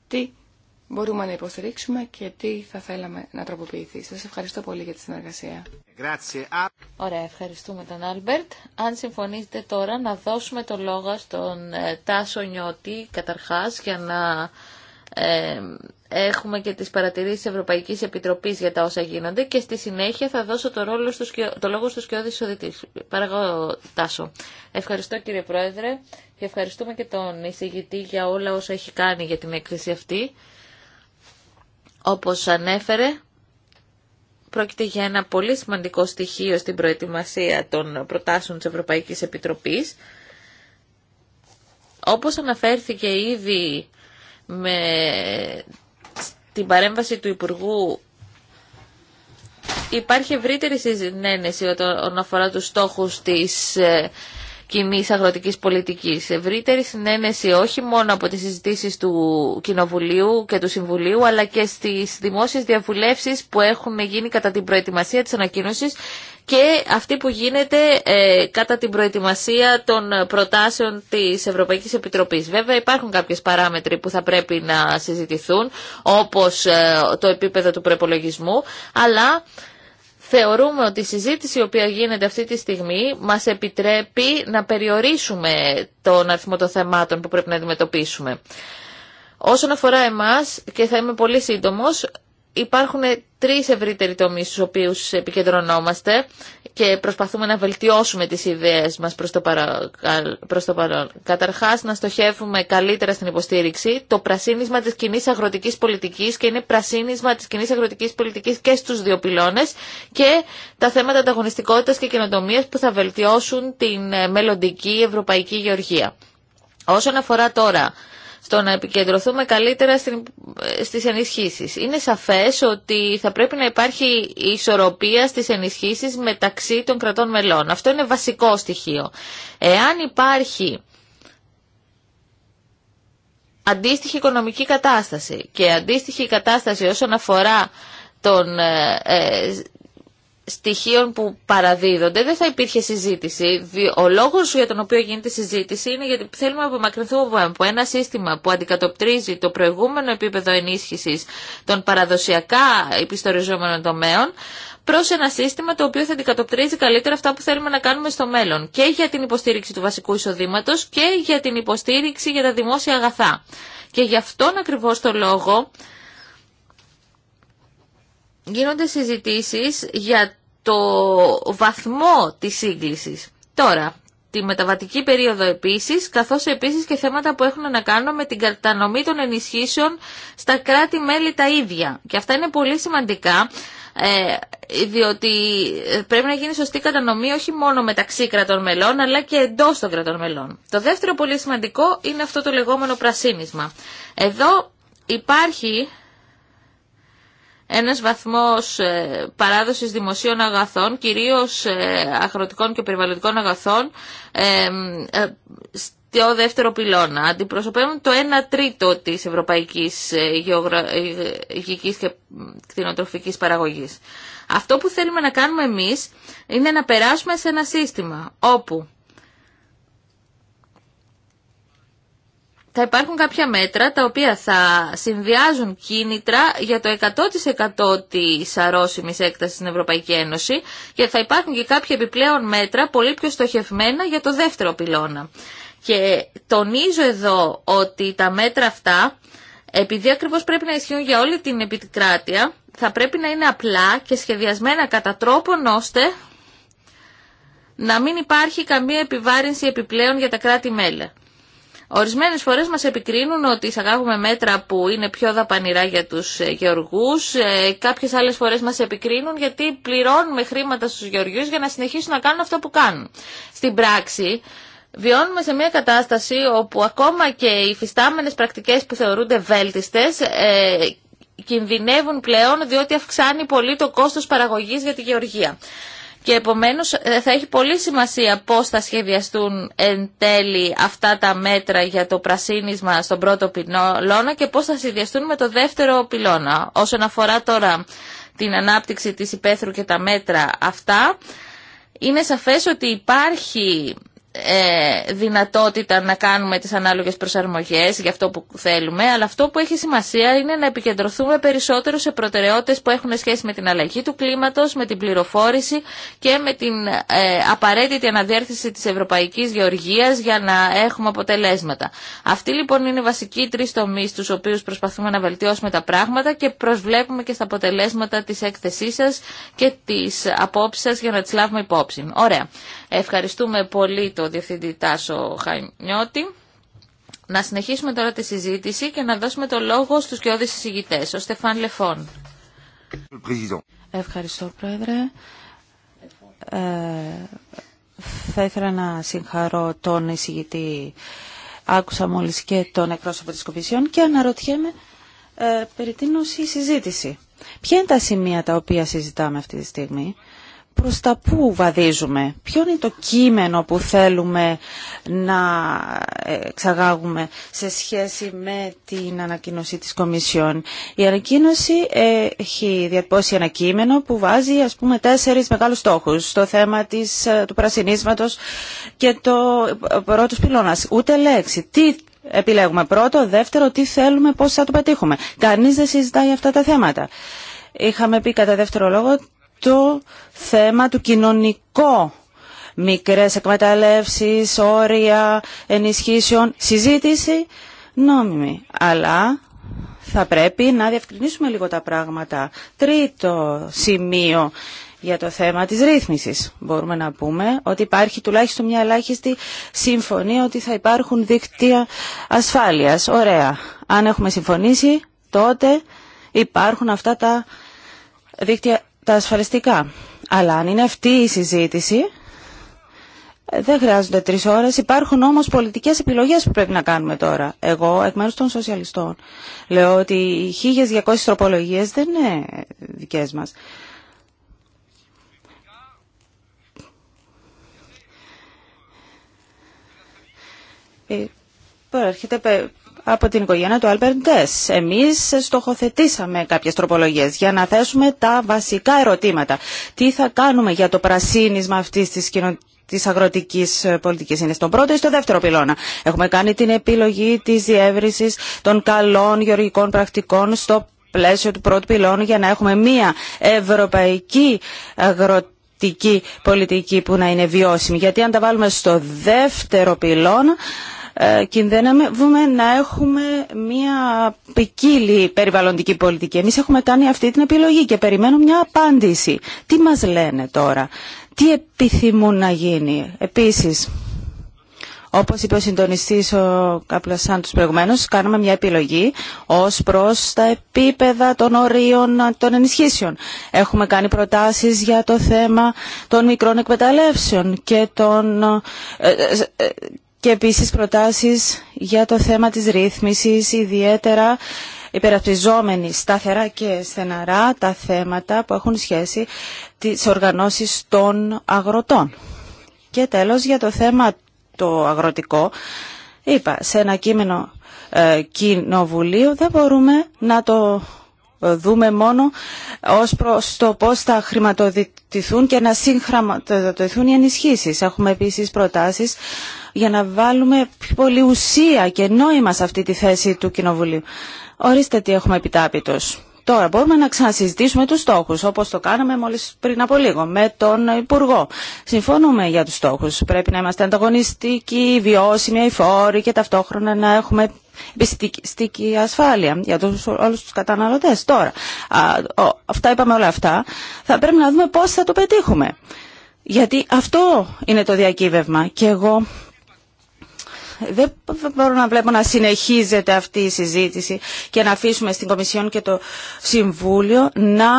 τι μπορούμε να υποστηρίξουμε και τι θα θέλαμε να τροποποιηθεί. Σας ευχαριστώ πολύ για τη συνεργασία. Ωραία, ευχαριστούμε τον Άλμπερτ. Αν συμφωνείτε τώρα να δώσουμε το λόγο στον ε, Τάσο Νιώτη καταρχάς για να έχουμε και τις παρατηρήσεις της Ευρωπαϊκής Επιτροπής για τα όσα γίνονται και στη συνέχεια θα δώσω το, ρόλο στους, το λόγο στους κοιόδης οδητής. Παραγώ Τάσο. Ευχαριστώ κύριε Πρόεδρε και ευχαριστούμε και τον εισηγητή για όλα όσα έχει κάνει για την έκθεση αυτή. Όπως ανέφερε, πρόκειται για ένα πολύ σημαντικό στοιχείο στην προετοιμασία των προτάσεων της Ευρωπαϊκής Επιτροπής. Όπως αναφέρθηκε ήδη με την παρέμβαση του Υπουργού υπάρχει ευρύτερη συνένεση όταν αφορά τους στόχους της ε, κοινή αγροτική πολιτική. Ευρύτερη συνένεση όχι μόνο από τις συζητήσεις του Κοινοβουλίου και του Συμβουλίου, αλλά και στις δημόσιες διαβουλεύσεις που έχουν γίνει κατά την προετοιμασία της ανακοίνωση και αυτή που γίνεται ε, κατά την προετοιμασία των προτάσεων της Ευρωπαϊκής Επιτροπής. Βέβαια υπάρχουν κάποιες παράμετροι που θα πρέπει να συζητηθούν, όπως ε, το επίπεδο του προπολογισμού, αλλά θεωρούμε ότι η συζήτηση η οποία γίνεται αυτή τη στιγμή μας επιτρέπει να περιορίσουμε τον αριθμό των θεμάτων που πρέπει να αντιμετωπίσουμε. Όσον αφορά εμάς, και θα είμαι πολύ σύντομος, υπάρχουν τρεις ευρύτεροι τομείς στους οποίους επικεντρωνόμαστε και προσπαθούμε να βελτιώσουμε τις ιδέες μας προς το, παρα... παρόν. Καταρχάς να στοχεύουμε καλύτερα στην υποστήριξη το πρασίνισμα της κοινή αγροτικής πολιτικής και είναι πρασίνισμα της κοινή αγροτικής πολιτικής και στους δύο πυλώνες και τα θέματα ανταγωνιστικότητας και καινοτομίας που θα βελτιώσουν την μελλοντική ευρωπαϊκή γεωργία. Όσον αφορά τώρα στο να επικεντρωθούμε καλύτερα στις ενισχύσεις. Είναι σαφές ότι θα πρέπει να υπάρχει ισορροπία στις ενισχύσεις μεταξύ των κρατών μελών. Αυτό είναι βασικό στοιχείο. Εάν υπάρχει αντίστοιχη οικονομική κατάσταση και αντίστοιχη κατάσταση όσον αφορά τον, ε, ε, στοιχείων που παραδίδονται δεν θα υπήρχε συζήτηση. Ο λόγο για τον οποίο γίνεται συζήτηση είναι γιατί θέλουμε να απομακρυνθούμε από ένα σύστημα που αντικατοπτρίζει το προηγούμενο επίπεδο ενίσχυση των παραδοσιακά επιστοριζόμενων τομέων προ ένα σύστημα το οποίο θα αντικατοπτρίζει καλύτερα αυτά που θέλουμε να κάνουμε στο μέλλον. Και για την υποστήριξη του βασικού εισοδήματο και για την υποστήριξη για τα δημόσια αγαθά. Και γι' αυτόν ακριβώ το λόγο γίνονται συζητήσεις για το βαθμό της σύγκλησης. Τώρα, τη μεταβατική περίοδο επίσης, καθώς επίσης και θέματα που έχουν να κάνουν με την κατανομή των ενισχύσεων στα κράτη-μέλη τα ίδια. Και αυτά είναι πολύ σημαντικά, ε, διότι πρέπει να γίνει σωστή κατανομή όχι μόνο μεταξύ κρατών μελών, αλλά και εντός των κρατών μελών. Το δεύτερο πολύ σημαντικό είναι αυτό το λεγόμενο πρασίνισμα. Εδώ υπάρχει ένας βαθμός ε, παράδοσης δημοσίων αγαθών, κυρίως ε, αγροτικών και περιβαλλοντικών αγαθών, ε, στο δεύτερο πυλώνα. Αντιπροσωπεύουν το 1 τρίτο της ευρωπαϊκής γεωγραφικής και κτηνοτροφικής παραγωγής. Αυτό που θέλουμε να κάνουμε εμείς είναι να περάσουμε σε ένα σύστημα όπου θα υπάρχουν κάποια μέτρα τα οποία θα συνδυάζουν κίνητρα για το 100% της αρρώσιμης έκτασης στην Ευρωπαϊκή Ένωση και θα υπάρχουν και κάποια επιπλέον μέτρα πολύ πιο στοχευμένα για το δεύτερο πυλώνα. Και τονίζω εδώ ότι τα μέτρα αυτά, επειδή ακριβώς πρέπει να ισχύουν για όλη την επικράτεια, θα πρέπει να είναι απλά και σχεδιασμένα κατά τρόπον ώστε να μην υπάρχει καμία επιβάρυνση επιπλέον για τα κράτη-μέλη. Ορισμένες φορές μας επικρίνουν ότι εισαγάγουμε μέτρα που είναι πιο δαπανηρά για τους ε, γεωργούς. Ε, κάποιες άλλες φορές μας επικρίνουν γιατί πληρώνουμε χρήματα στους γεωργιούς για να συνεχίσουν να κάνουν αυτό που κάνουν. Στην πράξη βιώνουμε σε μια κατάσταση όπου ακόμα και οι φυστάμενες πρακτικές που θεωρούνται βέλτιστες ε, κινδυνεύουν πλέον διότι αυξάνει πολύ το κόστος παραγωγής για τη γεωργία και επομένως ε, θα έχει πολύ σημασία πώς θα σχεδιαστούν εν τέλει αυτά τα μέτρα για το πρασίνισμα στον πρώτο πυλώνα και πώς θα σχεδιαστούν με το δεύτερο πυλώνα. Όσον αφορά τώρα την ανάπτυξη της υπαίθρου και τα μέτρα αυτά, είναι σαφές ότι υπάρχει ε, δυνατότητα να κάνουμε τις ανάλογες προσαρμογές για αυτό που θέλουμε, αλλά αυτό που έχει σημασία είναι να επικεντρωθούμε περισσότερο σε προτεραιότητες που έχουν σχέση με την αλλαγή του κλίματος, με την πληροφόρηση και με την ε, απαραίτητη αναδιέρθυση της ευρωπαϊκής γεωργίας για να έχουμε αποτελέσματα. Αυτοί λοιπόν είναι οι βασικοί τρεις τομείς στους οποίους προσπαθούμε να βελτιώσουμε τα πράγματα και προσβλέπουμε και στα αποτελέσματα της έκθεσής σας και της απόψης σας για να τις λάβουμε υπόψη. Ωραία. Ευχαριστούμε πολύ το Διευθυντή Τάσο Χανιώτη. Να συνεχίσουμε τώρα τη συζήτηση και να δώσουμε το λόγο στους κοιόδης συζητητές. Ο Στεφάν Λεφόν. Ευχαριστώ, Πρόεδρε. Ε, θα ήθελα να συγχαρώ τον εισηγητή. Άκουσα μόλις και τον εκπρόσωπο της Κομισιόν και αναρωτιέμαι ε, περί τίνος η συζήτηση. Ποια είναι τα σημεία τα οποία συζητάμε αυτή τη στιγμή προς τα πού βαδίζουμε, ποιο είναι το κείμενο που θέλουμε να εξαγάγουμε σε σχέση με την ανακοίνωση της Κομισιόν. Η ανακοίνωση ε, έχει διατυπώσει ένα κείμενο που βάζει ας πούμε τέσσερις μεγάλους στόχους στο θέμα της, ε, του πρασινίσματος και το ε, πρώτο πυλώνας. Ούτε λέξη. Τι επιλέγουμε πρώτο, δεύτερο, τι θέλουμε, πώς θα το πετύχουμε. Κανείς δεν συζητάει αυτά τα θέματα. Είχαμε πει κατά δεύτερο λόγο το θέμα του κοινωνικού μικρές εκμεταλλεύσεις, όρια, ενισχύσεων, συζήτηση νόμιμη. Αλλά θα πρέπει να διευκρινίσουμε λίγο τα πράγματα. Τρίτο σημείο για το θέμα της ρύθμισης. Μπορούμε να πούμε ότι υπάρχει τουλάχιστον μια ελάχιστη συμφωνία ότι θα υπάρχουν δίκτυα ασφάλειας. Ωραία. Αν έχουμε συμφωνήσει, τότε υπάρχουν αυτά τα δίκτυα τα ασφαλιστικά. Αλλά αν είναι αυτή η συζήτηση, ε, δεν χρειάζονται τρει ώρε. Υπάρχουν όμω πολιτικέ επιλογέ που πρέπει να κάνουμε τώρα. Εγώ, εκ μέρου των σοσιαλιστών, λέω ότι οι 1200 τροπολογίε δεν είναι δικέ μα. Ε, προέρχεται από την οικογένεια του Albert Ντες. Εμείς στοχοθετήσαμε κάποιες τροπολογίες για να θέσουμε τα βασικά ερωτήματα. Τι θα κάνουμε για το πρασίνισμα αυτής της κοινωνικής της αγροτικής ε, πολιτικής είναι στον πρώτο ή στο δεύτερο πυλώνα. Έχουμε κάνει την επιλογή της διεύρυνσης των καλών γεωργικών πρακτικών στο πλαίσιο του πρώτου πυλώνα για να έχουμε μία ευρωπαϊκή αγροτική πολιτική που να είναι βιώσιμη. Γιατί αν τα βάλουμε στο δεύτερο πυλώνα βούμε ε, να έχουμε μια ποικίλη περιβαλλοντική πολιτική. Εμείς έχουμε κάνει αυτή την επιλογή και περιμένουμε μια απάντηση. Τι μας λένε τώρα, τι επιθυμούν να γίνει. Επίσης, όπως είπε ο συντονιστής ο τους προηγούμενους, κάναμε μια επιλογή ως προς τα επίπεδα των ορίων των ενισχύσεων. Έχουμε κάνει προτάσεις για το θέμα των μικρών εκμεταλλεύσεων και των ε, ε, και επίσης προτάσεις για το θέμα της ρύθμισης, ιδιαίτερα υπερασπιζόμενοι σταθερά και στεναρά τα θέματα που έχουν σχέση της οργανώσεις των αγροτών. Και τέλος για το θέμα το αγροτικό, είπα σε ένα κείμενο ε, κοινοβουλίου δεν μπορούμε να το δούμε μόνο ως προς το πώς θα χρηματοδοτηθούν και να συγχρηματοδοτηθούν οι ενισχύσεις. Έχουμε επίσης προτάσεις για να βάλουμε πολύ ουσία και νόημα σε αυτή τη θέση του Κοινοβουλίου. Ορίστε τι έχουμε επιτάπητος. Τώρα μπορούμε να ξανασυζητήσουμε τους στόχους, όπως το κάναμε μόλις πριν από λίγο, με τον Υπουργό. Συμφωνούμε για τους στόχους. Πρέπει να είμαστε ανταγωνιστικοί, βιώσιμοι, αηφόροι και ταυτόχρονα να έχουμε επιστημιστική ασφάλεια για τους, όλους τους καταναλωτές. Τώρα, αυτά είπαμε όλα αυτά, θα πρέπει να δούμε πώς θα το πετύχουμε. Γιατί αυτό είναι το διακύβευμα και εγώ δεν μπορώ να βλέπω να συνεχίζεται αυτή η συζήτηση και να αφήσουμε στην Κομισιόν και το Συμβούλιο να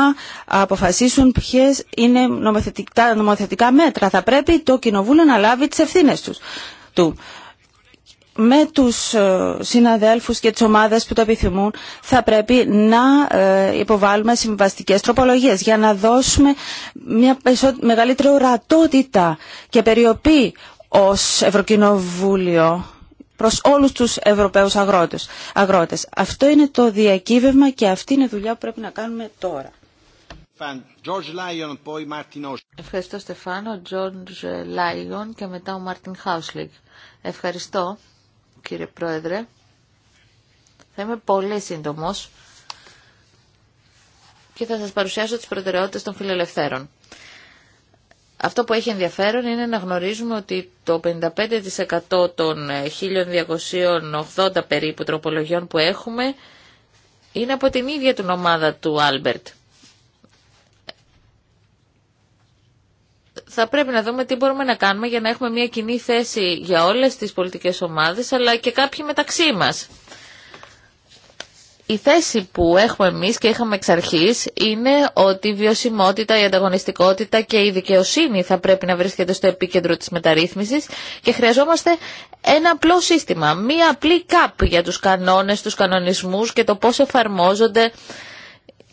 αποφασίσουν ποιε είναι νομοθετικά, νομοθετικά μέτρα. Θα πρέπει το Κοινοβούλιο να λάβει τις ευθύνες Του με τους ε, συναδέλφους και τις ομάδες που το επιθυμούν θα πρέπει να ε, υποβάλουμε συμβαστικές τροπολογίες για να δώσουμε μια μεγαλύτερη ορατότητα και περιοπή ως Ευρωκοινοβούλιο προς όλους τους Ευρωπαίους αγρότες. αγρότες. Αυτό είναι το διακύβευμα και αυτή είναι η δουλειά που πρέπει να κάνουμε τώρα. Ευχαριστώ Στεφάνο, George Λάιον και μετά ο Μάρτιν Χάουσλικ. Ευχαριστώ κύριε Πρόεδρε. Θα είμαι πολύ σύντομος και θα σας παρουσιάσω τις προτεραιότητες των φιλελευθέρων. Αυτό που έχει ενδιαφέρον είναι να γνωρίζουμε ότι το 55% των 1280 περίπου τροπολογιών που έχουμε είναι από την ίδια την ομάδα του Άλμπερτ. θα πρέπει να δούμε τι μπορούμε να κάνουμε για να έχουμε μια κοινή θέση για όλες τις πολιτικές ομάδες, αλλά και κάποιοι μεταξύ μας. Η θέση που έχουμε εμείς και είχαμε εξ αρχής είναι ότι η βιωσιμότητα, η ανταγωνιστικότητα και η δικαιοσύνη θα πρέπει να βρίσκεται στο επίκεντρο της μεταρρύθμισης και χρειαζόμαστε ένα απλό σύστημα, μία απλή κάπ για τους κανόνες, τους κανονισμούς και το πώς εφαρμόζονται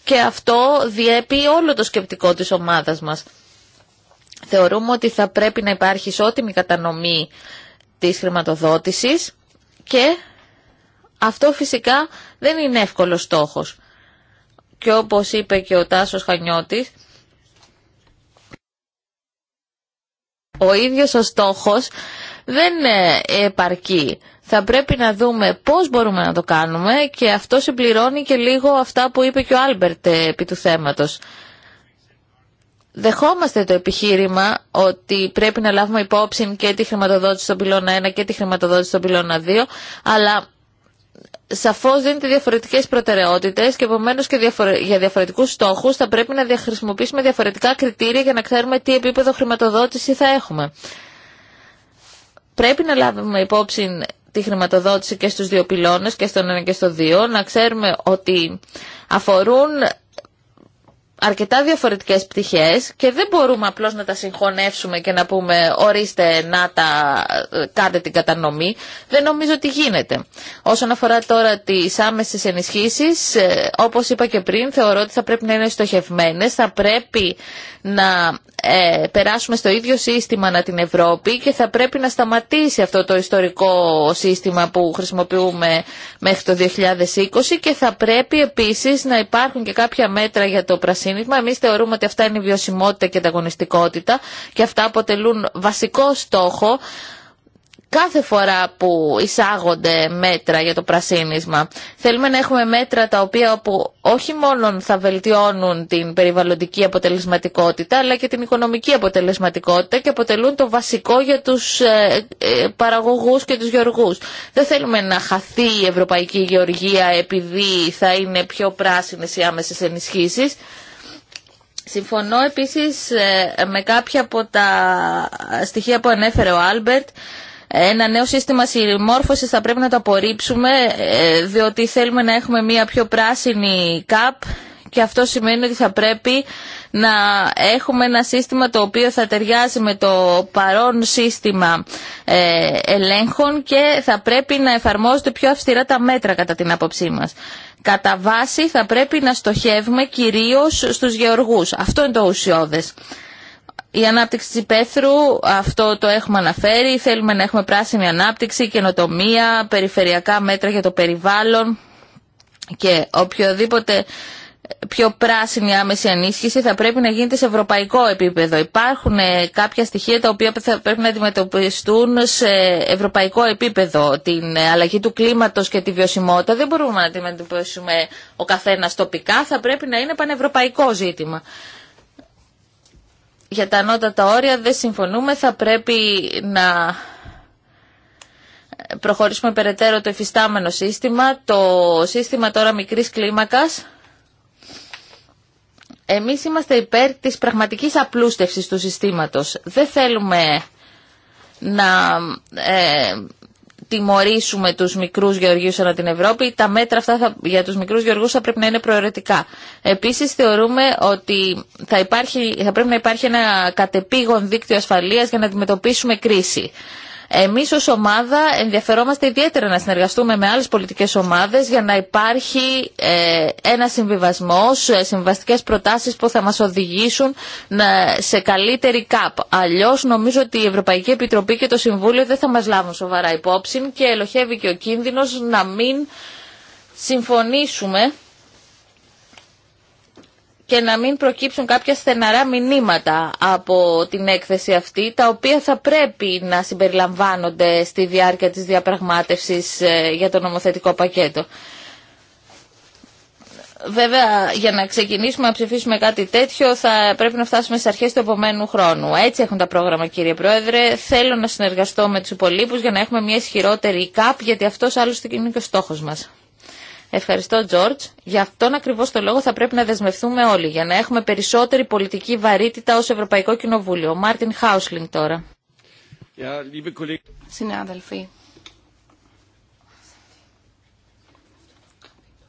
και αυτό διέπει όλο το σκεπτικό της ομάδας μας. Θεωρούμε ότι θα πρέπει να υπάρχει ισότιμη κατανομή της χρηματοδότησης και αυτό φυσικά δεν είναι εύκολος στόχος. Και όπως είπε και ο Τάσος Χανιώτης, ο ίδιος ο στόχος δεν ε, επαρκεί. Θα πρέπει να δούμε πώς μπορούμε να το κάνουμε και αυτό συμπληρώνει και λίγο αυτά που είπε και ο Άλμπερτ ε, επί του θέματος δεχόμαστε το επιχείρημα ότι πρέπει να λάβουμε υπόψη και τη χρηματοδότηση στον πυλώνα 1 και τη χρηματοδότηση στον πυλώνα 2, αλλά σαφώς δίνεται διαφορετικέ προτεραιότητε και επομένω για διαφορετικού στόχου θα πρέπει να χρησιμοποιήσουμε διαφορετικά κριτήρια για να ξέρουμε τι επίπεδο χρηματοδότηση θα έχουμε. Πρέπει να λάβουμε υπόψη τη χρηματοδότηση και στους δύο πυλώνες, και στον 1 και στο 2, να ξέρουμε ότι αφορούν αρκετά διαφορετικές πτυχές και δεν μπορούμε απλώς να τα συγχωνεύσουμε και να πούμε ορίστε να τα ε, κάντε την κατανομή. Δεν νομίζω ότι γίνεται. Όσον αφορά τώρα τις άμεσες ενισχύσεις, ε, όπως είπα και πριν, θεωρώ ότι θα πρέπει να είναι στοχευμένες, θα πρέπει να ε, περάσουμε στο ίδιο σύστημα να την Ευρώπη και θα πρέπει να σταματήσει αυτό το ιστορικό σύστημα που χρησιμοποιούμε μέχρι το 2020 και θα πρέπει επίσης να υπάρχουν και κάποια μέτρα για το πρασίνισμα. Εμείς θεωρούμε ότι αυτά είναι η βιωσιμότητα και ανταγωνιστικότητα και αυτά αποτελούν βασικό στόχο κάθε φορά που εισάγονται μέτρα για το πρασίνισμα. Θέλουμε να έχουμε μέτρα τα οποία όχι μόνο θα βελτιώνουν την περιβαλλοντική αποτελεσματικότητα αλλά και την οικονομική αποτελεσματικότητα και αποτελούν το βασικό για τους ε, ε, παραγωγούς και τους γεωργούς. Δεν θέλουμε να χαθεί η ευρωπαϊκή γεωργία επειδή θα είναι πιο πράσινες οι άμεσες ενισχύσεις. Συμφωνώ επίσης ε, με κάποια από τα στοιχεία που ανέφερε ο Άλμπερτ ένα νέο σύστημα συμμόρφωσης θα πρέπει να το απορρίψουμε ε, διότι θέλουμε να έχουμε μια πιο πράσινη ΚΑΠ και αυτό σημαίνει ότι θα πρέπει να έχουμε ένα σύστημα το οποίο θα ταιριάζει με το παρόν σύστημα ε, ελέγχων και θα πρέπει να εφαρμόζονται πιο αυστηρά τα μέτρα κατά την άποψή μας. Κατά βάση θα πρέπει να στοχεύουμε κυρίως στους γεωργούς. Αυτό είναι το ουσιώδες. Η ανάπτυξη της υπαίθρου, αυτό το έχουμε αναφέρει, θέλουμε να έχουμε πράσινη ανάπτυξη, καινοτομία, περιφερειακά μέτρα για το περιβάλλον και οποιοδήποτε πιο πράσινη άμεση ανίσχυση θα πρέπει να γίνεται σε ευρωπαϊκό επίπεδο. Υπάρχουν ε, κάποια στοιχεία τα οποία θα πρέπει να αντιμετωπιστούν σε ευρωπαϊκό επίπεδο. Την ε, αλλαγή του κλίματος και τη βιωσιμότητα δεν μπορούμε να αντιμετωπίσουμε ο καθένας τοπικά, θα πρέπει να είναι πανευρωπαϊκό ζήτημα για τα ανώτατα όρια δεν συμφωνούμε. Θα πρέπει να προχωρήσουμε περαιτέρω το εφιστάμενο σύστημα, το σύστημα τώρα μικρής κλίμακας. Εμείς είμαστε υπέρ της πραγματικής απλούστευσης του συστήματος. Δεν θέλουμε να ε, τιμωρήσουμε τους μικρούς γεωργίους ανά την Ευρώπη, τα μέτρα αυτά θα, για τους μικρούς γεωργούς θα πρέπει να είναι προαιρετικά. Επίσης θεωρούμε ότι θα, υπάρχει, θα πρέπει να υπάρχει ένα κατεπήγον δίκτυο ασφαλείας για να αντιμετωπίσουμε κρίση. Εμείς ως ομάδα ενδιαφερόμαστε ιδιαίτερα να συνεργαστούμε με άλλες πολιτικές ομάδες για να υπάρχει ε, ένα συμβιβασμός, ε, συμβαστικές προτάσεις που θα μας οδηγήσουν σε καλύτερη ΚΑΠ. Αλλιώς νομίζω ότι η Ευρωπαϊκή Επιτροπή και το Συμβούλιο δεν θα μας λάβουν σοβαρά υπόψη και ελοχεύει και ο κίνδυνος να μην συμφωνήσουμε και να μην προκύψουν κάποια στεναρά μηνύματα από την έκθεση αυτή, τα οποία θα πρέπει να συμπεριλαμβάνονται στη διάρκεια της διαπραγμάτευσης ε, για το νομοθετικό πακέτο. Βέβαια, για να ξεκινήσουμε να ψηφίσουμε κάτι τέτοιο, θα πρέπει να φτάσουμε στι αρχέ του επομένου χρόνου. Έτσι έχουν τα πρόγραμμα, κύριε Πρόεδρε. Θέλω να συνεργαστώ με του υπολείπου για να έχουμε μια ισχυρότερη ΚΑΠ, γιατί αυτό άλλωστε είναι και ο στόχο μα. Ευχαριστώ, Τζόρτζ. Γι' αυτόν ακριβώ το λόγο θα πρέπει να δεσμευτούμε όλοι για να έχουμε περισσότερη πολιτική βαρύτητα ω Ευρωπαϊκό Κοινοβούλιο. Μάρτιν Χάουσλινγκ τώρα. Συνάδελφοι,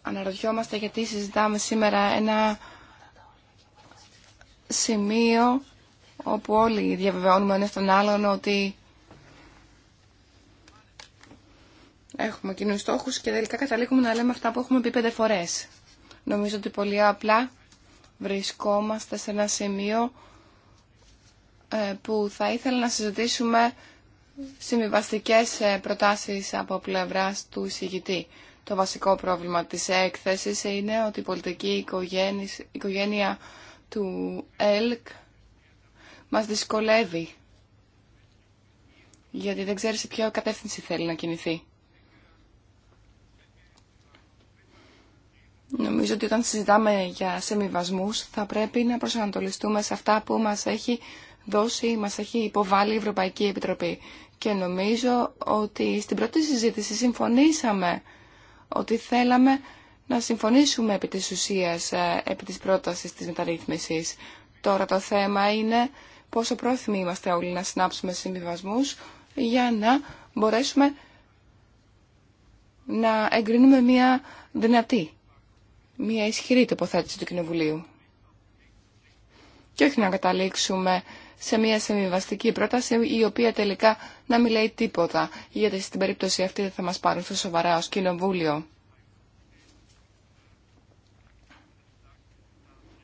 αναρωτιόμαστε γιατί συζητάμε σήμερα ένα σημείο όπου όλοι διαβεβαιώνουμε ένα τον άλλον ότι έχουμε κοινούς στόχου και τελικά καταλήγουμε να λέμε αυτά που έχουμε πει πέντε φορές. Νομίζω ότι πολύ απλά βρισκόμαστε σε ένα σημείο ε, που θα ήθελα να συζητήσουμε συμβιβαστικές ε, προτάσεις από πλευράς του εισηγητή. Το βασικό πρόβλημα της έκθεσης είναι ότι η πολιτική οικογένεια, του ΕΛΚ μας δυσκολεύει. Γιατί δεν ξέρει σε ποια κατεύθυνση θέλει να κινηθεί. Νομίζω ότι όταν συζητάμε για σεμιβασμούς θα πρέπει να προσανατολιστούμε σε αυτά που μας έχει δώσει, μας έχει υποβάλει η Ευρωπαϊκή Επιτροπή. Και νομίζω ότι στην πρώτη συζήτηση συμφωνήσαμε ότι θέλαμε να συμφωνήσουμε επί της ουσίας, ε, επί της πρότασης της μεταρρύθμισης. Τώρα το θέμα είναι πόσο πρόθυμοι είμαστε όλοι να συνάψουμε συμβιβασμού για να μπορέσουμε να εγκρίνουμε μια δυνατή μια ισχυρή τοποθέτηση του Κοινοβουλίου. Και όχι να καταλήξουμε σε μια συμβιβαστική πρόταση η οποία τελικά να μην λέει τίποτα, γιατί στην περίπτωση αυτή δεν θα μας πάρουν στο σοβαρά ως Κοινοβούλιο.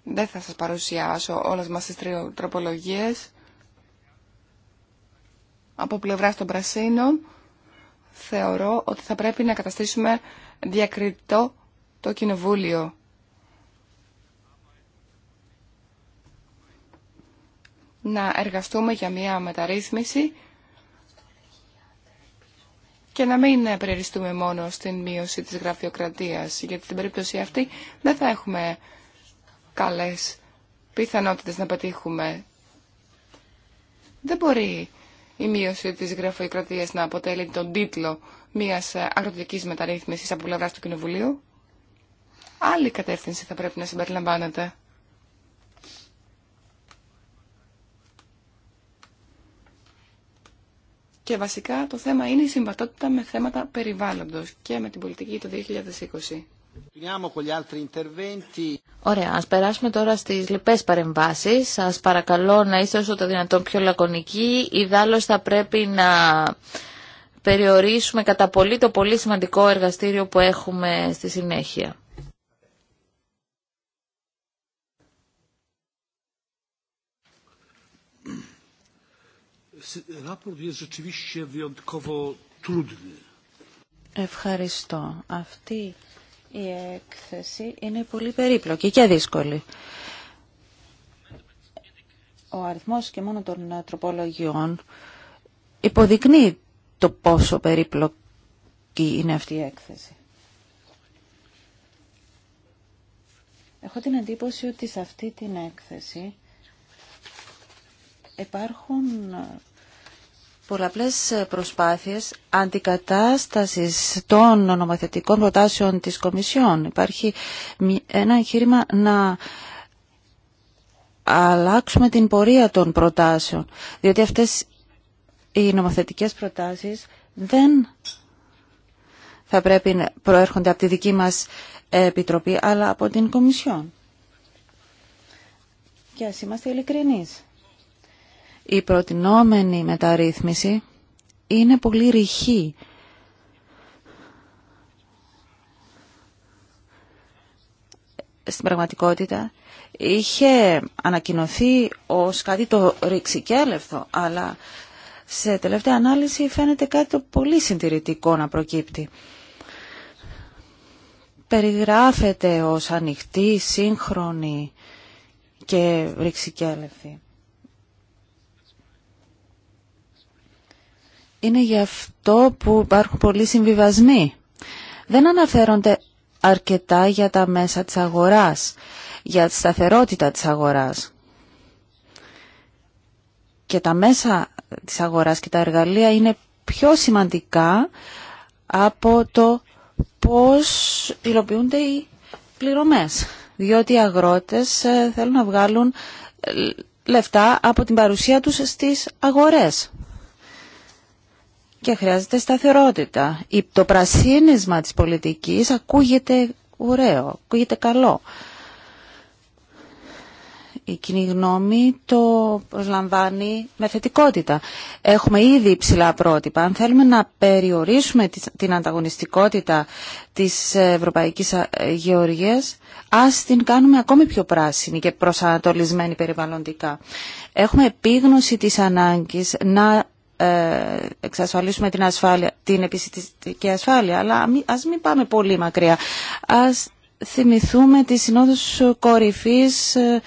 Δεν θα σας παρουσιάσω όλες μας τις τροπολογίες από πλευρά των Πρασίνων θεωρώ ότι θα πρέπει να καταστήσουμε διακριτό το Κοινοβούλιο να εργαστούμε για μια μεταρρύθμιση και να μην περιοριστούμε μόνο στην μείωση της γραφειοκρατίας, γιατί στην περίπτωση αυτή δεν θα έχουμε καλές πιθανότητες να πετύχουμε. Δεν μπορεί η μείωση της γραφειοκρατίας να αποτελεί τον τίτλο μιας αγροτικής μεταρρύθμισης από πλευρά του Κοινοβουλίου άλλη κατεύθυνση θα πρέπει να συμπεριλαμβάνεται. Και βασικά το θέμα είναι η συμβατότητα με θέματα περιβάλλοντος και με την πολιτική το 2020. Ωραία, ας περάσουμε τώρα στις λοιπές παρεμβάσεις. Σας παρακαλώ να είστε όσο το δυνατόν πιο λακωνικοί. Ιδάλλως θα πρέπει να περιορίσουμε κατά πολύ το πολύ σημαντικό εργαστήριο που έχουμε στη συνέχεια. Ευχαριστώ. Αυτή η έκθεση είναι πολύ περίπλοκη και δύσκολη. Ο αριθμός και μόνο των τροπολογιών υποδεικνύει το πόσο περίπλοκη είναι αυτή η έκθεση. Έχω την εντύπωση ότι σε αυτή την έκθεση υπάρχουν πολλαπλές προσπάθειες αντικατάστασης των νομοθετικών προτάσεων της Κομισιόν. Υπάρχει ένα εγχείρημα να αλλάξουμε την πορεία των προτάσεων, διότι αυτές οι νομοθετικές προτάσεις δεν θα πρέπει να προέρχονται από τη δική μας Επιτροπή, αλλά από την Κομισιόν. Και ας είμαστε ειλικρινείς. Η προτινόμενη μεταρρύθμιση είναι πολύ ρηχή. Στην πραγματικότητα είχε ανακοινωθεί ως κάτι το ρηξικέλευθο, αλλά σε τελευταία ανάλυση φαίνεται κάτι το πολύ συντηρητικό να προκύπτει. Περιγράφεται ως ανοιχτή, σύγχρονη και ρηξικέλευθη. είναι γι' αυτό που υπάρχουν πολλοί συμβιβασμοί. Δεν αναφέρονται αρκετά για τα μέσα της αγοράς, για τη σταθερότητα της αγοράς. Και τα μέσα της αγοράς και τα εργαλεία είναι πιο σημαντικά από το πώς υλοποιούνται οι πληρωμές. Διότι οι αγρότες ε, θέλουν να βγάλουν ε, λεφτά από την παρουσία τους στις αγορές και χρειάζεται σταθερότητα. Το πρασίνισμα της πολιτικής ακούγεται ωραίο, ακούγεται καλό. Η κοινή γνώμη το προσλαμβάνει με θετικότητα. Έχουμε ήδη υψηλά πρότυπα. Αν θέλουμε να περιορίσουμε την ανταγωνιστικότητα της Ευρωπαϊκής Γεωργίας, ας την κάνουμε ακόμη πιο πράσινη και προσανατολισμένη περιβαλλοντικά. Έχουμε επίγνωση της ανάγκης να ε, εξασφαλίσουμε την, ασφάλεια, την επιστημική ασφάλεια, αλλά ας μην πάμε πολύ μακριά. Ας θυμηθούμε τις συνόδους κορυφής ε,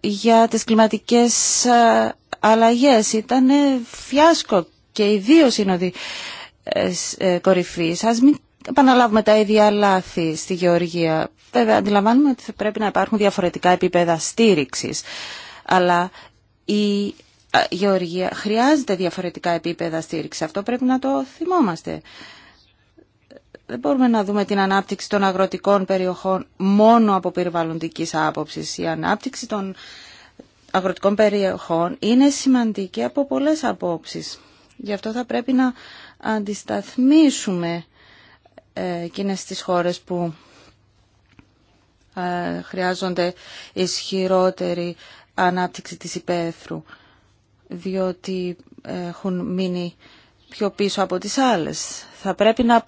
για τις κλιματικές ε, αλλαγές. Ήταν φιάσκο και οι δύο σύνοδοι κορυφής. Ας μην επαναλάβουμε τα ίδια λάθη στη Γεωργία. Βέβαια, αντιλαμβάνουμε ότι πρέπει να υπάρχουν διαφορετικά επίπεδα στήριξης. Αλλά η γεωργία χρειάζεται διαφορετικά επίπεδα στήριξη. Αυτό πρέπει να το θυμόμαστε. Δεν μπορούμε να δούμε την ανάπτυξη των αγροτικών περιοχών μόνο από περιβαλλοντική άποψη. Η ανάπτυξη των αγροτικών περιοχών είναι σημαντική από πολλές απόψεις. Γι' αυτό θα πρέπει να αντισταθμίσουμε ε, εκείνες τις χώρες που ε, χρειάζονται ισχυρότερη ανάπτυξη της υπαίθρου διότι έχουν μείνει πιο πίσω από τις άλλες. Θα πρέπει να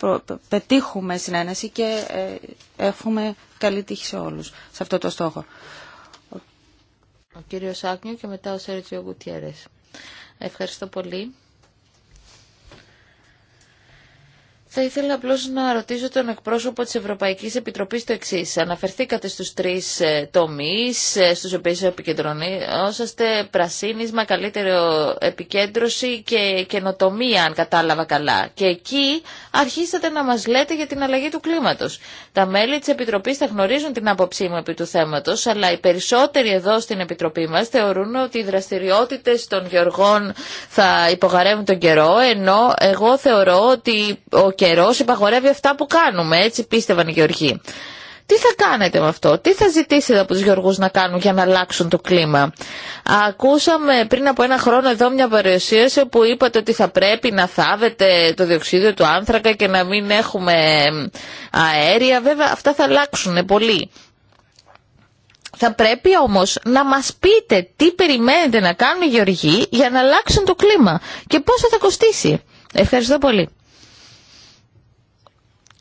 πετύχουμε συνένεση και ε, έχουμε καλή τύχη σε όλους σε αυτό το στόχο. Ο κύριος Άκνιο και μετά ο Σέριτζιο Γκουτιέρες. Ευχαριστώ πολύ. Θα ήθελα απλώς να ρωτήσω τον εκπρόσωπο της Ευρωπαϊκής Επιτροπής το εξή. Αναφερθήκατε στους τρεις ε, τομείς, ε, στους οποίους επικεντρωνόσαστε πρασίνισμα, καλύτερη επικέντρωση και καινοτομία, αν κατάλαβα καλά. Και εκεί αρχίσατε να μας λέτε για την αλλαγή του κλίματος. Τα μέλη της Επιτροπής θα γνωρίζουν την άποψή μου επί του θέματος, αλλά οι περισσότεροι εδώ στην Επιτροπή μας θεωρούν ότι οι δραστηριότητες των γεωργών θα υπογαρεύουν τον καιρό, ενώ εγώ θεωρώ ότι ο καιρό υπαγορεύει αυτά που κάνουμε, έτσι πίστευαν οι Γεωργοί. Τι θα κάνετε με αυτό, τι θα ζητήσετε από του Γεωργούς να κάνουν για να αλλάξουν το κλίμα. Ακούσαμε πριν από ένα χρόνο εδώ μια παρουσίαση όπου είπατε ότι θα πρέπει να θάβετε το διοξίδιο του άνθρακα και να μην έχουμε αέρια. Βέβαια αυτά θα αλλάξουν πολύ. Θα πρέπει όμως να μας πείτε τι περιμένετε να κάνουν οι Γεωργοί για να αλλάξουν το κλίμα και πόσο θα κοστίσει. Ευχαριστώ πολύ.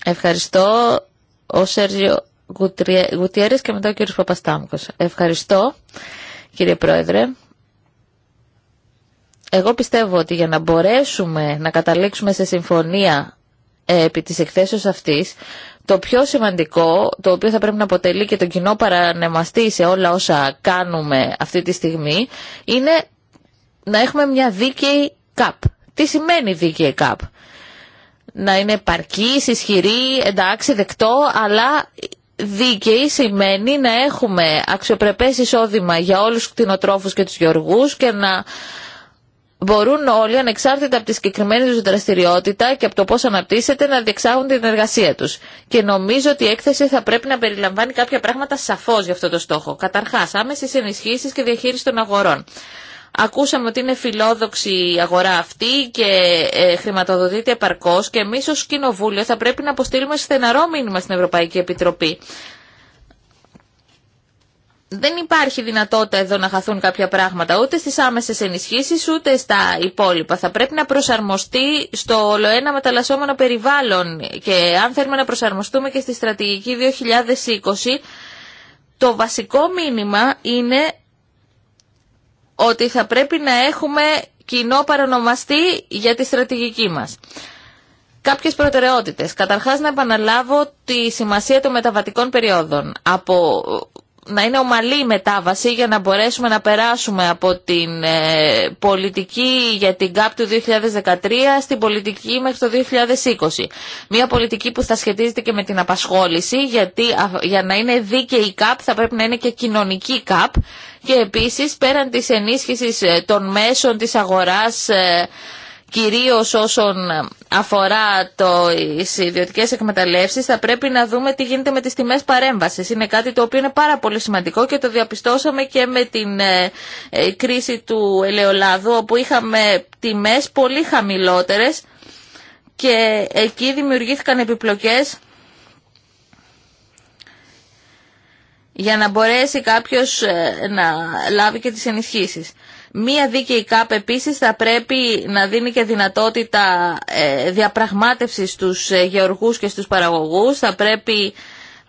Ευχαριστώ ο Σέργιο Γουτιέρης και μετά ο κύριος Παπαστάμκος. Ευχαριστώ κύριε Πρόεδρε. Εγώ πιστεύω ότι για να μπορέσουμε να καταλήξουμε σε συμφωνία ε, επί της εκθέσεως αυτής, το πιο σημαντικό, το οποίο θα πρέπει να αποτελεί και τον κοινό παρανεμαστή σε όλα όσα κάνουμε αυτή τη στιγμή, είναι να έχουμε μια δίκαιη ΚΑΠ. Τι σημαίνει δίκαιη ΚΑΠ να είναι παρκής, ισχυρή, εντάξει, δεκτό, αλλά δίκαιη σημαίνει να έχουμε αξιοπρεπές εισόδημα για όλους τους κτηνοτρόφους και τους γεωργούς και να μπορούν όλοι ανεξάρτητα από τη συγκεκριμένη τους δραστηριότητα και από το πώς αναπτύσσεται να διεξάγουν την εργασία τους. Και νομίζω ότι η έκθεση θα πρέπει να περιλαμβάνει κάποια πράγματα σαφώς για αυτό το στόχο. Καταρχάς, άμεσες ενισχύσεις και διαχείριση των αγορών. Ακούσαμε ότι είναι φιλόδοξη η αγορά αυτή και ε, χρηματοδοτείται επαρκώς και εμεί ω Κοινοβούλιο θα πρέπει να αποστείλουμε στεναρό μήνυμα στην Ευρωπαϊκή Επιτροπή. Δεν υπάρχει δυνατότητα εδώ να χαθούν κάποια πράγματα ούτε στις άμεσες ενισχύσεις ούτε στα υπόλοιπα. Θα πρέπει να προσαρμοστεί στο ολοένα μεταλλασσόμενο περιβάλλον και αν θέλουμε να προσαρμοστούμε και στη στρατηγική 2020 το βασικό μήνυμα είναι ότι θα πρέπει να έχουμε κοινό παρονομαστή για τη στρατηγική μας. Κάποιες προτεραιότητες. Καταρχάς να επαναλάβω τη σημασία των μεταβατικών περιόδων. Από να είναι ομαλή η μετάβαση για να μπορέσουμε να περάσουμε από την ε, πολιτική για την ΚΑΠ του 2013 στην πολιτική μέχρι το 2020. Μία πολιτική που θα σχετίζεται και με την απασχόληση γιατί για να είναι δίκαιη η ΚΑΠ θα πρέπει να είναι και κοινωνική ΚΑΠ και επίσης πέραν της ενίσχυσης ε, των μέσων της αγοράς ε, κυρίως όσον αφορά το, τις ιδιωτικές εκμεταλλεύσεις θα πρέπει να δούμε τι γίνεται με τις τιμές παρέμβασης. Είναι κάτι το οποίο είναι πάρα πολύ σημαντικό και το διαπιστώσαμε και με την ε, ε, κρίση του ελαιολάδου όπου είχαμε τιμές πολύ χαμηλότερες και εκεί δημιουργήθηκαν επιπλοκές για να μπορέσει κάποιος ε, να λάβει και τις ενισχύσεις. Μία δίκαιη ΚΑΠ επίσης θα πρέπει να δίνει και δυνατότητα ε, διαπραγμάτευσης στους ε, γεωργούς και στους παραγωγούς. Θα πρέπει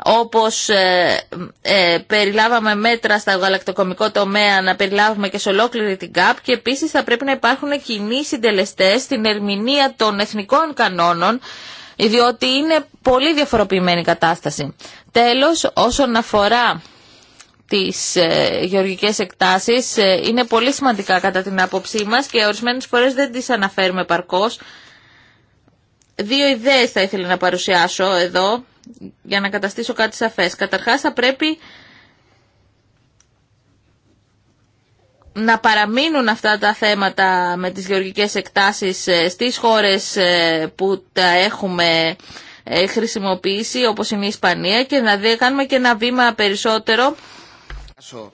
όπως ε, περιλάβαμε μέτρα στα γαλακτοκομικό τομέα να περιλάβουμε και σε ολόκληρη την ΚΑΠ και επίσης θα πρέπει να υπάρχουν κοινοί συντελεστές στην ερμηνεία των εθνικών κανόνων διότι είναι πολύ διαφοροποιημένη η κατάσταση. Τέλος, όσον αφορά τις ε, γεωργικές εκτάσεις ε, είναι πολύ σημαντικά κατά την άποψή μας και ορισμένες φορές δεν τις αναφέρουμε παρκώς. Δύο ιδέες θα ήθελα να παρουσιάσω εδώ για να καταστήσω κάτι σαφές. Καταρχάς θα πρέπει να παραμείνουν αυτά τα θέματα με τις γεωργικές εκτάσεις ε, στις χώρες που τα έχουμε χρησιμοποιήσει όπως είναι η Ισπανία και να κάνουμε και ένα βήμα περισσότερο σας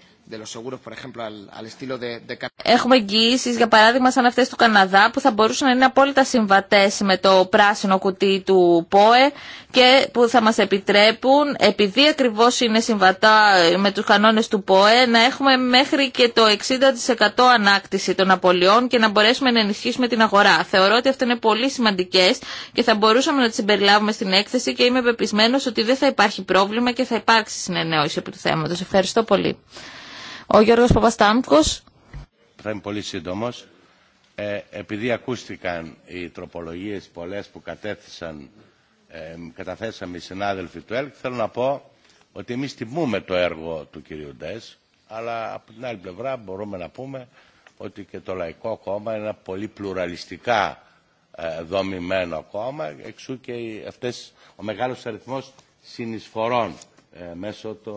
Έχουμε εγγυήσει, για παράδειγμα, σαν αυτέ του Καναδά, που θα μπορούσαν να είναι απόλυτα συμβατέ με το πράσινο κουτί του ΠΟΕ και που θα μα επιτρέπουν, επειδή ακριβώ είναι συμβατά με του κανόνε του ΠΟΕ, να έχουμε μέχρι και το 60% ανάκτηση των απολειών και να μπορέσουμε να ενισχύσουμε την αγορά. Θεωρώ ότι αυτά είναι πολύ σημαντικέ και θα μπορούσαμε να τι συμπεριλάβουμε στην έκθεση και είμαι πεπισμένο ότι δεν θα υπάρχει πρόβλημα και θα υπάρξει συνεννόηση επί του θέματο. Ευχαριστώ πολύ. Ο Γιώργος Παπαστάμκος. Θα είμαι πολύ σύντομος. Ε, επειδή ακούστηκαν οι τροπολογίες πολλές που κατέθεσαν, ε, καταθέσαμε οι συνάδελφοι του ΕΛΚ, θέλω να πω ότι εμείς τιμούμε το έργο του κυρίου Ντές, αλλά από την άλλη πλευρά μπορούμε να πούμε ότι και το Λαϊκό Κόμμα είναι ένα πολύ πλουραλιστικά ε, δομημένο κόμμα, εξού και αυτές, ο μεγάλος αριθμός συνεισφορών ε, μέσω το,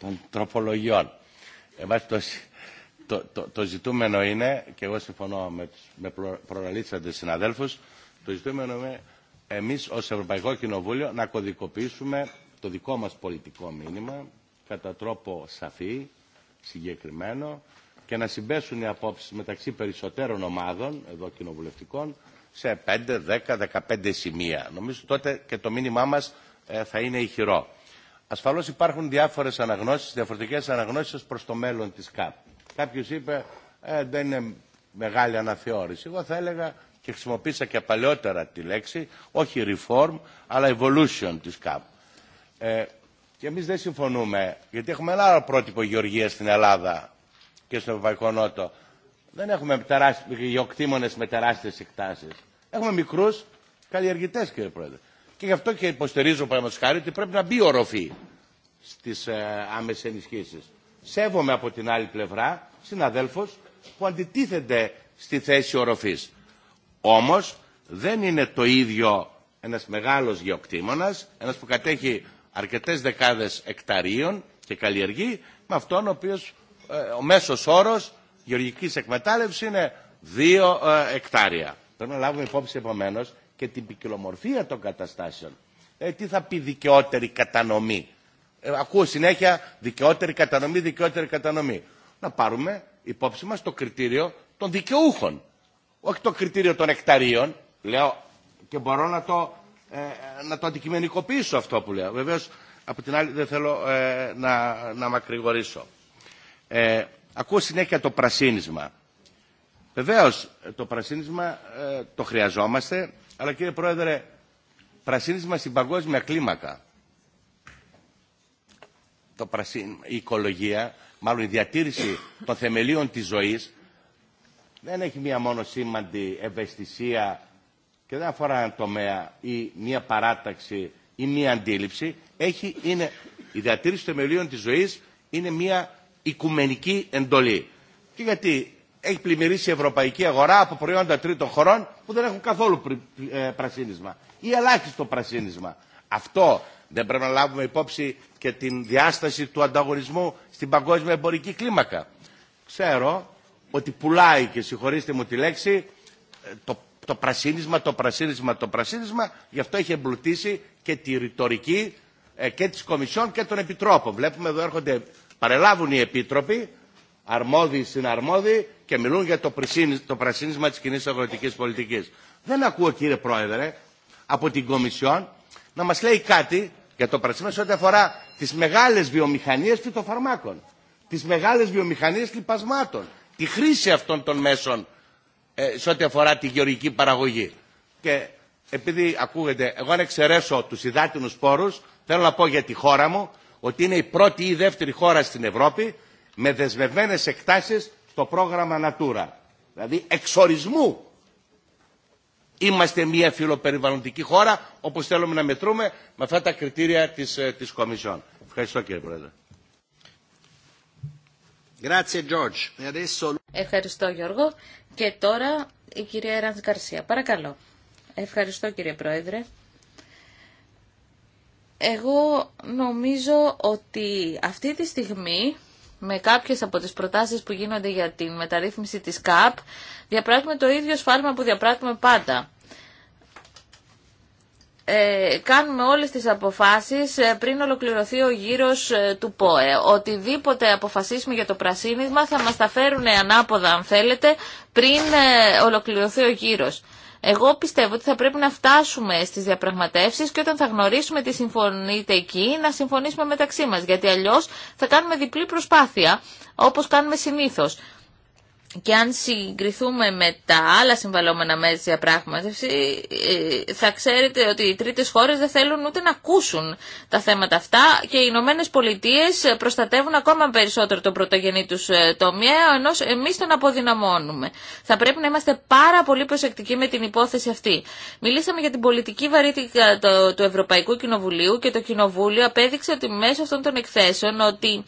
των τροπολογιών. Εν το, το, το ζητούμενο είναι, και εγώ συμφωνώ με, με της συναδέλφους, το ζητούμενο είναι εμείς ως Ευρωπαϊκό Κοινοβούλιο να κωδικοποιήσουμε το δικό μας πολιτικό μήνυμα κατά τρόπο σαφή, συγκεκριμένο και να συμπέσουν οι απόψεις μεταξύ περισσότερων ομάδων, εδώ κοινοβουλευτικών, σε 5, 10, 15 σημεία. Νομίζω τότε και το μήνυμά μας ε, θα είναι ηχηρό. Ασφαλώς υπάρχουν διάφορες αναγνώσεις, διαφορετικές αναγνώσεις προς το μέλλον της ΚΑΠ. Κάποιο είπε, «Ε, δεν είναι μεγάλη αναθεώρηση. Εγώ θα έλεγα και χρησιμοποίησα και παλαιότερα τη λέξη, όχι reform, αλλά evolution της ΚΑΠ. Ε, και εμείς δεν συμφωνούμε, γιατί έχουμε ένα άλλο πρότυπο γεωργία στην Ελλάδα και στον Ευρωπαϊκό Νότο. Δεν έχουμε γεωκτήμονε με τεράστιε εκτάσει. Έχουμε μικρού καλλιεργητέ, κύριε Πρόεδρε. Και γι' αυτό και υποστηρίζω, παραδείγματο χάρη, ότι πρέπει να μπει οροφή στι ε, άμεσε ενισχύσει. Σέβομαι από την άλλη πλευρά συναδέλφου που αντιτίθενται στη θέση οροφή. Όμω δεν είναι το ίδιο ένα μεγάλο γεωκτήμονα, ένα που κατέχει αρκετέ δεκάδε εκταρίων και καλλιεργεί, με αυτόν ο οποίο ε, ο μέσο όρο γεωργική εκμετάλλευση είναι δύο ε, εκτάρια. Πρέπει να λάβουμε υπόψη επομένω και την ποικιλομορφία των καταστάσεων. Ε, τι θα πει δικαιότερη κατανομή. Ε, ακούω συνέχεια δικαιότερη κατανομή, δικαιότερη κατανομή. Να πάρουμε υπόψη μας το κριτήριο των δικαιούχων. Όχι το κριτήριο των εκταρίων. Λέω και μπορώ να το, ε, να το αντικειμενικοποιήσω αυτό που λέω. Βεβαίως από την άλλη δεν θέλω ε, να, να μακρηγορήσω. Ε, ακούω συνέχεια το πρασίνισμα. Βεβαίως το πρασίνισμα το χρειαζόμαστε αλλά κύριε Πρόεδρε, πρασίνισμα στην παγκόσμια κλίμακα. Το Η οικολογία, μάλλον η διατήρηση των θεμελίων της ζωής, δεν έχει μία μόνο σήμαντη ευαισθησία και δεν αφορά ένα τομέα ή μία παράταξη ή μία αντίληψη. Έχει, είναι, η διατήρηση των θεμελίων της ζωής είναι μία οικουμενική εντολή. Και γιατί έχει πλημμυρίσει η ευρωπαϊκή αγορά από προϊόντα τρίτων χωρών που δεν έχουν καθόλου ε, πρασίνισμα ή ελάχιστο πρασίνισμα. Αυτό δεν πρέπει να λάβουμε υπόψη και την διάσταση του ανταγωνισμού στην παγκόσμια εμπορική κλίμακα. Ξέρω ότι πουλάει και συγχωρήστε μου τη λέξη ε, το, το πρασίνισμα, το πρασίνισμα, το πρασίνισμα γι' αυτό έχει εμπλουτίσει και τη ρητορική ε, και της Κομισιόν και των Επιτρόπων. Βλέπουμε εδώ έρχονται, παρελάβουν οι Επίτροποι αρμόδιοι στην αρμόδιοι και μιλούν για το, πρισίνι, το πρασίνισμα της κοινή αγροτικής πολιτικής. Δεν ακούω κύριε Πρόεδρε από την Κομισιόν να μας λέει κάτι για το πρασίνισμα σε ό,τι αφορά τις μεγάλες βιομηχανίες φυτοφαρμάκων, τις μεγάλες βιομηχανίες λιπασμάτων, τη χρήση αυτών των μέσων ε, σε ό,τι αφορά τη γεωργική παραγωγή. Και επειδή ακούγεται, εγώ αν εξαιρέσω τους υδάτινους πόρου, θέλω να πω για τη χώρα μου ότι είναι η πρώτη ή η δεύτερη χώρα στην Ευρώπη με δεσμευμένες εκτάσεις στο πρόγραμμα Natura. Δηλαδή εξορισμού είμαστε μια φιλοπεριβαλλοντική χώρα όπως θέλουμε να μετρούμε με αυτά τα κριτήρια της, ε, της Κομισιόν. Ευχαριστώ κύριε Πρόεδρε. E Ευχαριστώ Γιώργο. Και τώρα η κυρία εραντ Καρσία. Παρακαλώ. Ευχαριστώ κύριε Πρόεδρε. Εγώ νομίζω ότι αυτή τη στιγμή με κάποιες από τις προτάσεις που γίνονται για τη μεταρρύθμιση τη ΚΑΠ, διαπράττουμε το ίδιο σφάλμα που διαπράττουμε πάντα. Ε, κάνουμε όλες τις αποφάσεις ε, πριν ολοκληρωθεί ο γύρος ε, του ΠΟΕ. Οτιδήποτε αποφασίσουμε για το πρασίνισμα θα μας τα φέρουν ανάποδα αν θέλετε πριν ε, ολοκληρωθεί ο γύρος. Εγώ πιστεύω ότι θα πρέπει να φτάσουμε στις διαπραγματεύσεις και όταν θα γνωρίσουμε τι συμφωνείτε εκεί να συμφωνήσουμε μεταξύ μας, γιατί αλλιώς θα κάνουμε διπλή προσπάθεια όπως κάνουμε συνήθως. Και αν συγκριθούμε με τα άλλα συμβαλόμενα μέσα διαπράγματευση, ε, θα ξέρετε ότι οι τρίτες χώρες δεν θέλουν ούτε να ακούσουν τα θέματα αυτά και οι Ηνωμένε Πολιτείε προστατεύουν ακόμα περισσότερο τον πρωτογενή του ε, τομέα, ενώ εμεί τον αποδυναμώνουμε. Θα πρέπει να είμαστε πάρα πολύ προσεκτικοί με την υπόθεση αυτή. Μιλήσαμε για την πολιτική βαρύτητα του Ευρωπαϊκού Κοινοβουλίου και το Κοινοβούλιο απέδειξε ότι μέσω αυτών των εκθέσεων ότι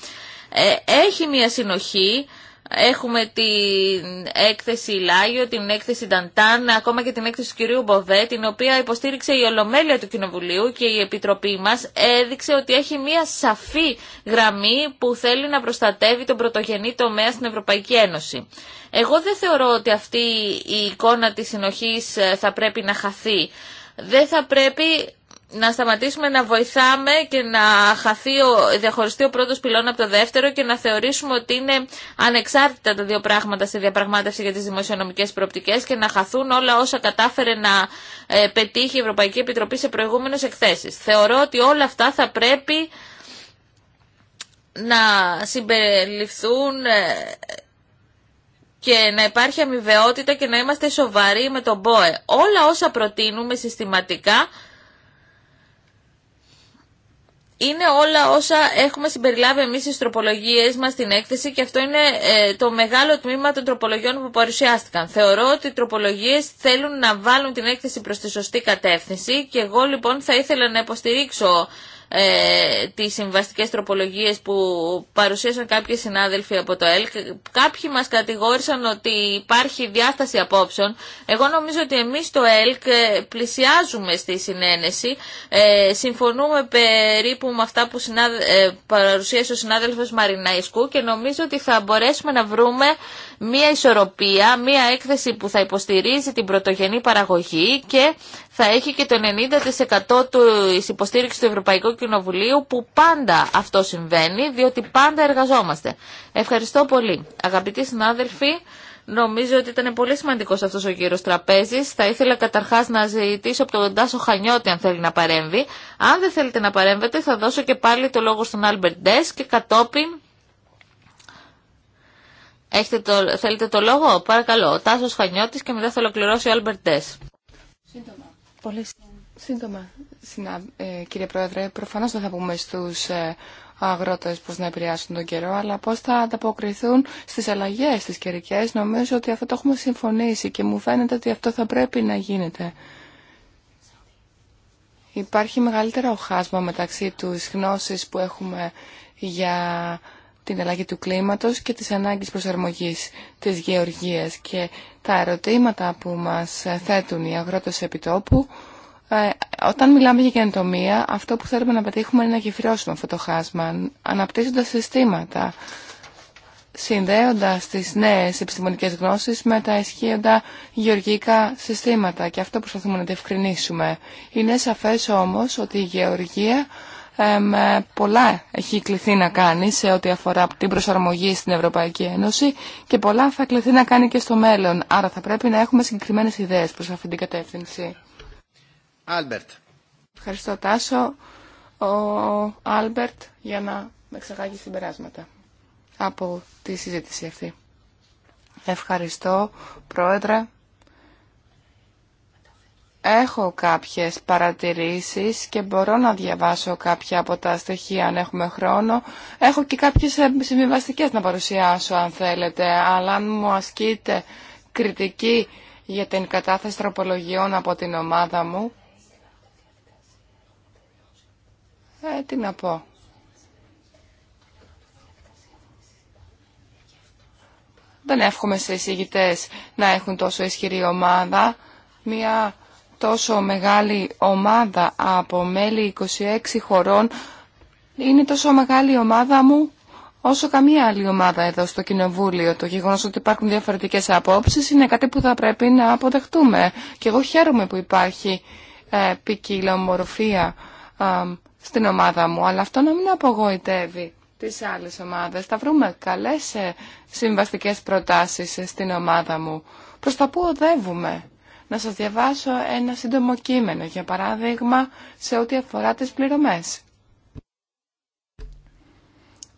ε, έχει μια συνοχή Έχουμε την έκθεση Λάγιο, την έκθεση Νταντάν, ακόμα και την έκθεση του κυρίου Μποβέ, την οποία υποστήριξε η Ολομέλεια του Κοινοβουλίου και η Επιτροπή μας έδειξε ότι έχει μία σαφή γραμμή που θέλει να προστατεύει τον πρωτογενή τομέα στην Ευρωπαϊκή Ένωση. Εγώ δεν θεωρώ ότι αυτή η εικόνα της συνοχής θα πρέπει να χαθεί. Δεν θα πρέπει να σταματήσουμε να βοηθάμε και να χαθεί ο, διαχωριστεί ο πρώτος πυλών από το δεύτερο και να θεωρήσουμε ότι είναι ανεξάρτητα τα δύο πράγματα στη διαπραγμάτευση για τις δημοσιονομικές προοπτικές και να χαθούν όλα όσα κατάφερε να ε, πετύχει η Ευρωπαϊκή Επιτροπή σε προηγούμενες εκθέσεις. Θεωρώ ότι όλα αυτά θα πρέπει να συμπεριληφθούν ε, και να υπάρχει αμοιβαιότητα και να είμαστε σοβαροί με τον ΠΟΕ. Όλα όσα προτείνουμε συστηματικά είναι όλα όσα έχουμε συμπεριλάβει εμείς στις τροπολογίες μας στην έκθεση και αυτό είναι ε, το μεγάλο τμήμα των τροπολογιών που παρουσιάστηκαν. Θεωρώ ότι οι τροπολογίες θέλουν να βάλουν την έκθεση προς τη σωστή κατεύθυνση και εγώ λοιπόν θα ήθελα να υποστηρίξω ε, τις συμβαστικές τροπολογίες που παρουσίασαν κάποιοι συνάδελφοι από το ΕΛΚ. Κάποιοι μας κατηγόρησαν ότι υπάρχει διάσταση απόψεων. Εγώ νομίζω ότι εμείς το ΕΛΚ ε, πλησιάζουμε στη συνένεση. Ε, συμφωνούμε περίπου με αυτά που συνάδε, ε, παρουσίασε ο συνάδελφος Μαριναϊσκού και νομίζω ότι θα μπορέσουμε να βρούμε μία ισορροπία, μία έκθεση που θα υποστηρίζει την πρωτογενή παραγωγή και θα έχει και το 90% του υποστήριξη του Ευρωπαϊκού Κοινοβουλίου που πάντα αυτό συμβαίνει, διότι πάντα εργαζόμαστε. Ευχαριστώ πολύ. Αγαπητοί συνάδελφοι, Νομίζω ότι ήταν πολύ σημαντικό αυτό ο γύρο τραπέζη. Θα ήθελα καταρχά να ζητήσω από τον Τάσο Χανιώτη αν θέλει να παρέμβει. Αν δεν θέλετε να παρέμβετε, θα δώσω και πάλι το λόγο στον Άλμπερτ Τέσ και κατόπιν. Έχετε το... Θέλετε το λόγο, παρακαλώ. Ο Τάσο Χανιώτη και μετά θα ολοκληρώσει ο Άλμπερτ Ντέσ. Σύντομα. Πολύ σύντομα, ε, κύριε Πρόεδρε. Προφανώς δεν θα πούμε στους ε, αγρότες πώ να επηρεάσουν τον καιρό, αλλά πώς θα ανταποκριθούν στις αλλαγέ στις καιρικέ. Νομίζω ότι αυτό το έχουμε συμφωνήσει και μου φαίνεται ότι αυτό θα πρέπει να γίνεται. Υπάρχει μεγαλύτερο χάσμα μεταξύ του γνώσης που έχουμε για την αλλαγή του κλίματος και της ανάγκης προσαρμογής της γεωργίας και τα ερωτήματα που μας θέτουν οι αγρότες επιτόπου, ε, όταν μιλάμε για καινοτομία, αυτό που θέλουμε να πετύχουμε είναι να γεφυρώσουμε αυτό το χάσμα, αναπτύσσοντας συστήματα, συνδέοντας τις νέες επιστημονικές γνώσεις με τα ισχύοντα γεωργικά συστήματα. Και αυτό που προσπαθούμε να διευκρινίσουμε. Είναι σαφές όμως ότι η γεωργία ε, πολλά έχει κληθεί να κάνει σε ό,τι αφορά την προσαρμογή στην Ευρωπαϊκή Ένωση και πολλά θα κληθεί να κάνει και στο μέλλον. Άρα θα πρέπει να έχουμε συγκεκριμένες ιδέες προς αυτήν την κατεύθυνση. Ευχαριστώ Τάσο. Ο Άλμπερτ για να με εξαγάγει συμπεράσματα από τη συζήτηση αυτή. Ευχαριστώ Πρόεδρε έχω κάποιες παρατηρήσεις και μπορώ να διαβάσω κάποια από τα στοιχεία αν έχουμε χρόνο. Έχω και κάποιες ε, συμβιβαστικέ να παρουσιάσω αν θέλετε, αλλά αν μου ασκείτε κριτική για την κατάθεση τροπολογιών από την ομάδα μου, ε, τι να πω. Δεν εύχομαι σε εισηγητές να έχουν τόσο ισχυρή ομάδα. Μια τόσο μεγάλη ομάδα από μέλη 26 χωρών είναι τόσο μεγάλη ομάδα μου όσο καμία άλλη ομάδα εδώ στο Κοινοβούλιο. Το γεγονός ότι υπάρχουν διαφορετικές απόψεις είναι κάτι που θα πρέπει να αποδεχτούμε. Και εγώ χαίρομαι που υπάρχει ε, ποικιλομορφία ε, στην ομάδα μου, αλλά αυτό να μην απογοητεύει τις άλλες ομάδες. Θα βρούμε καλές συμβαστικέ ε, συμβαστικές προτάσεις ε, στην ομάδα μου. Προς τα που οδεύουμε να σας διαβάσω ένα σύντομο κείμενο, για παράδειγμα, σε ό,τι αφορά τις πληρωμές.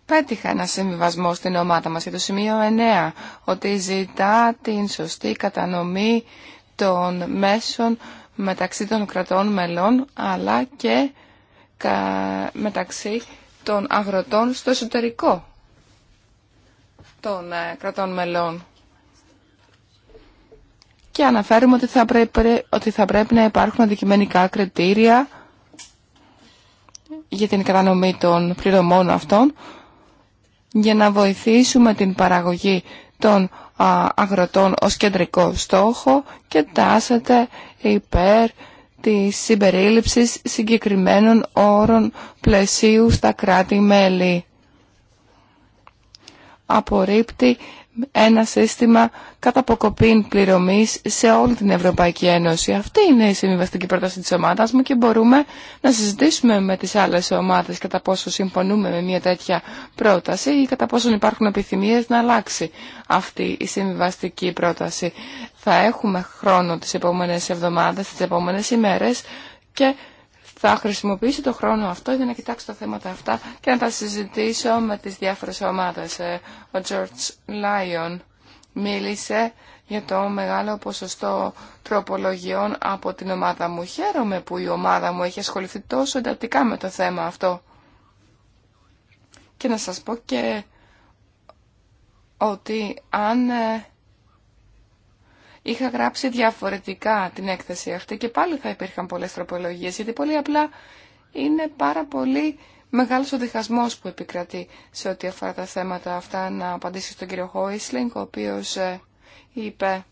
Πέτυχα ένα συμβιβασμό στην ομάδα μας για το σημείο 9, ότι ζητά την σωστή κατανομή των μέσων μεταξύ των κρατών μελών, αλλά και μεταξύ των αγροτών στο εσωτερικό των ε, κρατών μελών και αναφέρουμε ότι θα πρέπει, ότι θα πρέπει να υπάρχουν αντικειμενικά κριτήρια για την κατανομή των πληρωμών αυτών για να βοηθήσουμε την παραγωγή των αγροτών ως κεντρικό στόχο και τάσεται υπέρ της συμπερίληψης συγκεκριμένων όρων πλαισίου στα κράτη-μέλη. Απορρίπτει ένα σύστημα καταποκοπήν πληρωμής σε όλη την Ευρωπαϊκή Ένωση. Αυτή είναι η συμβιβαστική πρόταση της ομάδας μου και μπορούμε να συζητήσουμε με τις άλλες ομάδες κατά πόσο συμφωνούμε με μια τέτοια πρόταση ή κατά πόσο υπάρχουν επιθυμίες να αλλάξει αυτή η συμβιβαστική πρόταση. Θα έχουμε χρόνο τις επόμενες εβδομάδες, τις επόμενες ημέρες και θα χρησιμοποιήσω το χρόνο αυτό για να κοιτάξω τα θέματα αυτά και να τα συζητήσω με τις διάφορες ομάδες. Ε, ο George Lyon μίλησε για το μεγάλο ποσοστό τροπολογιών από την ομάδα μου. Χαίρομαι που η ομάδα μου έχει ασχοληθεί τόσο εντατικά με το θέμα αυτό. Και να σας πω και ότι αν ε, είχα γράψει διαφορετικά την έκθεση αυτή και πάλι θα υπήρχαν πολλές τροπολογίες, γιατί πολύ απλά είναι πάρα πολύ μεγάλος ο που επικρατεί σε ό,τι αφορά τα θέματα αυτά. Να απαντήσει στον κύριο Χόισλινγκ, ο οποίος ε, είπε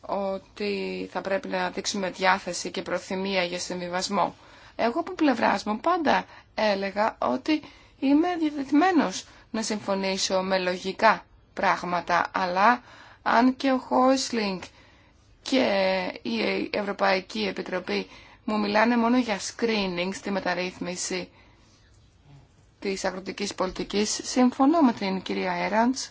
ότι θα πρέπει να δείξουμε διάθεση και προθυμία για συμβιβασμό. Εγώ από πλευρά μου πάντα έλεγα ότι είμαι διαδεθειμένος να συμφωνήσω με λογικά πράγματα, αλλά αν και ο Χόισλινγκ και η Ευρωπαϊκή Επιτροπή μου μιλάνε μόνο για screening στη μεταρρύθμιση της αγροτικής πολιτικής, συμφωνώ με την κυρία Έραντς.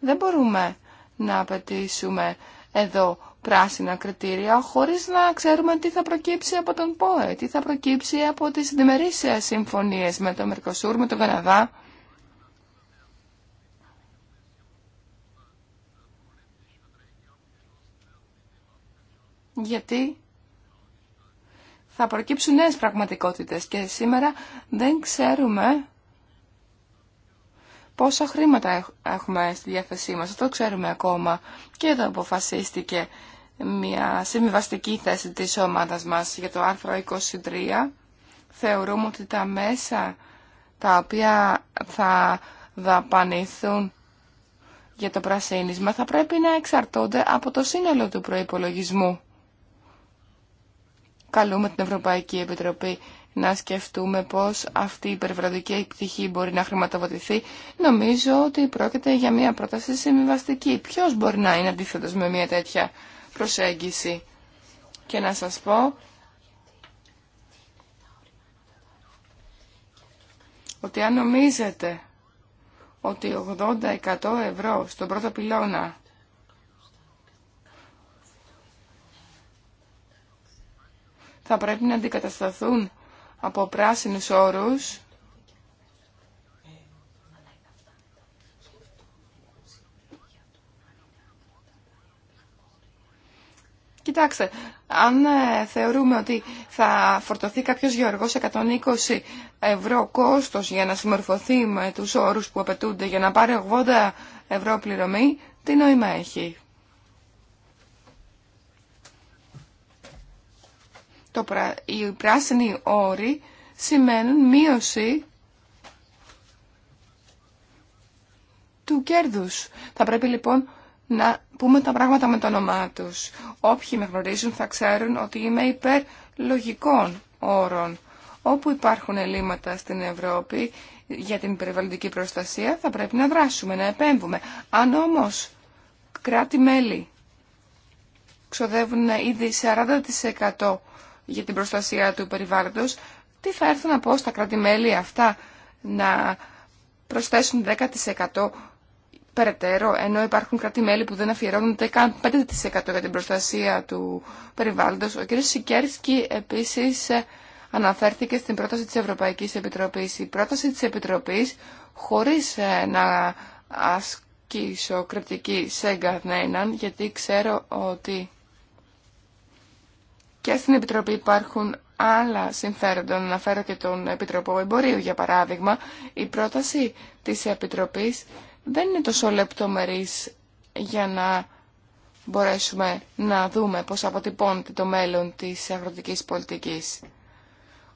Δεν μπορούμε να απαιτήσουμε εδώ πράσινα κριτήρια χωρίς να ξέρουμε τι θα προκύψει από τον ΠΟΕ, τι θα προκύψει από τις διμερείς συμφωνίες με το Μερκοσούρ, με τον Καναδά. γιατί θα προκύψουν νέες πραγματικότητες και σήμερα δεν ξέρουμε πόσα χρήματα έχουμε στη διάθεσή μας. Αυτό ξέρουμε ακόμα και εδώ αποφασίστηκε μια συμβιβαστική θέση της ομάδας μας για το άρθρο 23. Θεωρούμε ότι τα μέσα τα οποία θα δαπανηθούν για το πρασίνισμα θα πρέπει να εξαρτώνται από το σύνολο του προϋπολογισμού καλούμε την Ευρωπαϊκή Επιτροπή να σκεφτούμε πώς αυτή η υπερβραδική πτυχή μπορεί να χρηματοδοτηθεί, νομίζω ότι πρόκειται για μια πρόταση συμβιβαστική. Ποιος μπορεί να είναι αντίθετος με μια τέτοια προσέγγιση. Και να σας πω ότι αν νομίζετε ότι 80% ευρώ στον πρώτο πυλώνα θα πρέπει να αντικατασταθούν από πράσινους όρους Κοιτάξτε, αν ε, θεωρούμε ότι θα φορτωθεί κάποιος γεωργός 120 ευρώ κόστος για να συμμορφωθεί με τους όρους που απαιτούνται για να πάρει 80 ευρώ πληρωμή, τι νόημα έχει. Το, οι πράσινοι όροι σημαίνουν μείωση του κέρδους. Θα πρέπει λοιπόν να πούμε τα πράγματα με το όνομά τους. Όποιοι με γνωρίζουν θα ξέρουν ότι είμαι υπέρ λογικών όρων. Όπου υπάρχουν ελλείμματα στην Ευρώπη για την περιβαλλοντική προστασία θα πρέπει να δράσουμε, να επέμβουμε. Αν όμως κράτη-μέλη ξοδεύουν ήδη 40% για την προστασία του περιβάλλοντος, τι θα έρθουν να πω στα κράτη-μέλη αυτά να προσθέσουν 10% περαιτέρω, ενώ υπάρχουν κράτη-μέλη που δεν αφιερώνουν καν 5% για την προστασία του περιβάλλοντος. Ο κ. Σικέρσκι επίσης ε, αναφέρθηκε στην πρόταση της Ευρωπαϊκής Επιτροπής. Η πρόταση της Επιτροπής, χωρίς ε, να ασκήσω κριτική σε εγκαθνέναν, γιατί ξέρω ότι και στην Επιτροπή υπάρχουν άλλα συμφέροντα, να φέρω και τον Επιτροπό Εμπορίου για παράδειγμα, η πρόταση της Επιτροπής δεν είναι τόσο λεπτομερής για να μπορέσουμε να δούμε πώς αποτυπώνεται το μέλλον της αγροτικής πολιτικής.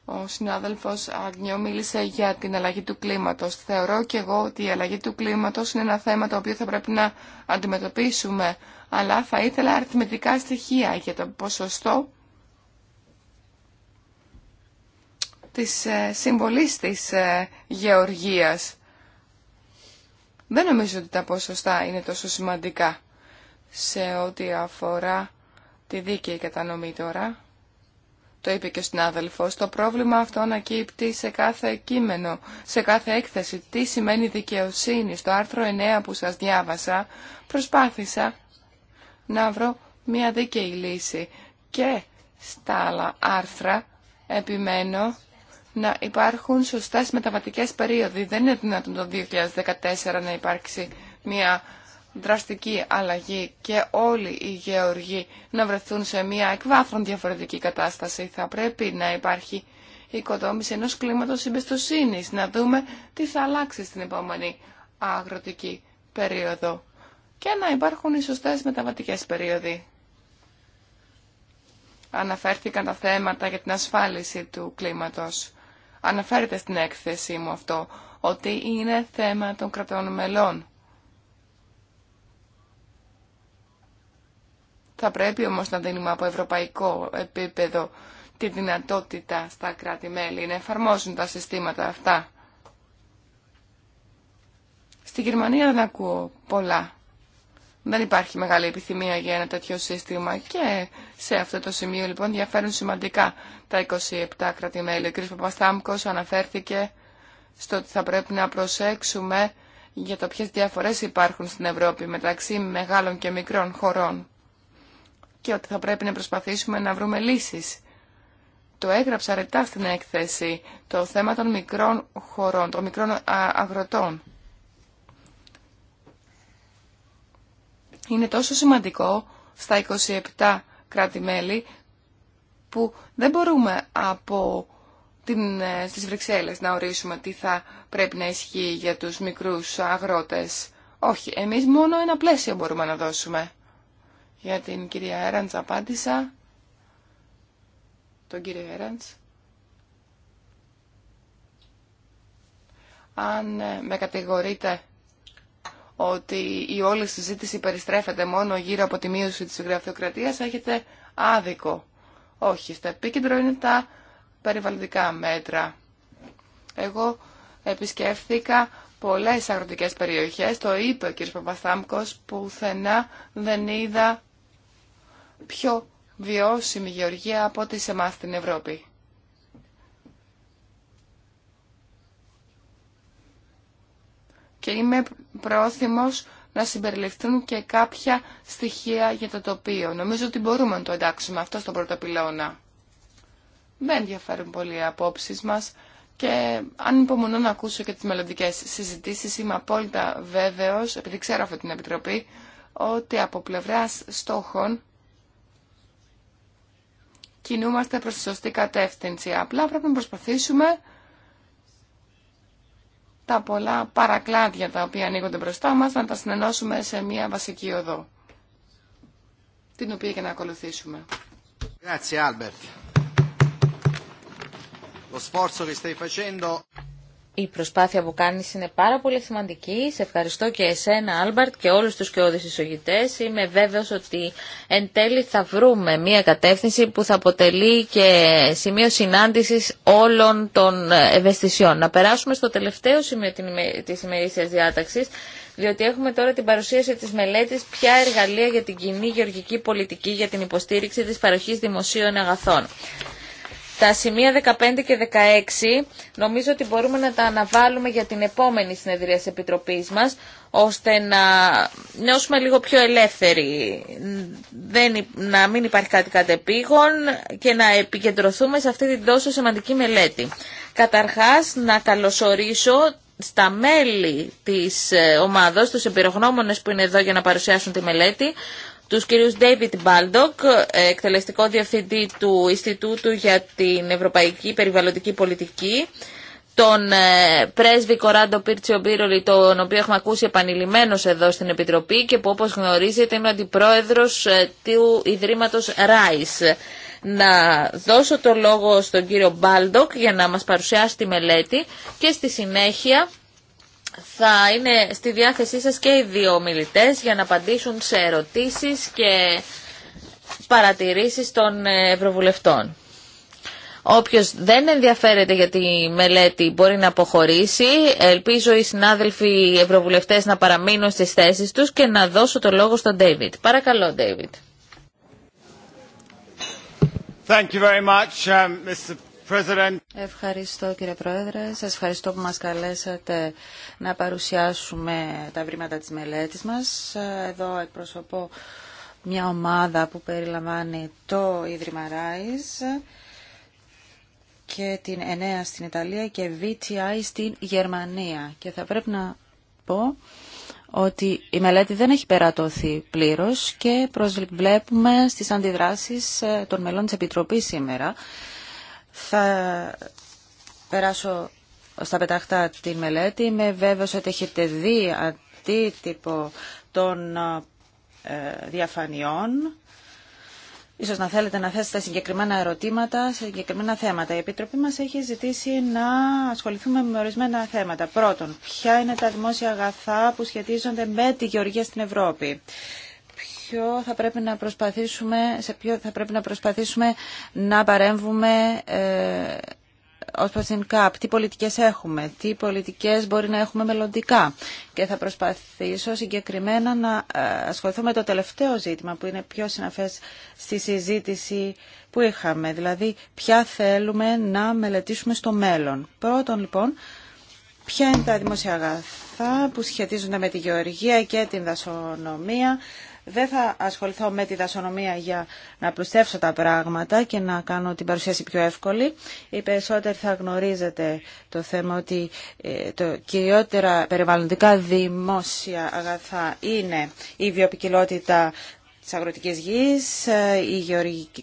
Ο συνάδελφος Αγνιό μίλησε για την αλλαγή του κλίματος. Θεωρώ και εγώ ότι η αλλαγή του κλίματος είναι ένα θέμα το οποίο θα πρέπει να αντιμετωπίσουμε, αλλά θα ήθελα αριθμητικά στοιχεία για το ποσοστό της ε, συμβολής της ε, γεωργίας. Δεν νομίζω ότι τα ποσοστά είναι τόσο σημαντικά σε ό,τι αφορά τη δίκαιη κατανομή τώρα. Το είπε και ο συνάδελφος, το πρόβλημα αυτό ανακύπτει σε κάθε κείμενο, σε κάθε έκθεση. Τι σημαίνει δικαιοσύνη. Στο άρθρο 9 που σας διάβασα προσπάθησα να βρω μια δίκαιη λύση. Και στα άλλα άρθρα επιμένω να υπάρχουν σωστές μεταβατικές περίοδοι. Δεν είναι δυνατόν το 2014 να υπάρξει μια δραστική αλλαγή και όλοι οι γεωργοί να βρεθούν σε μια εκβάθρον διαφορετική κατάσταση. Θα πρέπει να υπάρχει η οικοδόμηση ενός κλίματος εμπιστοσύνη, να δούμε τι θα αλλάξει στην επόμενη αγροτική περίοδο και να υπάρχουν οι σωστές μεταβατικές περίοδοι. Αναφέρθηκαν τα θέματα για την ασφάλιση του κλίματος. Αναφέρεται στην έκθεσή μου αυτό, ότι είναι θέμα των κρατών μελών. Θα πρέπει όμως να δίνουμε από ευρωπαϊκό επίπεδο τη δυνατότητα στα κράτη-μέλη να εφαρμόσουν τα συστήματα αυτά. Στη Γερμανία δεν ακούω πολλά δεν υπάρχει μεγάλη επιθυμία για ένα τέτοιο σύστημα και σε αυτό το σημείο λοιπόν διαφέρουν σημαντικά τα 27 κράτη-μέλη. Ο κ. Παπαστάμκος αναφέρθηκε στο ότι θα πρέπει να προσέξουμε για το ποιες διαφορές υπάρχουν στην Ευρώπη μεταξύ μεγάλων και μικρών χωρών και ότι θα πρέπει να προσπαθήσουμε να βρούμε λύσεις. Το έγραψα ρετά στην έκθεση το θέμα των μικρών χωρών, των μικρών αγροτών. είναι τόσο σημαντικό στα 27 κράτη-μέλη που δεν μπορούμε από την, ε, στις Βρυξέλλες να ορίσουμε τι θα πρέπει να ισχύει για τους μικρούς αγρότες. Όχι, εμείς μόνο ένα πλαίσιο μπορούμε να δώσουμε. Για την κυρία Έραντς απάντησα. Τον κύριο Έραντς. Αν ε, με κατηγορείτε ότι η όλη συζήτηση περιστρέφεται μόνο γύρω από τη μείωση της γραφειοκρατίας, έχετε άδικο. Όχι, στο επίκεντρο είναι τα περιβαλλοντικά μέτρα. Εγώ επισκέφθηκα πολλές αγροτικές περιοχές, το είπε ο κ. που πουθενά δεν είδα πιο βιώσιμη γεωργία από ό,τι σε εμάς στην Ευρώπη. και είμαι πρόθυμος να συμπεριληφθούν και κάποια στοιχεία για το τοπίο. Νομίζω ότι μπορούμε να το εντάξουμε αυτό στον πρώτο πυλώνα. Δεν ενδιαφέρουν πολύ οι απόψεις μας και αν υπομονώ να ακούσω και τις μελλοντικέ συζητήσεις είμαι απόλυτα βέβαιος, επειδή ξέρω αυτή την Επιτροπή, ότι από πλευράς στόχων κινούμαστε προς τη σωστή κατεύθυνση. Απλά πρέπει να προσπαθήσουμε τα πολλά παρακλάδια τα οποία ανοίγονται μπροστά μας να τα συνενώσουμε σε μια βασική οδό, την οποία και να ακολουθήσουμε η προσπάθεια που κάνει είναι πάρα πολύ σημαντική. Σε ευχαριστώ και εσένα, Άλμπαρτ, και όλου του και όλους Είμαι βέβαιο ότι εν τέλει θα βρούμε μια κατεύθυνση που θα αποτελεί και σημείο συνάντηση όλων των ευαισθησιών. Να περάσουμε στο τελευταίο σημείο τη ημερήσια διάταξη, διότι έχουμε τώρα την παρουσίαση τη μελέτη «Ποια εργαλεία για την κοινή γεωργική πολιτική για την υποστήριξη τη παροχή δημοσίων αγαθών». Τα σημεία 15 και 16 νομίζω ότι μπορούμε να τα αναβάλουμε για την επόμενη συνεδρία της Επιτροπής μας, ώστε να νιώσουμε λίγο πιο ελεύθεροι, Δεν, να μην υπάρχει κάτι κατεπήγον και να επικεντρωθούμε σε αυτή την τόσο σημαντική μελέτη. Καταρχάς, να καλωσορίσω στα μέλη της ε, ομάδας, τους εμπειρογνώμονες που είναι εδώ για να παρουσιάσουν τη μελέτη, τους κυρίους David Baldock, ε, εκτελεστικό διευθυντή του Ινστιτούτου για την Ευρωπαϊκή Περιβαλλοντική Πολιτική, τον ε, πρέσβη Κοράντο Πίρτσιο Μπίρολη, τον οποίο έχουμε ακούσει επανειλημμένος εδώ στην Επιτροπή και που όπως γνωρίζετε είναι ο αντιπρόεδρος ε, του Ιδρύματος ΡΑΙΣ. Να δώσω το λόγο στον κύριο Μπάλντοκ για να μας παρουσιάσει τη μελέτη και στη συνέχεια θα είναι στη διάθεσή σας και οι δύο μιλητές για να απαντήσουν σε ερωτήσεις και παρατηρήσεις των Ευρωβουλευτών. Όποιος δεν ενδιαφέρεται για τη μελέτη μπορεί να αποχωρήσει. Ελπίζω οι συνάδελφοι Ευρωβουλευτές να παραμείνουν στις θέσεις τους και να δώσω το λόγο στον Ντέιβιτ. Παρακαλώ, Ντέιβιτ. Thank you very much, um, Ευχαριστώ κύριε Πρόεδρε. Σας ευχαριστώ που μας καλέσατε να παρουσιάσουμε τα βρήματα της μελέτης μας. Εδώ εκπροσωπώ μια ομάδα που περιλαμβάνει το Ίδρυμα και την ΕΝΕΑ στην Ιταλία και VTI στην Γερμανία. Και θα πρέπει να πω ότι η μελέτη δεν έχει περατωθεί πλήρως και προσβλέπουμε στις αντιδράσεις των μελών της Επιτροπής σήμερα θα περάσω στα πετάχτα τη μελέτη. Είμαι βέβαιος ότι έχετε δει αντίτυπο των ε, διαφανειών. Ίσως να θέλετε να θέσετε συγκεκριμένα ερωτήματα σε συγκεκριμένα θέματα. Η Επιτροπή μας έχει ζητήσει να ασχοληθούμε με ορισμένα θέματα. Πρώτον, ποια είναι τα δημόσια αγαθά που σχετίζονται με τη γεωργία στην Ευρώπη ποιο θα πρέπει να προσπαθήσουμε, σε ποιο θα πρέπει να προσπαθήσουμε να παρέμβουμε ε, ως προς την ΚΑΠ, τι πολιτικές έχουμε, τι πολιτικές μπορεί να έχουμε μελλοντικά. Και θα προσπαθήσω συγκεκριμένα να ε, ασχοληθώ με το τελευταίο ζήτημα που είναι πιο συναφές στη συζήτηση που είχαμε, δηλαδή ποια θέλουμε να μελετήσουμε στο μέλλον. Πρώτον λοιπόν, ποια είναι τα δημοσιαγαθά που σχετίζονται με τη γεωργία και την δασονομία, δεν θα ασχοληθώ με τη δασονομία για να πλουστεύσω τα πράγματα και να κάνω την παρουσίαση πιο εύκολη. Οι περισσότεροι θα γνωρίζετε το θέμα ότι ε, το κυριότερα περιβαλλοντικά δημόσια αγαθά είναι η βιοπικιλότητα της αγροτικής γης, ε,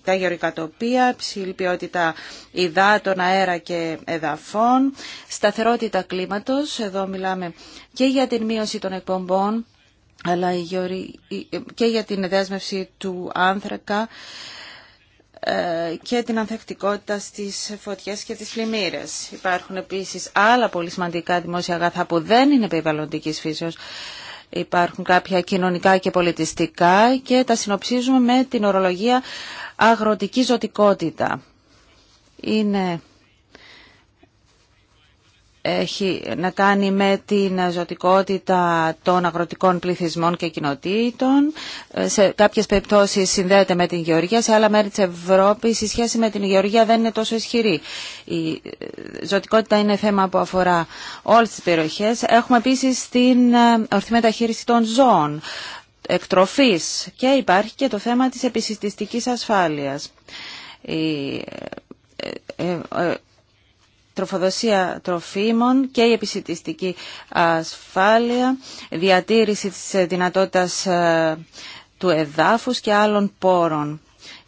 τα γεωργικά τοπία, ψηλή ποιότητα υδάτων, αέρα και εδαφών, σταθερότητα κλίματος, εδώ μιλάμε και για την μείωση των εκπομπών, αλλά και για την δέσμευση του άνθρακα ε, και την ανθεκτικότητα στις φωτιές και τις πλημμύρες. Υπάρχουν επίσης άλλα πολύ σημαντικά δημόσια αγαθά που δεν είναι περιβαλλοντική φύσεως. Υπάρχουν κάποια κοινωνικά και πολιτιστικά και τα συνοψίζουμε με την ορολογία αγροτική ζωτικότητα. Είναι έχει να κάνει με την ζωτικότητα των αγροτικών πληθυσμών και κοινοτήτων. Ε, σε κάποιες περιπτώσεις συνδέεται με την γεωργία, σε άλλα μέρη της Ευρώπης η σχέση με την γεωργία δεν είναι τόσο ισχυρή. Η ε, ζωτικότητα είναι θέμα που αφορά όλες τις περιοχές. Έχουμε επίσης την ε, ορθή μεταχείριση των ζώων, εκτροφής και υπάρχει και το θέμα της επισυστιστικής ασφάλειας τροφοδοσία τροφίμων και η επισητιστική ασφάλεια, διατήρηση της δυνατότητας ε, του εδάφους και άλλων πόρων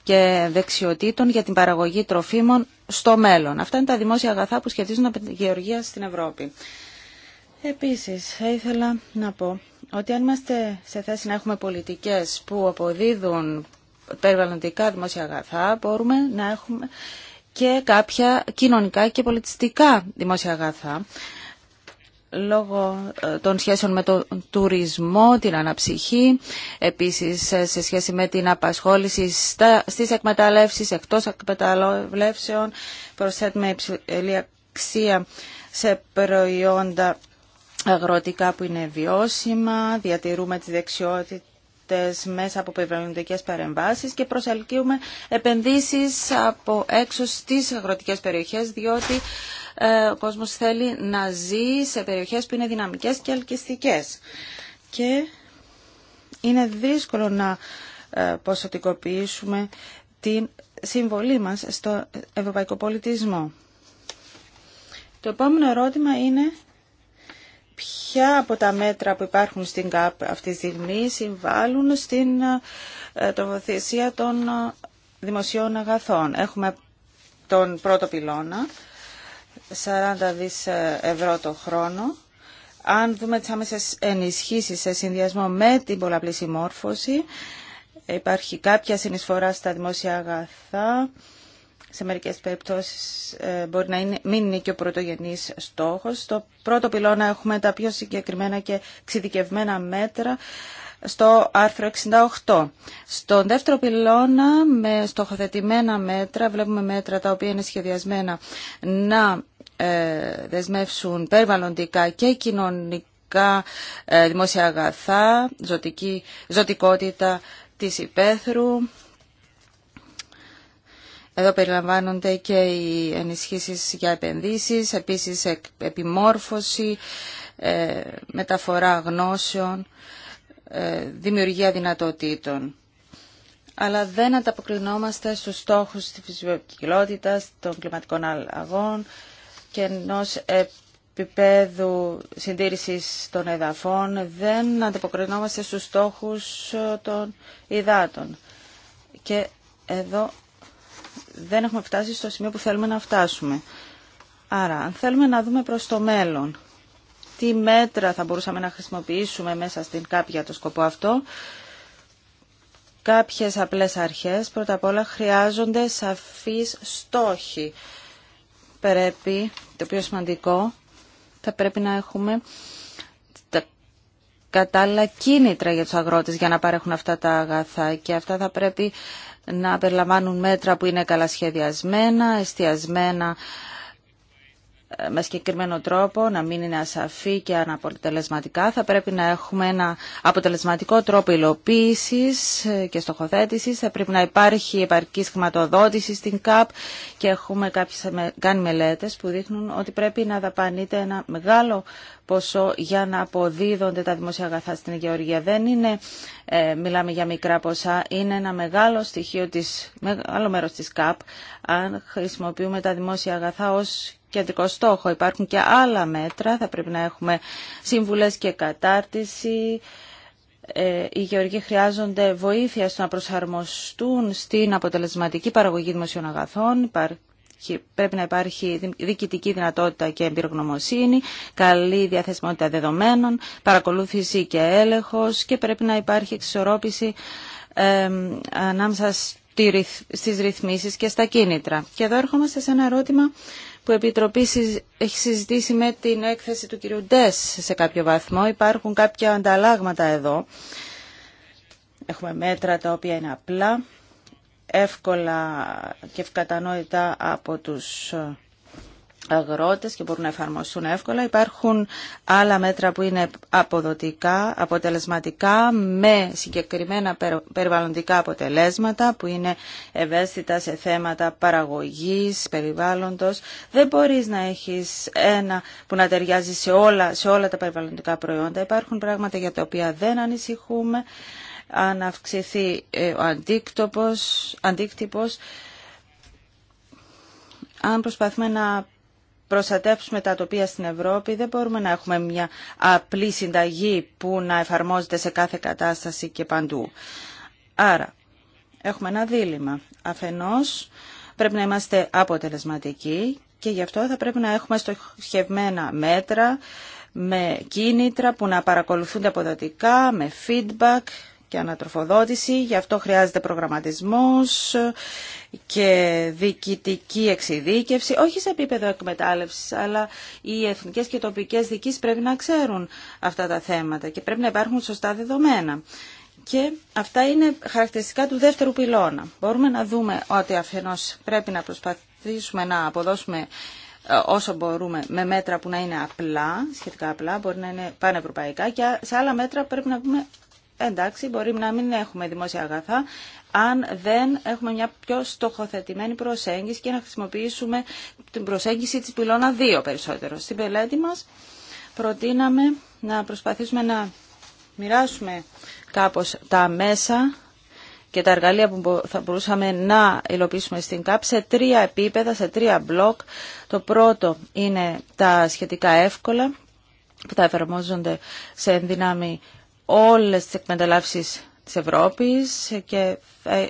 και δεξιοτήτων για την παραγωγή τροφίμων στο μέλλον. Αυτά είναι τα δημόσια αγαθά που σχετίζονται με τη γεωργία στην Ευρώπη. Επίσης, θα ήθελα να πω ότι αν είμαστε σε θέση να έχουμε πολιτικές που αποδίδουν περιβαλλοντικά δημόσια αγαθά, μπορούμε να έχουμε και κάποια κοινωνικά και πολιτιστικά δημόσια αγαθά λόγω ε, των σχέσεων με τον τουρισμό, την αναψυχή, επίσης ε, σε σχέση με την απασχόληση στις εκμεταλλεύσεις, εκτός εκμεταλλεύσεων, προσθέτουμε υψηλή αξία σε προϊόντα αγροτικά που είναι βιώσιμα, διατηρούμε τις δεξιότητες μέσα από περιβαλλοντικές παρεμβάσεις και προσελκύουμε επενδύσεις από έξω στις αγροτικές περιοχές διότι ε, ο κόσμος θέλει να ζει σε περιοχές που είναι δυναμικές και ελκυστικέ. Και είναι δύσκολο να ε, ποσοτικοποιήσουμε την συμβολή μας στο ευρωπαϊκό πολιτισμό. Το επόμενο ερώτημα είναι ποια από τα μέτρα που υπάρχουν στην ΚΑΠ αυτή τη στιγμή συμβάλλουν στην ε, τοποθεσία των ε, δημοσίων αγαθών. Έχουμε τον πρώτο πυλώνα, 40 δις ε, ευρώ το χρόνο. Αν δούμε τις άμεσες ενισχύσεις σε συνδυασμό με την πολλαπλή συμμόρφωση, υπάρχει κάποια συνεισφορά στα δημόσια αγαθά, σε μερικές περιπτώσεις ε, μπορεί να είναι, μην είναι και ο πρωτογενής στόχος. Στο πρώτο πυλώνα έχουμε τα πιο συγκεκριμένα και εξειδικευμένα μέτρα στο άρθρο 68. Στον δεύτερο πυλώνα με στοχοθετημένα μέτρα, βλέπουμε μέτρα τα οποία είναι σχεδιασμένα να ε, δεσμεύσουν περιβαλλοντικά και κοινωνικά ε, δημόσια αγαθά, ζωτικότητα της υπαίθρου, εδώ περιλαμβάνονται και οι ενισχύσεις για επενδύσεις, επίσης επιμόρφωση, ε, μεταφορά γνώσεων, ε, δημιουργία δυνατοτήτων. Αλλά δεν ανταποκρινόμαστε στους στόχους της φυσικοποικιλότητας, των κλιματικών αλλαγών και ενό επίπεδου συντήρησης των εδαφών. Δεν ανταποκρινόμαστε στους στόχους ε, των υδάτων. Και εδώ δεν έχουμε φτάσει στο σημείο που θέλουμε να φτάσουμε. Άρα, αν θέλουμε να δούμε προς το μέλλον τι μέτρα θα μπορούσαμε να χρησιμοποιήσουμε μέσα στην κάποια για το σκοπό αυτό, κάποιες απλές αρχές, πρώτα απ' όλα χρειάζονται σαφείς στόχοι. Πρέπει, το πιο σημαντικό, θα πρέπει να έχουμε κατάλληλα κίνητρα για τους αγρότες για να παρέχουν αυτά τα αγαθά και αυτά θα πρέπει να περιλαμβάνουν μέτρα που είναι καλά σχεδιασμένα, εστιασμένα με συγκεκριμένο τρόπο, να μην είναι ασαφή και αναποτελεσματικά. Θα πρέπει να έχουμε ένα αποτελεσματικό τρόπο υλοποίηση και στοχοθέτηση. Θα πρέπει να υπάρχει επαρκή χρηματοδότηση στην ΚΑΠ και έχουμε κάποιες, κάνει μελέτε που δείχνουν ότι πρέπει να δαπανείται ένα μεγάλο ποσό για να αποδίδονται τα δημοσία αγαθά στην Γεωργία. Δεν είναι, ε, μιλάμε για μικρά ποσά, είναι ένα μεγάλο στοιχείο, της, μεγάλο μέρο της ΚΑΠ, αν χρησιμοποιούμε τα δημόσια αγαθά ως κεντρικό στόχο. Υπάρχουν και άλλα μέτρα, θα πρέπει να έχουμε σύμβουλες και κατάρτιση. Ε, οι γεωργοί χρειάζονται βοήθεια στο να προσαρμοστούν στην αποτελεσματική παραγωγή δημοσίων αγαθών. Πρέπει να υπάρχει διοικητική δυνατότητα και εμπειρογνωμοσύνη, καλή διαθεσιμότητα δεδομένων, παρακολούθηση και έλεγχος και πρέπει να υπάρχει εξισορρόπηση ανάμεσα στις ρυθμίσεις και στα κίνητρα. Και εδώ έρχομαστε σε ένα ερώτημα που η Επιτροπή έχει συζητήσει με την έκθεση του κυρίου Ντές σε κάποιο βαθμό. Υπάρχουν κάποια ανταλλάγματα εδώ. Έχουμε μέτρα τα οποία είναι απλά, εύκολα και ευκατανόητα από τους ε, αγρότες και μπορούν να εφαρμοστούν εύκολα. Υπάρχουν άλλα μέτρα που είναι αποδοτικά, αποτελεσματικά, με συγκεκριμένα περιβαλλοντικά αποτελέσματα, που είναι ευαίσθητα σε θέματα παραγωγής, περιβάλλοντος. Δεν μπορείς να έχεις ένα που να ταιριάζει σε όλα, σε όλα τα περιβαλλοντικά προϊόντα. Υπάρχουν πράγματα για τα οποία δεν ανησυχούμε, αν αυξηθεί ε, ο αντίκτυπος, αν προσπαθούμε να προστατεύσουμε τα τοπία στην Ευρώπη δεν μπορούμε να έχουμε μια απλή συνταγή που να εφαρμόζεται σε κάθε κατάσταση και παντού. Άρα, έχουμε ένα δίλημα. Αφενός, πρέπει να είμαστε αποτελεσματικοί και γι' αυτό θα πρέπει να έχουμε στοχευμένα μέτρα με κίνητρα που να παρακολουθούνται αποδοτικά, με feedback και ανατροφοδότηση. Γι' αυτό χρειάζεται προγραμματισμός και διοικητική εξειδίκευση, όχι σε επίπεδο εκμετάλλευσης, αλλά οι εθνικές και τοπικές δικής πρέπει να ξέρουν αυτά τα θέματα και πρέπει να υπάρχουν σωστά δεδομένα. Και αυτά είναι χαρακτηριστικά του δεύτερου πυλώνα. Μπορούμε να δούμε ότι αφενός πρέπει να προσπαθήσουμε να αποδώσουμε ε, όσο μπορούμε με μέτρα που να είναι απλά, σχετικά απλά, μπορεί να είναι πανευρωπαϊκά και σε άλλα μέτρα πρέπει να πούμε εντάξει, μπορεί να μην έχουμε δημόσια αγαθά, αν δεν έχουμε μια πιο στοχοθετημένη προσέγγιση και να χρησιμοποιήσουμε την προσέγγιση της πυλώνα 2 περισσότερο. Στην πελέτη μας προτείναμε να προσπαθήσουμε να μοιράσουμε κάπως τα μέσα και τα εργαλεία που θα μπορούσαμε να υλοποιήσουμε στην ΚΑΠ σε τρία επίπεδα, σε τρία μπλοκ. Το πρώτο είναι τα σχετικά εύκολα που θα εφαρμόζονται σε ενδυνάμει όλες τις εκμεταλλεύσεις της Ευρώπης και ε,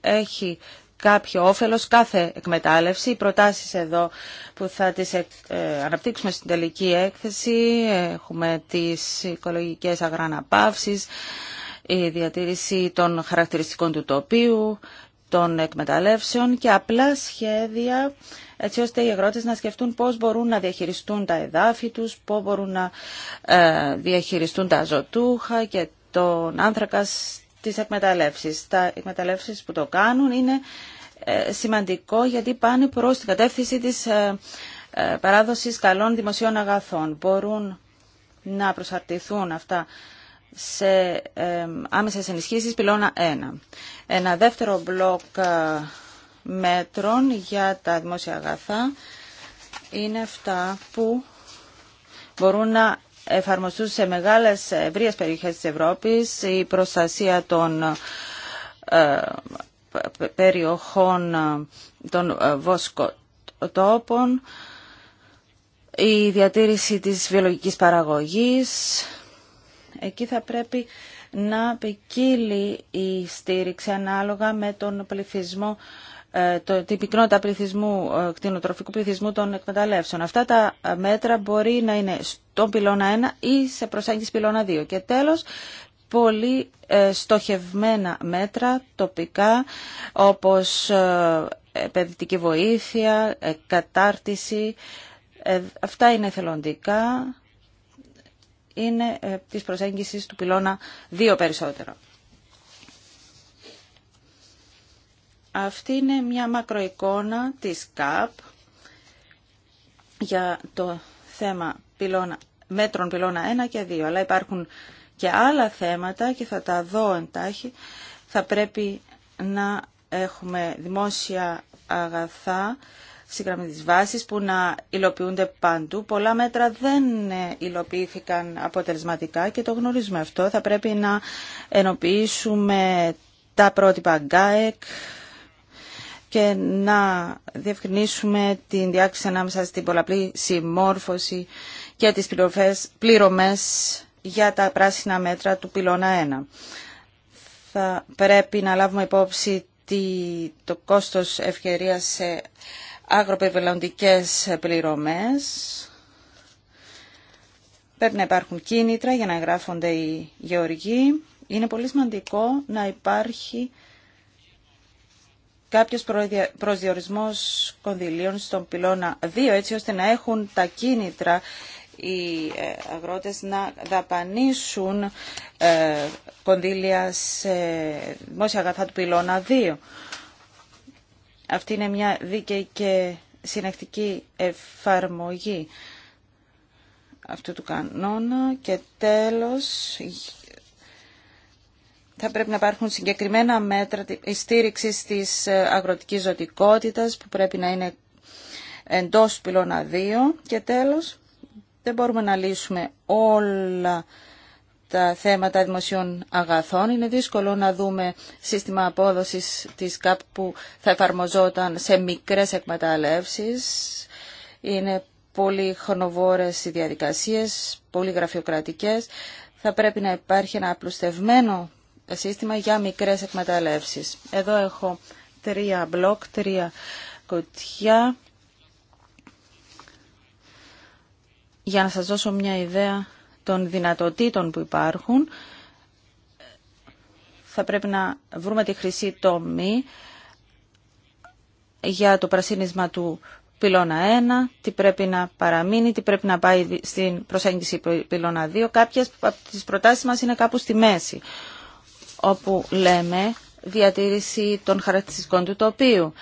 έχει κάποιο όφελος κάθε εκμετάλλευση. Οι προτάσεις εδώ που θα τις ε, ε, αναπτύξουμε στην τελική έκθεση έχουμε τις οικολογικές αγραναπαύσεις, η διατήρηση των χαρακτηριστικών του τοπίου, των εκμεταλλεύσεων και απλά σχέδια έτσι ώστε οι αγρότες να σκεφτούν πώς μπορούν να διαχειριστούν τα εδάφη τους, πώς μπορούν να ε, διαχειριστούν τα ζωτούχα και τον άνθρακα στις εκμεταλλεύσεις. Τα εκμεταλλεύσεις που το κάνουν είναι ε, σημαντικό γιατί πάνε προς την κατεύθυνση της ε, παράδοσης καλών δημοσίων αγαθών. Μπορούν να προσαρτηθούν αυτά σε άμεσες ενισχύσεις πυλώνα 1. Ένα δεύτερο μπλοκ ε, μέτρων για τα δημόσια αγαθά είναι αυτά που μπορούν να εφαρμοστούν σε μεγάλες ε, ευρείες περιοχές της Ευρώπης η προστασία των ε, περιοχών των βοσκοτόπων, η διατήρηση της βιολογικής παραγωγής, Εκεί θα πρέπει να ποικίλει η στήριξη ανάλογα με τον πληθυσμό ε, το, την πυκνότητα πληθυσμού, ε, κτηνοτροφικού πληθυσμού των εκμεταλλεύσεων. Αυτά τα μέτρα μπορεί να είναι στον πυλώνα 1 ή σε προσέγγιση πυλώνα 2. Και τέλος, πολύ ε, στοχευμένα μέτρα τοπικά όπως επενδυτική βοήθεια, κατάρτιση. Αυτά είναι θελοντικά είναι ε, της προσέγγισης του πυλώνα 2 περισσότερο. Αυτή είναι μια μακροεικόνα της ΚΑΠ για το θέμα πυλώνα, μέτρων πυλώνα 1 και 2, αλλά υπάρχουν και άλλα θέματα και θα τα δω εντάχει. Θα πρέπει να έχουμε δημόσια αγαθά, στη που να υλοποιούνται παντού. Πολλά μέτρα δεν ε, υλοποιήθηκαν αποτελεσματικά και το γνωρίζουμε αυτό. Θα πρέπει να ενοποιήσουμε τα πρότυπα ΓΚΑΕΚ e και να διευκρινίσουμε την διάκριση ανάμεσα στην πολλαπλή συμμόρφωση και τις πληρωμές για τα πράσινα μέτρα του πυλώνα 1. Θα πρέπει να λάβουμε υπόψη το κόστος ευκαιρίας σε αγροπεριβαλλοντικές πληρωμές. Πρέπει να υπάρχουν κίνητρα για να γράφονται οι γεωργοί. Είναι πολύ σημαντικό να υπάρχει κάποιος προσδιορισμός κονδυλίων στον πυλώνα 2, έτσι ώστε να έχουν τα κίνητρα οι ε, αγρότες να δαπανίσουν ε, κονδύλια σε δημόσια αγαθά του πυλώνα 2. Αυτή είναι μια δίκαιη και συνεχτική εφαρμογή αυτού του κανόνα και τέλος θα πρέπει να υπάρχουν συγκεκριμένα μέτρα στήριξη της αγροτικής ζωτικότητας που πρέπει να είναι εντός πυλώνα 2 και τέλος δεν μπορούμε να λύσουμε όλα τα θέματα δημοσίων αγαθών. Είναι δύσκολο να δούμε σύστημα απόδοσης της ΚΑΠ που θα εφαρμοζόταν σε μικρές εκμεταλλεύσεις. Είναι πολύ χρονοβόρες οι διαδικασίες, πολύ γραφειοκρατικές. Θα πρέπει να υπάρχει ένα απλουστευμένο σύστημα για μικρές εκμεταλλεύσεις. Εδώ έχω τρία μπλοκ, τρία κοτιά. Για να σας δώσω μια ιδέα των δυνατοτήτων που υπάρχουν. Θα πρέπει να βρούμε τη χρυσή τομή για το πρασίνισμα του πυλώνα 1, τι πρέπει να παραμείνει, τι πρέπει να πάει στην προσέγγιση πυλώνα 2. Κάποιες από τις προτάσεις μας είναι κάπου στη μέση, όπου λέμε διατήρηση των χαρακτηριστικών του τοπίου,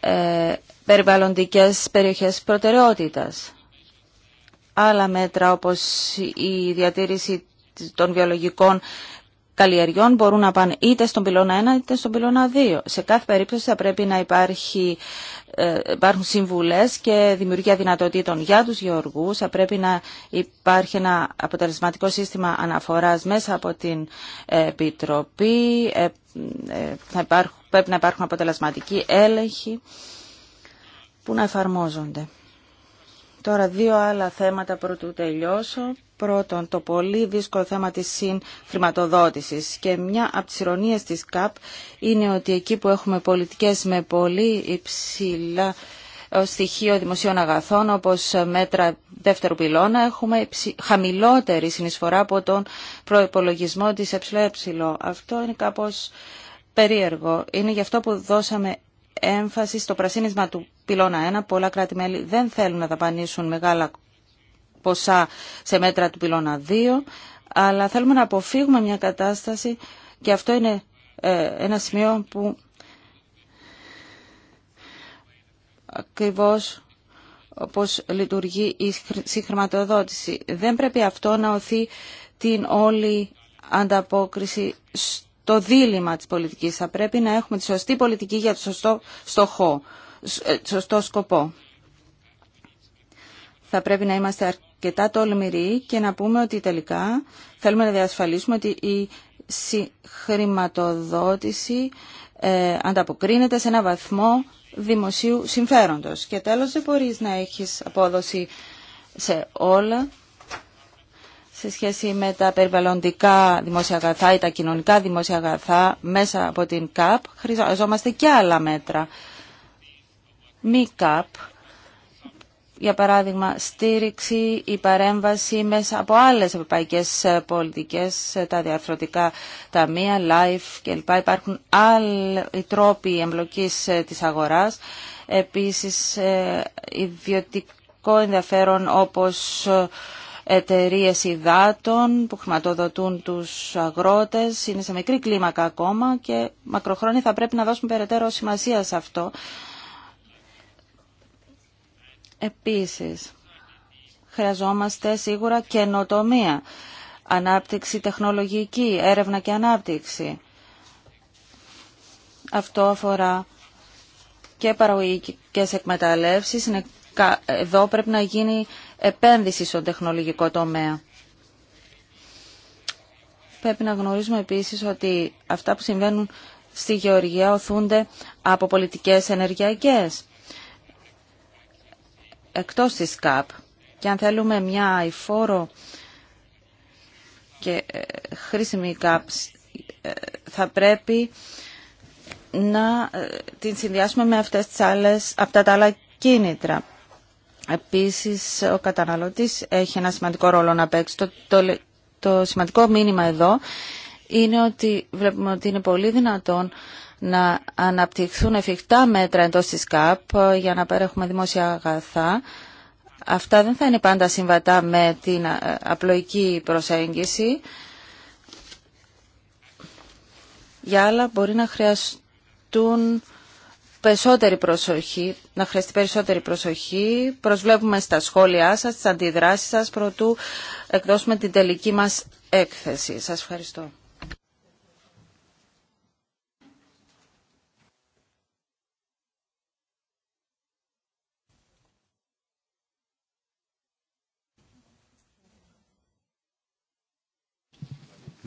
ε, περιβαλλοντικές περιοχές προτεραιότητας άλλα μέτρα όπως η διατήρηση των βιολογικών καλλιεργιών μπορούν να πάνε είτε στον πυλώνα 1 είτε στον πυλώνα 2. Σε κάθε περίπτωση θα πρέπει να υπάρχει, ε, υπάρχουν συμβουλές και δημιουργία δυνατοτήτων για τους γεωργούς. Θα πρέπει να υπάρχει ένα αποτελεσματικό σύστημα αναφοράς μέσα από την Επιτροπή. Ε, ε, θα υπάρχουν, πρέπει να υπάρχουν αποτελεσματικοί έλεγχοι που να εφαρμόζονται. Τώρα δύο άλλα θέματα πρωτού τελειώσω. Πρώτον, το πολύ δύσκολο θέμα της συγχρηματοδότησης και μια από τις ηρωνίες της ΚΑΠ είναι ότι εκεί που έχουμε πολιτικές με πολύ υψηλά ε, στοιχείο δημοσίων αγαθών όπως μέτρα δεύτερου πυλώνα έχουμε χαμηλότερη συνεισφορά από τον προϋπολογισμό της ΕΕ. Αυτό είναι κάπως περίεργο. Είναι γι' αυτό που δώσαμε έμφαση στο πρασίνισμα του πυλώνα 1. Πολλά κράτη-μέλη δεν θέλουν να δαπανίσουν μεγάλα ποσά σε μέτρα του πυλώνα 2, αλλά θέλουμε να αποφύγουμε μια κατάσταση και αυτό είναι ε, ένα σημείο που ακριβώς όπως λειτουργεί η συγχρηματοδότηση. Δεν πρέπει αυτό να οθεί την όλη ανταπόκριση το δίλημα της πολιτικής. Θα πρέπει να έχουμε τη σωστή πολιτική για το σωστό, στοχό, ε, σωστό σκοπό. Θα πρέπει να είμαστε αρκετά τολμηροί και να πούμε ότι τελικά θέλουμε να διασφαλίσουμε ότι η χρηματοδότηση ε, ανταποκρίνεται σε ένα βαθμό δημοσίου συμφέροντος. Και τέλος δεν μπορείς να έχεις απόδοση σε όλα σε σχέση με τα περιβαλλοντικά δημόσια αγαθά ή τα κοινωνικά δημόσια αγαθά μέσα από την ΚΑΠ χρειαζόμαστε και άλλα μέτρα. Μη ΚΑΠ, για παράδειγμα στήριξη ή παρέμβαση μέσα από άλλες ευρωπαϊκές πολιτικές, τα διαρθρωτικά ταμεία, LIFE κλπ. Υπάρχουν άλλοι τρόποι εμπλοκής ε, της αγοράς. Επίσης ε, ιδιωτικό ενδιαφέρον όπως ε, εταιρείε υδάτων που χρηματοδοτούν τους αγρότες. Είναι σε μικρή κλίμακα ακόμα και μακροχρόνια θα πρέπει να δώσουμε περαιτέρω σημασία σε αυτό. Επίσης, χρειαζόμαστε σίγουρα καινοτομία, ανάπτυξη τεχνολογική, έρευνα και ανάπτυξη. Αυτό αφορά και παραγωγικές εκμεταλλεύσεις. Εδώ πρέπει να γίνει επένδυση στον τεχνολογικό τομέα. Πρέπει να γνωρίζουμε επίσης ότι αυτά που συμβαίνουν στη Γεωργία οθούνται από πολιτικές ενεργειακές εκτός της ΚΑΠ και αν θέλουμε μια αηφόρο και ε, χρήσιμη ΚΑΠ ε, θα πρέπει να ε, την συνδυάσουμε με αυτές τις άλλες, αυτά τα άλλα κίνητρα. Επίσης, ο καταναλωτής έχει ένα σημαντικό ρόλο να παίξει. Το, το, σημαντικό μήνυμα εδώ είναι ότι βλέπουμε ότι είναι πολύ δυνατόν να αναπτυχθούν εφικτά μέτρα εντός της ΚΑΠ ε, για να παρέχουμε δημόσια αγαθά. Αυτά δεν θα είναι πάντα συμβατά με την ε, απλοϊκή προσέγγιση. Για άλλα μπορεί να χρειαστούν περισσότερη προσοχή, να χρειαστεί περισσότερη προσοχή. Προσβλέπουμε στα σχόλιά σας, στις αντιδράσεις σας, προτού εκδώσουμε την τελική μας έκθεση. Σας ευχαριστώ.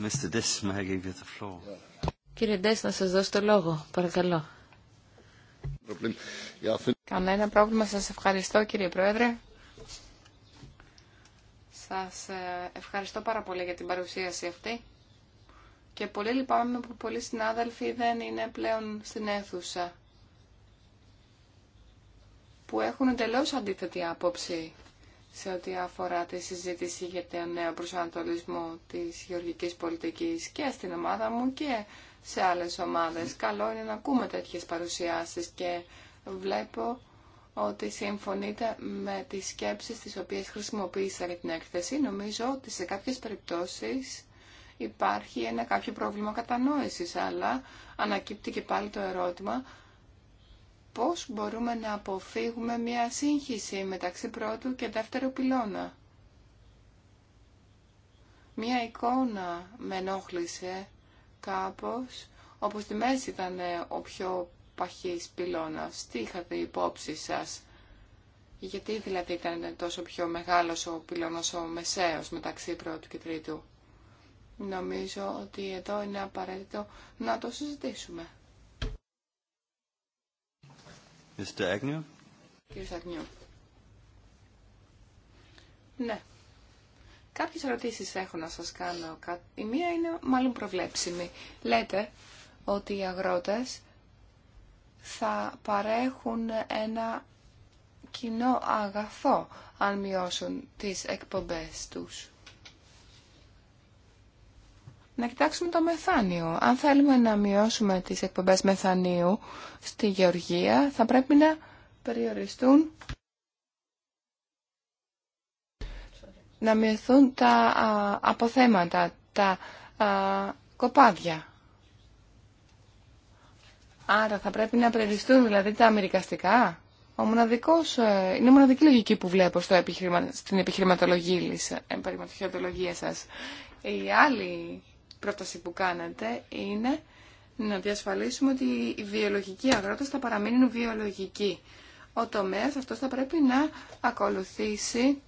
Mr. give the floor. Κύριε Ντέσ, να σας δώσω το λόγο, παρακαλώ. Κανένα πρόβλημα. Σας ευχαριστώ κύριε Πρόεδρε. Σας ε, ευχαριστώ πάρα πολύ για την παρουσίαση αυτή. Και πολύ λυπάμαι που πολλοί συνάδελφοι δεν είναι πλέον στην αίθουσα. Που έχουν εντελώ αντίθετη άποψη σε ό,τι αφορά τη συζήτηση για τον νέο προσανατολισμό της γεωργικής πολιτικής και στην ομάδα μου και σε άλλες ομάδες. Καλό είναι να ακούμε τέτοιες παρουσιάσεις και βλέπω ότι συμφωνείτε με τις σκέψεις τις οποίες χρησιμοποίησα για την έκθεση. Νομίζω ότι σε κάποιες περιπτώσεις υπάρχει ένα κάποιο πρόβλημα κατανόησης, αλλά ανακύπτει και πάλι το ερώτημα πώς μπορούμε να αποφύγουμε μια σύγχυση μεταξύ πρώτου και δεύτερου πυλώνα. Μια εικόνα με ενόχλησε κάπως, όπως στη μέση ήταν ο πιο παχής πυλώνας. Τι είχατε υπόψη σας, γιατί δηλαδή ήταν τόσο πιο μεγάλος ο πυλώνας ο μεσαίος μεταξύ πρώτου και τρίτου. Νομίζω ότι εδώ είναι απαραίτητο να το συζητήσουμε. Mr. Agnew. Κύριε Σαγνιού. Ναι. Κάποιες ερωτήσεις έχω να σας κάνω. Η μία είναι μάλλον προβλέψιμη. Λέτε ότι οι αγρότες θα παρέχουν ένα κοινό αγαθό αν μειώσουν τις εκπομπές τους. Να κοιτάξουμε το μεθάνιο. Αν θέλουμε να μειώσουμε τις εκπομπές μεθανίου στη γεωργία, θα πρέπει να περιοριστούν να μειωθούν τα αποθέματα, τα κοπάδια. Άρα θα πρέπει να περιοριστούν δηλαδή τα αμερικαστικά. Ο μοναδικός, ε, είναι η μοναδική λογική που βλέπω στο επιχειρημα, στην επιχειρηματολογία ε, σας. Η άλλη πρόταση που κάνετε είναι να διασφαλίσουμε ότι οι βιολογικοί αγρότες θα παραμείνουν βιολογικοί. Ο τομέας αυτός θα πρέπει να ακολουθήσει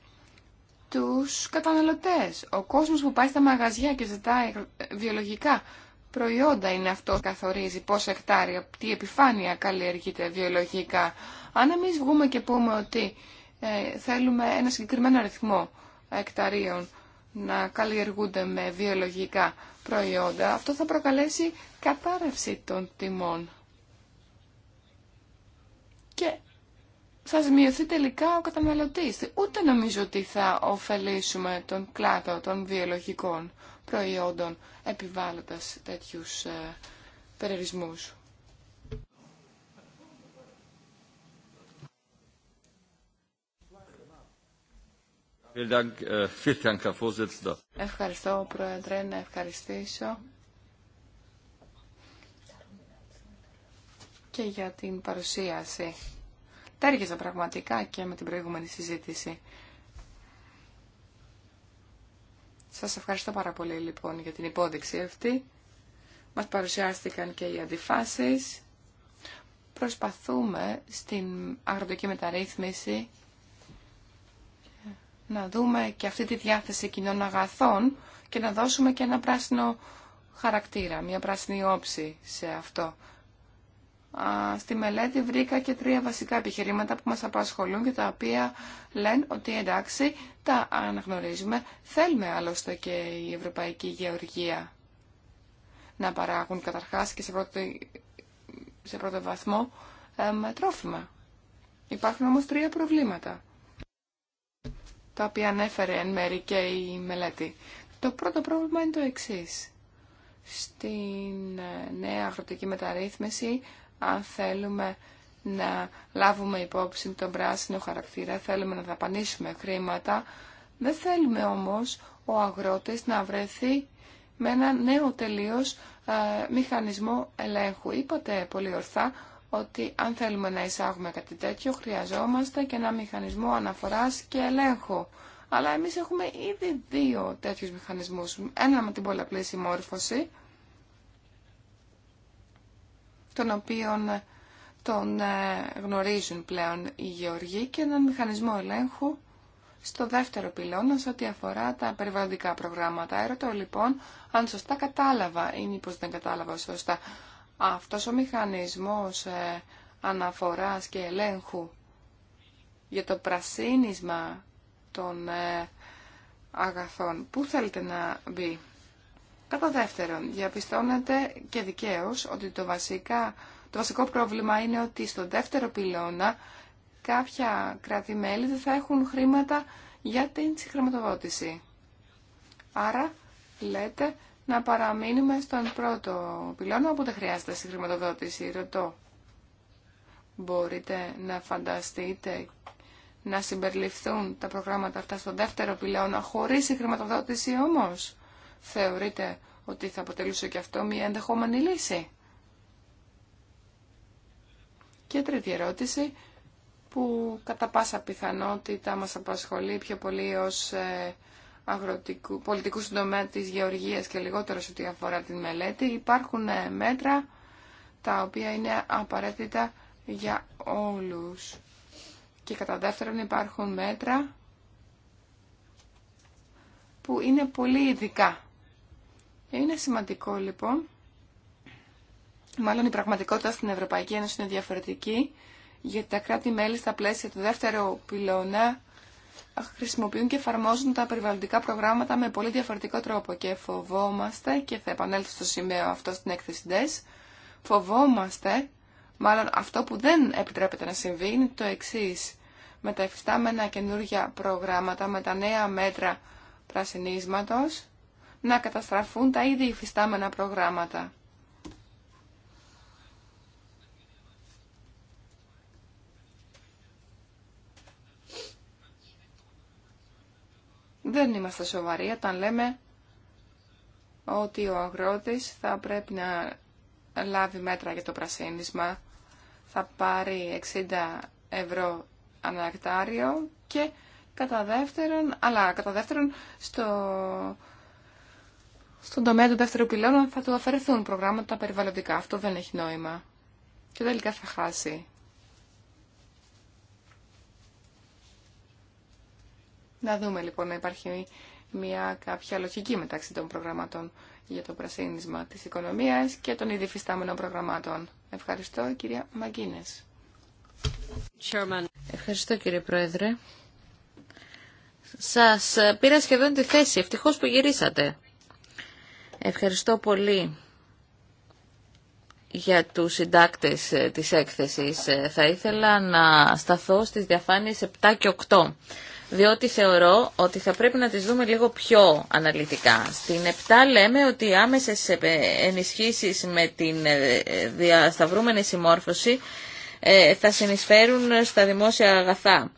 τους καταναλωτές. Ο κόσμος που πάει στα μαγαζιά και ζητάει βιολογικά προϊόντα είναι αυτό καθορίζει πόσα εκτάρια, τι επιφάνεια καλλιεργείται βιολογικά. Αν εμεί βγούμε και πούμε ότι ε, θέλουμε ένα συγκεκριμένο αριθμό εκταρίων να καλλιεργούνται με βιολογικά προϊόντα, αυτό θα προκαλέσει κατάρρευση των τιμών. Και θα μειωθεί τελικά ο καταναλωτή. Ούτε νομίζω ότι θα ωφελήσουμε τον κλάδο των βιολογικών προϊόντων επιβάλλοντας τέτοιους ε, περιορισμούς. Äh, Ευχαριστώ, Πρόεδρε, να ευχαριστήσω και για την παρουσίαση τέργεζα πραγματικά και με την προηγούμενη συζήτηση. Σας ευχαριστώ πάρα πολύ λοιπόν για την υπόδειξη αυτή. Μας παρουσιάστηκαν και οι αντιφάσεις. Προσπαθούμε στην αγροτική μεταρρύθμιση να δούμε και αυτή τη διάθεση κοινών αγαθών και να δώσουμε και ένα πράσινο χαρακτήρα, μια πράσινη όψη σε αυτό στη μελέτη βρήκα και τρία βασικά επιχειρήματα που μας απασχολούν και τα οποία λένε ότι εντάξει τα αναγνωρίζουμε, θέλουμε άλλωστε και η Ευρωπαϊκή Γεωργία να παράγουν καταρχάς και σε πρώτο, σε πρώτο βαθμό τρόφιμα. Υπάρχουν όμως τρία προβλήματα τα οποία ανέφερε εν μέρη και η μελέτη. Το πρώτο πρόβλημα είναι το εξής. Στην ε, νέα αγροτική μεταρρύθμιση αν θέλουμε να λάβουμε υπόψη τον πράσινο χαρακτήρα, θέλουμε να δαπανίσουμε χρήματα, δεν θέλουμε όμως ο αγρότης να βρεθεί με ένα νέο τελείως ε, μηχανισμό ελέγχου. Είπατε πολύ ορθά ότι αν θέλουμε να εισάγουμε κάτι τέτοιο χρειαζόμαστε και ένα μηχανισμό αναφοράς και ελέγχου. Αλλά εμείς έχουμε ήδη δύο τέτοιους μηχανισμούς. Ένα με την πολλαπλή συμμόρφωση τον οποίο ε, τον γνωρίζουν πλέον οι γεωργοί και έναν μηχανισμό ελέγχου στο δεύτερο πυλώνα σε ό,τι αφορά τα περιβαλλοντικά προγράμματα. Έρωτα λοιπόν αν σωστά κατάλαβα ή μήπως δεν κατάλαβα σωστά αυτός ο μηχανισμός ε, αναφοράς και ελέγχου για το πρασίνισμα των ε, αγαθών. Πού θέλετε να μπει. Κατά δεύτερον, διαπιστώνεται και δικαίως ότι το, βασικά, το βασικό πρόβλημα είναι ότι στο δεύτερο πυλώνα κάποια κράτη-μέλη δεν θα έχουν χρήματα για την συγχρηματοδότηση. Άρα, λέτε να παραμείνουμε στον πρώτο πυλώνα όπου δεν χρειάζεται συγχρηματοδότηση. Ρωτώ, μπορείτε να φανταστείτε να συμπεριληφθούν τα προγράμματα αυτά στο δεύτερο πυλώνα χωρίς συγχρηματοδότηση όμως θεωρείτε ότι θα αποτελούσε και αυτό μια ενδεχόμενη λύση. Και τρίτη ερώτηση που κατά πάσα πιθανότητα μας απασχολεί πιο πολύ ως ε, αγροτικού, πολιτικού συντομέα της γεωργίας και λιγότερο σε ό,τι αφορά την μελέτη. Υπάρχουν ε, μέτρα τα οποία είναι απαραίτητα για όλους. Και κατά δεύτερον υπάρχουν μέτρα που είναι πολύ ειδικά είναι σημαντικό λοιπόν, μάλλον η πραγματικότητα στην Ευρωπαϊκή Ένωση είναι διαφορετική, γιατί τα κράτη-μέλη στα πλαίσια του δεύτερου πυλώνα χρησιμοποιούν και εφαρμόζουν τα περιβαλλοντικά προγράμματα με πολύ διαφορετικό τρόπο και φοβόμαστε, και θα επανέλθω στο σημείο αυτό στην έκθεση DES, φοβόμαστε, μάλλον αυτό που δεν επιτρέπεται να συμβεί είναι το εξή. Με τα εφιστάμενα καινούργια προγράμματα, με τα νέα μέτρα πρασινίσματος, να καταστραφούν τα ήδη υφιστάμενα προγράμματα. Δεν είμαστε σοβαροί όταν λέμε ότι ο αγρότης θα πρέπει να λάβει μέτρα για το πρασίνισμα, θα πάρει 60 ευρώ ανακτάριο και κατά δεύτερον, αλλά κατά δεύτερον στο στον τομέα του δεύτερου πυλώνα θα του αφαιρεθούν προγράμματα περιβαλλοντικά. Αυτό δεν έχει νόημα. Και τελικά θα χάσει. Να δούμε λοιπόν να υπάρχει μια κάποια λογική μεταξύ των προγραμμάτων για το πρασίνισμα της οικονομίας και των ήδη φυστάμενων προγραμμάτων. Ευχαριστώ κυρία Μαγκίνες. Ευχαριστώ κύριε Πρόεδρε. Σας πήρα σχεδόν τη θέση. Ευτυχώς που γυρίσατε. Ευχαριστώ πολύ για τους συντάκτες ε, της έκθεσης. Ε, θα ήθελα να σταθώ στις διαφάνειες 7 και 8 διότι θεωρώ ότι θα πρέπει να τις δούμε λίγο πιο αναλυτικά. Στην 7 λέμε ότι οι άμεσες ε, ενισχύσεις με την διασταυρούμενη συμμόρφωση θα συνεισφέρουν στα δημόσια αγαθά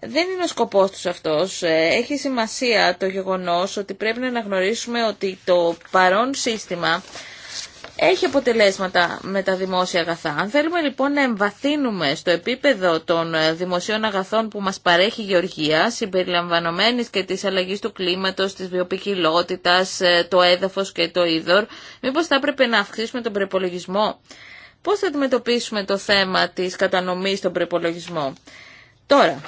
δεν είναι ο σκοπός τους αυτός. Ε, έχει σημασία το γεγονός ότι πρέπει να αναγνωρίσουμε ότι το παρόν σύστημα έχει αποτελέσματα με τα δημόσια αγαθά. Αν θέλουμε λοιπόν να εμβαθύνουμε στο επίπεδο των ε, δημοσίων αγαθών που μας παρέχει η Γεωργία, συμπεριλαμβανομένης και της αλλαγής του κλίματος, της βιοπικιλότητας, ε, το έδαφος και το είδωρ, μήπως θα έπρεπε να αυξήσουμε τον προπολογισμό. Πώς θα αντιμετωπίσουμε το θέμα της κατανομής στον προπολογισμό. Τώρα,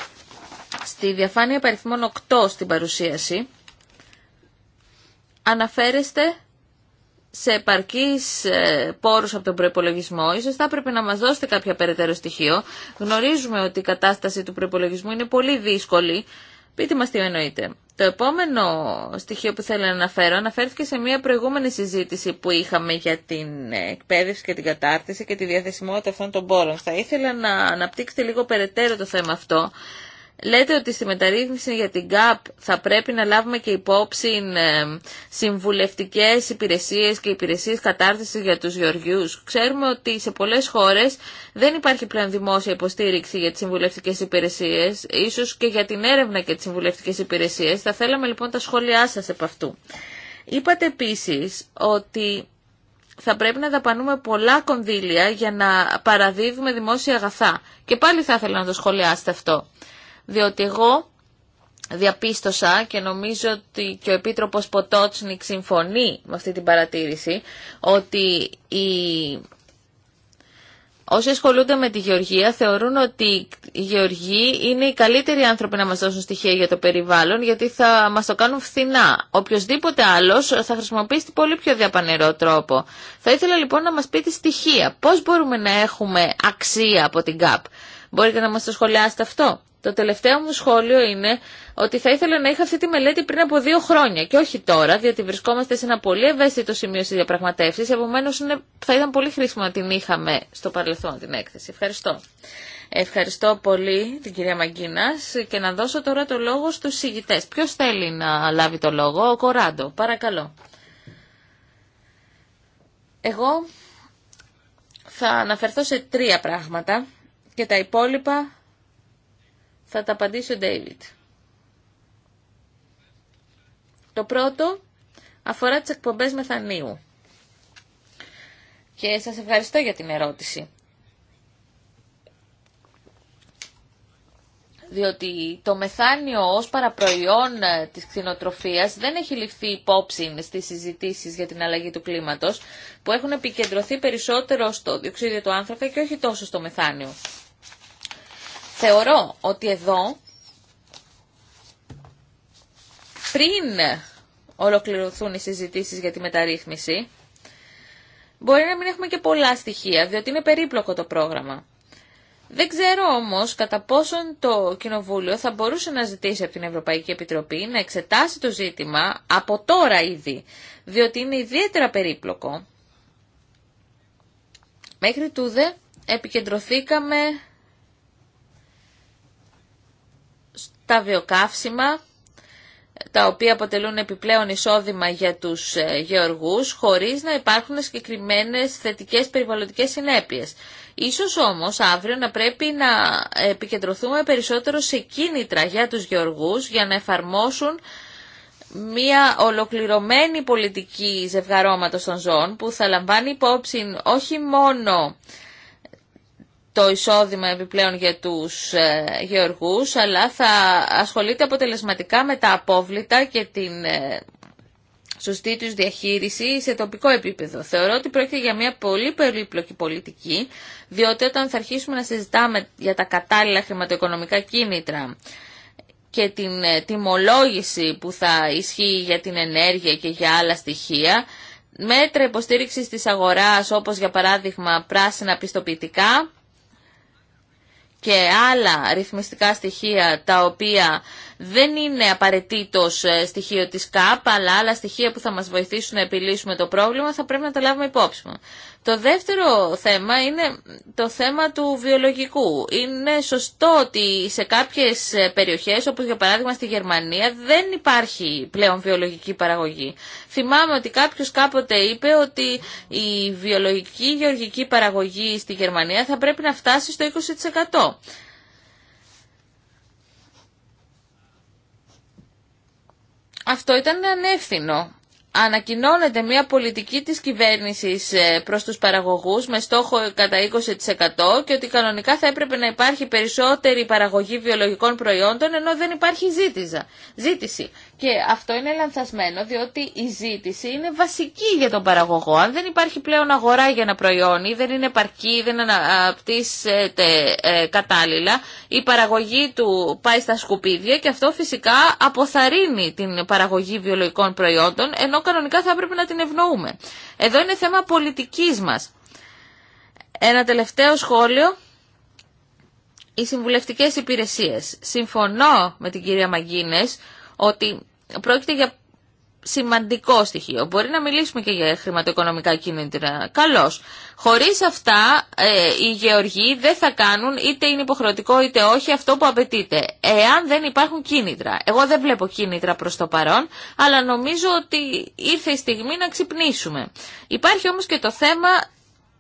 Στη διαφάνεια παριθμών 8 στην παρουσίαση αναφέρεστε σε επαρκείς ε, πόρους από τον προπολογισμό. Ίσως θα έπρεπε να μας δώσετε κάποια περαιτέρω στοιχείο. Γνωρίζουμε ότι η κατάσταση του προπολογισμού είναι πολύ δύσκολη. Πείτε μας τι εννοείτε. Το επόμενο στοιχείο που θέλω να αναφέρω αναφέρθηκε σε μια προηγούμενη συζήτηση που είχαμε για την εκπαίδευση και την κατάρτιση και τη διαθεσιμότητα αυτών των πόρων. Θα ήθελα να αναπτύξετε λίγο περαιτέρω το θέμα αυτό Λέτε ότι στη μεταρρύθμιση για την ΚΑΠ θα πρέπει να λάβουμε και υπόψη ε, συμβουλευτικές υπηρεσίες και υπηρεσίες κατάρτισης για τους γεωργιούς. Ξέρουμε ότι σε πολλές χώρες δεν υπάρχει πλέον δημόσια υποστήριξη για τις συμβουλευτικές υπηρεσίες, ίσως και για την έρευνα και τις συμβουλευτικές υπηρεσίες. Θα θέλαμε λοιπόν τα σχόλιά σας επ' αυτού. Είπατε επίσης ότι θα πρέπει να δαπανούμε πολλά κονδύλια για να παραδίδουμε δημόσια αγαθά. Και πάλι θα ήθελα να το σχολιάσετε αυτό διότι εγώ διαπίστωσα και νομίζω ότι και ο Επίτροπος Ποτότσνικ συμφωνεί με αυτή την παρατήρηση ότι οι... όσοι ασχολούνται με τη γεωργία θεωρούν ότι οι γεωργοί είναι οι καλύτεροι άνθρωποι να μας δώσουν στοιχεία για το περιβάλλον γιατί θα μας το κάνουν φθηνά. Οποιοςδήποτε άλλος θα χρησιμοποιήσει πολύ πιο διαπανερό τρόπο. Θα ήθελα λοιπόν να μας πείτε στοιχεία. Πώς μπορούμε να έχουμε αξία από την ΚΑΠ. Μπορείτε να μας το σχολιάσετε αυτό. Το τελευταίο μου σχόλιο είναι ότι θα ήθελα να είχα αυτή τη μελέτη πριν από δύο χρόνια και όχι τώρα, διότι βρισκόμαστε σε ένα πολύ ευαίσθητο σημείο στι διαπραγματεύσει. Επομένω, θα ήταν πολύ χρήσιμο να την είχαμε στο παρελθόν την έκθεση. Ευχαριστώ. Ευχαριστώ πολύ την κυρία Μαγκίνα και να δώσω τώρα το λόγο στου συγητέ. Ποιο θέλει να λάβει το λόγο, ο Κοράντο, παρακαλώ. Εγώ θα αναφερθώ σε τρία πράγματα και τα υπόλοιπα θα τα απαντήσει ο Ντέιβιτ. Το πρώτο αφορά τις εκπομπές μεθανίου. Και σας ευχαριστώ για την ερώτηση. διότι το μεθάνιο ως παραπροϊόν ε, της κτηνοτροφίας δεν έχει ληφθεί υπόψη στις συζητήσεις για την αλλαγή του κλίματος, που έχουν επικεντρωθεί περισσότερο στο διοξίδιο του άνθρακα και όχι τόσο στο μεθάνιο. Θεωρώ ότι εδώ πριν ολοκληρωθούν οι συζητήσεις για τη μεταρρύθμιση, μπορεί να μην έχουμε και πολλά στοιχεία, διότι είναι περίπλοκο το πρόγραμμα. Δεν ξέρω όμως κατά πόσον το Κοινοβούλιο θα μπορούσε να ζητήσει από την Ευρωπαϊκή Επιτροπή να εξετάσει το ζήτημα από τώρα ήδη, διότι είναι ιδιαίτερα περίπλοκο. Μέχρι τούδε επικεντρωθήκαμε τα βιοκαύσιμα, τα οποία αποτελούν επιπλέον εισόδημα για τους ε, γεωργούς, χωρίς να υπάρχουν συγκεκριμένες θετικές περιβαλλοντικές συνέπειες. Ίσως όμως αύριο να πρέπει να επικεντρωθούμε περισσότερο σε κίνητρα για τους γεωργούς για να εφαρμόσουν μια ολοκληρωμένη πολιτική ζευγαρώματος των ζώων που θα λαμβάνει υπόψη όχι μόνο το εισόδημα επιπλέον για τους ε, γεωργούς, αλλά θα ασχολείται αποτελεσματικά με τα απόβλητα και την ε, σωστή τους διαχείριση σε τοπικό επίπεδο. Θεωρώ ότι πρόκειται για μια πολύ περίπλοκη πολιτική, διότι όταν θα αρχίσουμε να συζητάμε για τα κατάλληλα χρηματοοικονομικά κίνητρα και την ε, τιμολόγηση που θα ισχύει για την ενέργεια και για άλλα στοιχεία, μέτρα υποστήριξης της αγοράς όπως για παράδειγμα πράσινα πιστοποιητικά, και άλλα ρυθμιστικά στοιχεία τα οποία δεν είναι απαραίτητο ε, στοιχείο της ΚΑΠ, αλλά άλλα στοιχεία που θα μας βοηθήσουν να επιλύσουμε το πρόβλημα θα πρέπει να τα λάβουμε υπόψη μας. Το δεύτερο θέμα είναι το θέμα του βιολογικού. Είναι σωστό ότι σε κάποιες ε, περιοχές, όπως για παράδειγμα στη Γερμανία, δεν υπάρχει πλέον βιολογική παραγωγή. Θυμάμαι ότι κάποιος κάποτε είπε ότι η βιολογική γεωργική παραγωγή στη Γερμανία θα πρέπει να φτάσει στο 20%. αυτό ήταν ανεύθυνο. Ανακοινώνεται μια πολιτική της κυβέρνησης ε, προς τους παραγωγούς με στόχο κατά 20% και ότι κανονικά θα έπρεπε να υπάρχει περισσότερη παραγωγή βιολογικών προϊόντων ενώ δεν υπάρχει ζήτηση. Και αυτό είναι λανθασμένο διότι η ζήτηση είναι βασική για τον παραγωγό. Αν δεν υπάρχει πλέον αγορά για ένα προϊόν ή δεν είναι επαρκή, δεν αναπτύσσεται ε, κατάλληλα, η παραγωγή του πάει στα σκουπίδια και αυτό φυσικά αποθαρρύνει την παραγωγή βιολογικών προϊόντων, ενώ κανονικά θα έπρεπε να την ευνοούμε. Εδώ είναι θέμα πολιτικής μας. Ένα τελευταίο σχόλιο. Οι συμβουλευτικές υπηρεσίες. Συμφωνώ με την κυρία Μαγκίνες ότι πρόκειται για σημαντικό στοιχείο. Μπορεί να μιλήσουμε και για χρηματοοικονομικά κίνητρα. Καλώ. Χωρίς αυτά ε, οι γεωργοί δεν θα κάνουν είτε είναι υποχρεωτικό είτε όχι αυτό που απαιτείται. Εάν δεν υπάρχουν κίνητρα. Εγώ δεν βλέπω κίνητρα προ το παρόν, αλλά νομίζω ότι ήρθε η στιγμή να ξυπνήσουμε. Υπάρχει όμω και το θέμα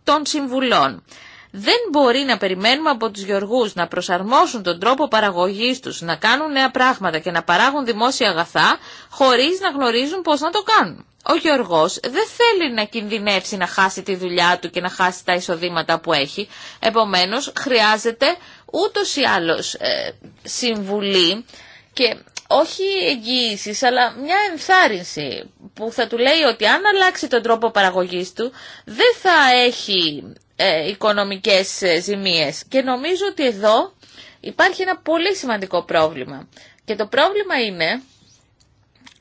των συμβουλών δεν μπορεί να περιμένουμε από τους γεωργούς να προσαρμόσουν τον τρόπο παραγωγής τους, να κάνουν νέα πράγματα και να παράγουν δημόσια αγαθά χωρίς να γνωρίζουν πώς να το κάνουν. Ο Γεωργός δεν θέλει να κινδυνεύσει να χάσει τη δουλειά του και να χάσει τα εισοδήματα που έχει. Επομένως χρειάζεται ούτως ή άλλως ε, συμβουλή και όχι εγγύηση, αλλά μια ενθάρρυνση που θα του λέει ότι αν αλλάξει τον τρόπο παραγωγής του δεν θα έχει ε, οικονομικές ε, ζημίες. Και νομίζω ότι εδώ υπάρχει ένα πολύ σημαντικό πρόβλημα. Και το πρόβλημα είναι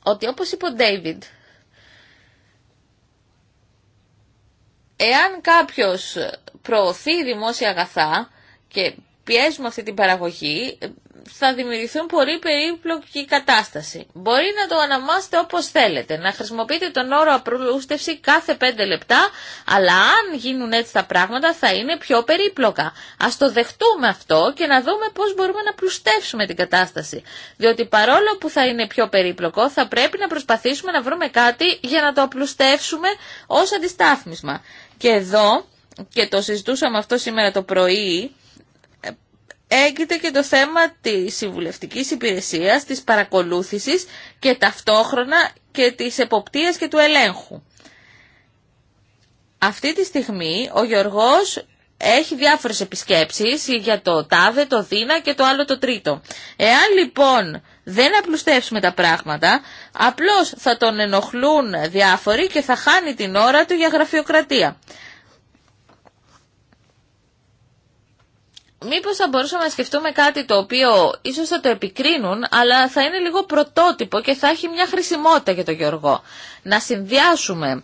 ότι όπως είπε ο Ντέιβιντ, εάν κάποιος προωθεί δημόσια αγαθά και πιέζουμε αυτή την παραγωγή, θα δημιουργηθούν πολύ περίπλοκη κατάσταση. Μπορεί να το αναμάστε όπως θέλετε, να χρησιμοποιείτε τον όρο απρούστευση κάθε πέντε λεπτά, αλλά αν γίνουν έτσι τα πράγματα θα είναι πιο περίπλοκα. Ας το δεχτούμε αυτό και να δούμε πώς μπορούμε να πλουστεύσουμε την κατάσταση. Διότι παρόλο που θα είναι πιο περίπλοκο, θα πρέπει να προσπαθήσουμε να βρούμε κάτι για να το απλουστεύσουμε ως αντιστάθμισμα. Και εδώ, και το συζητούσαμε αυτό σήμερα το πρωί, έγκυται και το θέμα της συμβουλευτικής υπηρεσίας, της παρακολούθησης και ταυτόχρονα και της εποπτείας και του ελέγχου. Αυτή τη στιγμή ο Γιωργός έχει διάφορες επισκέψεις για το τάδε, το δίνα και το άλλο το τρίτο. Εάν λοιπόν δεν απλουστεύσουμε τα πράγματα, απλώς θα τον ενοχλούν διάφοροι και θα χάνει την ώρα του για γραφειοκρατία. μήπως θα μπορούσαμε να σκεφτούμε κάτι το οποίο ίσως θα το επικρίνουν, αλλά θα είναι λίγο πρωτότυπο και θα έχει μια χρησιμότητα για τον Γιώργο. Να συνδυάσουμε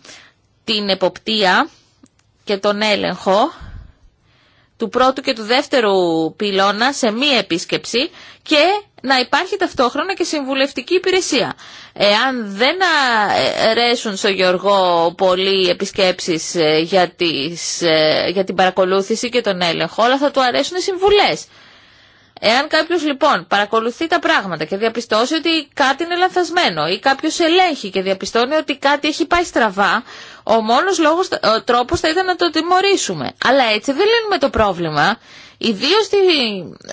την εποπτεία και τον έλεγχο του πρώτου και του δεύτερου πυλώνα σε μία επίσκεψη και να υπάρχει ταυτόχρονα και συμβουλευτική υπηρεσία. Εάν δεν αρέσουν ε, στο Γιώργο πολλοί επισκέψεις ε, για, ε, για την παρακολούθηση και τον έλεγχο, όλα θα του αρέσουν οι συμβουλές. Εάν κάποιος λοιπόν παρακολουθεί τα πράγματα και διαπιστώσει ότι κάτι είναι λανθασμένο ή κάποιος ελέγχει και διαπιστώνει ότι κάτι έχει πάει στραβά, ο μόνος λόγος, ο τρόπος θα ήταν να το τιμωρήσουμε. Αλλά έτσι δεν λύνουμε το πρόβλημα. Ιδίω στη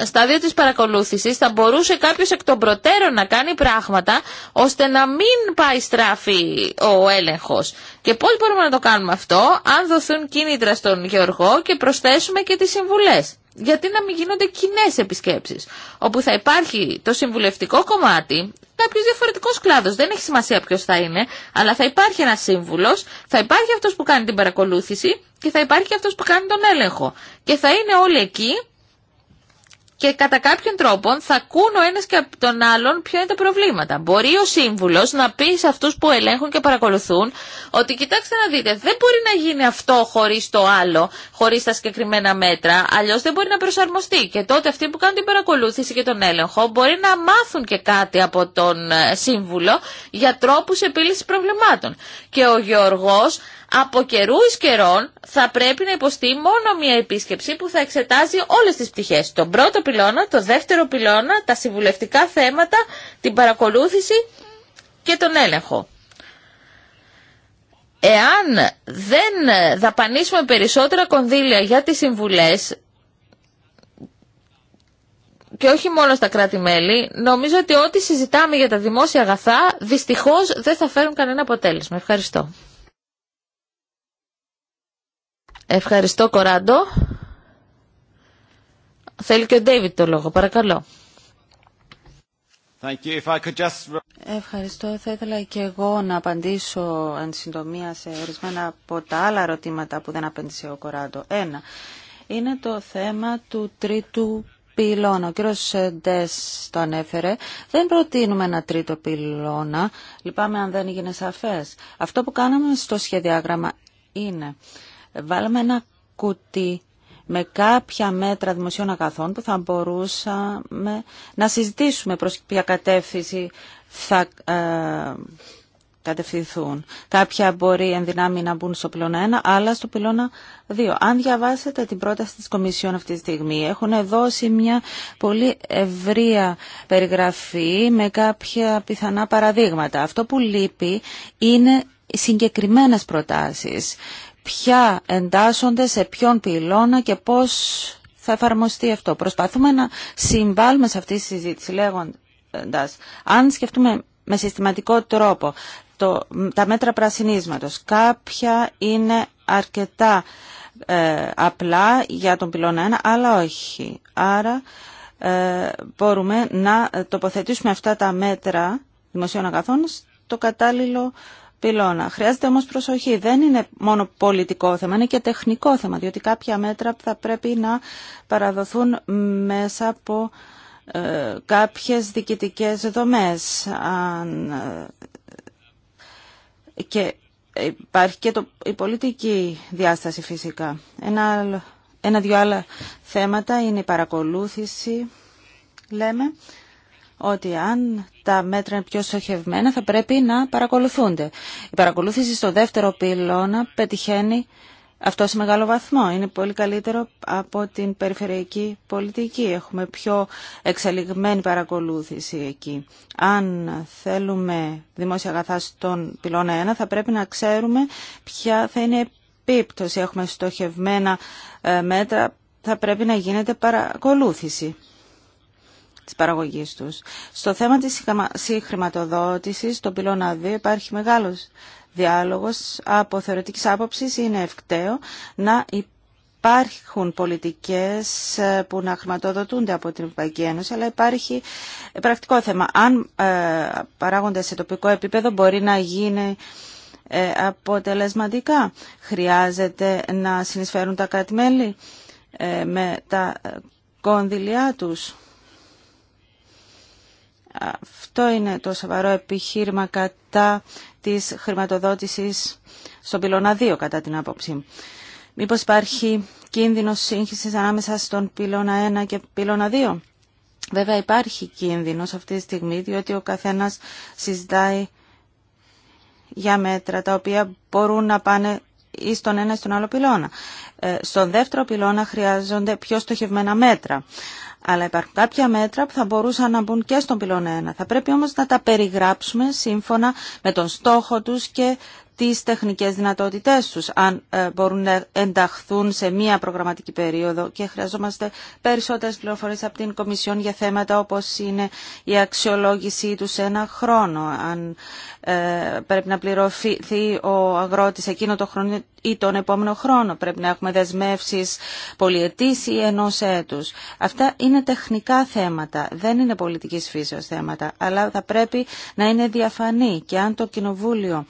στάδια της παρακολούθησης θα μπορούσε κάποιος εκ των προτέρων να κάνει πράγματα ώστε να μην πάει στράφη ο έλεγχος. Και πώς μπορούμε να το κάνουμε αυτό αν δοθούν κίνητρα στον Γεωργό και προσθέσουμε και τις συμβουλές. Γιατί να μην γίνονται κοινέ επισκέψει, όπου θα υπάρχει το συμβουλευτικό κομμάτι, κάποιο διαφορετικό κλάδο. Δεν έχει σημασία ποιο θα είναι, αλλά θα υπάρχει ένα σύμβουλο, θα υπάρχει αυτό που κάνει την παρακολούθηση και θα υπάρχει και αυτό που κάνει τον έλεγχο. Και θα είναι όλοι εκεί και κατά κάποιον τρόπο θα ακούν ο ένα και από τον άλλον ποια είναι τα προβλήματα. Μπορεί ο σύμβουλο να πει σε αυτού που ελέγχουν και παρακολουθούν ότι κοιτάξτε να δείτε, δεν μπορεί να γίνει αυτό χωρί το άλλο, χωρί τα συγκεκριμένα μέτρα, αλλιώ δεν μπορεί να προσαρμοστεί. Και τότε αυτοί που κάνουν την παρακολούθηση και τον έλεγχο μπορεί να μάθουν και κάτι από τον ε, σύμβουλο για τρόπου επίλυση προβλημάτων. Και ο Γεωργό από καιρού ει καιρών θα πρέπει να υποστεί μόνο μια επίσκεψη που θα εξετάζει όλε τι πτυχές. Τον πρώτο πυλώνα, το δεύτερο πυλώνα, τα συμβουλευτικά θέματα, την παρακολούθηση και τον έλεγχο. Εάν δεν δαπανίσουμε περισσότερα κονδύλια για τις συμβουλές και όχι μόνο στα κράτη-μέλη, νομίζω ότι ό,τι συζητάμε για τα δημόσια αγαθά δυστυχώς δεν θα φέρουν κανένα αποτέλεσμα. Ευχαριστώ. Ευχαριστώ Κοράντο. Θέλει και ο Ντέιβιτ το λόγο, παρακαλώ. Ευχαριστώ. Θα ήθελα και εγώ να απαντήσω εν συντομία σε ορισμένα από τα άλλα ερωτήματα που δεν απέντησε ο Κοράντο. Ένα, είναι το θέμα του τρίτου πυλώνα. Ο κύριος Ντες το ανέφερε. Δεν προτείνουμε ένα τρίτο πυλώνα. Λυπάμαι αν δεν έγινε σαφές. Αυτό που κάναμε στο σχεδιάγραμμα είναι βάλαμε ένα κουτί με κάποια μέτρα δημοσίων αγαθών που θα μπορούσαμε να συζητήσουμε προς ποια κατεύθυνση θα ε, κατευθυνθούν. Κάποια μπορεί εν δυνάμει να μπουν στο πυλώνα 1, άλλα στο πυλώνα 2. Αν διαβάσετε την πρόταση της Κομισιόν αυτή τη στιγμή, έχουν δώσει μια πολύ ευρία περιγραφή με κάποια πιθανά παραδείγματα. Αυτό που λείπει είναι συγκεκριμένες προτάσεις ποια εντάσσονται σε ποιον πυλώνα και πώς θα εφαρμοστεί αυτό. Προσπαθούμε να συμβάλλουμε σε αυτή τη συζήτηση λέγοντας, αν σκεφτούμε με συστηματικό τρόπο το, τα μέτρα πρασινίσματος, κάποια είναι αρκετά ε, απλά για τον πυλώνα 1, αλλά όχι. Άρα ε, μπορούμε να τοποθετήσουμε αυτά τα μέτρα δημοσίων αγαθών στο κατάλληλο Χρειάζεται όμως προσοχή. Δεν είναι μόνο πολιτικό θέμα, είναι και τεχνικό θέμα, διότι κάποια μέτρα θα πρέπει να παραδοθούν μέσα από ε, κάποιες διοικητικές δομές. Αν, ε, και υπάρχει και το, η πολιτική διάσταση φυσικά. Ένα, ένα δυο άλλα θέματα είναι η παρακολούθηση, λέμε ότι αν τα μέτρα είναι πιο στοχευμένα θα πρέπει να παρακολουθούνται. Η παρακολούθηση στο δεύτερο πυλώνα πετυχαίνει αυτό σε μεγάλο βαθμό. Είναι πολύ καλύτερο από την περιφερειακή πολιτική. Έχουμε πιο εξελιγμένη παρακολούθηση εκεί. Αν θέλουμε δημόσια αγαθά στον πυλώνα 1 θα πρέπει να ξέρουμε ποια θα είναι επίπτωση. Έχουμε στοχευμένα ε, μέτρα, θα πρέπει να γίνεται παρακολούθηση της Στο θέμα της συγχρηματοδότησης, το πυλώνα 2 υπάρχει μεγάλος διάλογος. Από θεωρητικής άποψης είναι ευκταίο να υπάρχουν πολιτικές ε, που να χρηματοδοτούνται από την Ευρωπαϊκή Ένωση, αλλά υπάρχει πρακτικό θέμα. Αν ε, παράγονται σε τοπικό επίπεδο μπορεί να γίνει ε, αποτελεσματικά. Χρειάζεται να συνεισφέρουν τα κράτη-μέλη με τα κονδυλιά τους. Αυτό είναι το σοβαρό επιχείρημα κατά της χρηματοδότησης στον πυλώνα 2 κατά την άποψη. Μήπως υπάρχει κίνδυνος σύγχυσης ανάμεσα στον πυλώνα 1 και πυλώνα 2. Βέβαια υπάρχει κίνδυνος αυτή τη στιγμή διότι ο καθένας συζητάει για μέτρα τα οποία μπορούν να πάνε ή στον ένα ή στον άλλο πυλώνα. Ε, στον δεύτερο πυλώνα χρειάζονται πιο στοχευμένα μέτρα. Αλλά υπάρχουν κάποια μέτρα που θα μπορούσαν να μπουν και στον πυλώνα 1. Θα πρέπει όμως να τα περιγράψουμε σύμφωνα με τον στόχο τους και τις τεχνικές δυνατότητές τους, αν ε, μπορούν να ενταχθούν σε μία προγραμματική περίοδο και χρειαζόμαστε περισσότερες πληροφορίες από την Κομισιόν για θέματα όπως είναι η αξιολόγησή του σε ένα χρόνο, αν ε, πρέπει να πληρωθεί ο αγρότης εκείνο το χρόνο ή τον επόμενο χρόνο. Πρέπει να έχουμε δεσμεύσεις πολιετής ή ενός έτους. Αυτά είναι τεχνικά θέματα, δεν είναι πολιτικής φύσεως θέματα, αλλά θα πρέπει να είναι διαφανή και αν το Κοινοβούλιο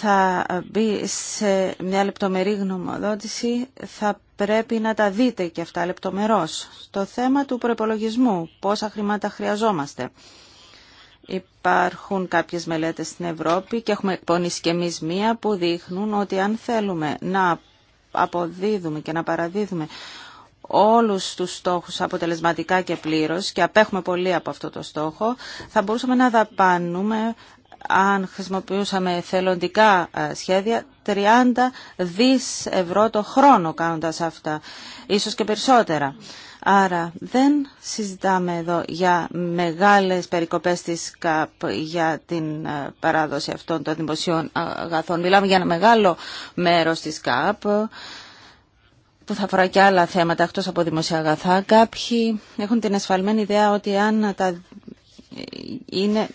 θα μπει σε μια λεπτομερή γνωμοδότηση, θα πρέπει να τα δείτε και αυτά λεπτομερώς. Στο θέμα του προεπολογισμού, πόσα χρήματα χρειαζόμαστε. Υπάρχουν κάποιες μελέτες στην Ευρώπη και έχουμε εκπονήσει και μία που δείχνουν ότι αν θέλουμε να αποδίδουμε και να παραδίδουμε όλους τους στόχους αποτελεσματικά και πλήρως και απέχουμε πολύ από αυτό το στόχο, θα μπορούσαμε να δαπάνουμε αν χρησιμοποιούσαμε θελοντικά σχέδια, 30 δις ευρώ το χρόνο κάνοντας αυτά, ίσως και περισσότερα. Άρα δεν συζητάμε εδώ για μεγάλες περικοπές της ΚΑΠ για την παράδοση αυτών των δημοσίων αγαθών. Μιλάμε για ένα μεγάλο μέρος της ΚΑΠ που θα αφορά και άλλα θέματα εκτός από δημοσία αγαθά. Κάποιοι έχουν την ασφαλμένη ιδέα ότι αν τα ε, είναι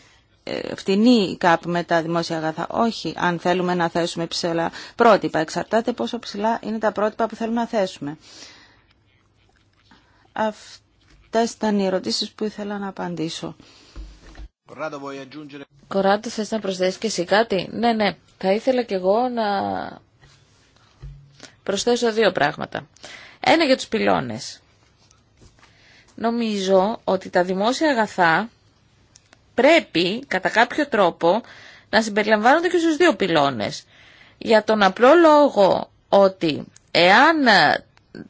φτηνή κάπου με τα δημόσια αγαθά. Όχι, αν θέλουμε να θέσουμε ψηλά πρότυπα. Εξαρτάται πόσο ψηλά είναι τα πρότυπα που θέλουμε να θέσουμε. Αυτές ήταν οι ερωτήσεις που ήθελα να απαντήσω. Κοράτο, θες να προσθέσεις και εσύ κάτι. Ναι, ναι. Θα ήθελα κι εγώ να προσθέσω δύο πράγματα. Ένα για τους πυλώνες. Νομίζω ότι τα δημόσια αγαθά πρέπει κατά κάποιο τρόπο να συμπεριλαμβάνονται και στους δύο πυλώνες. Για τον απλό λόγο ότι εάν ε,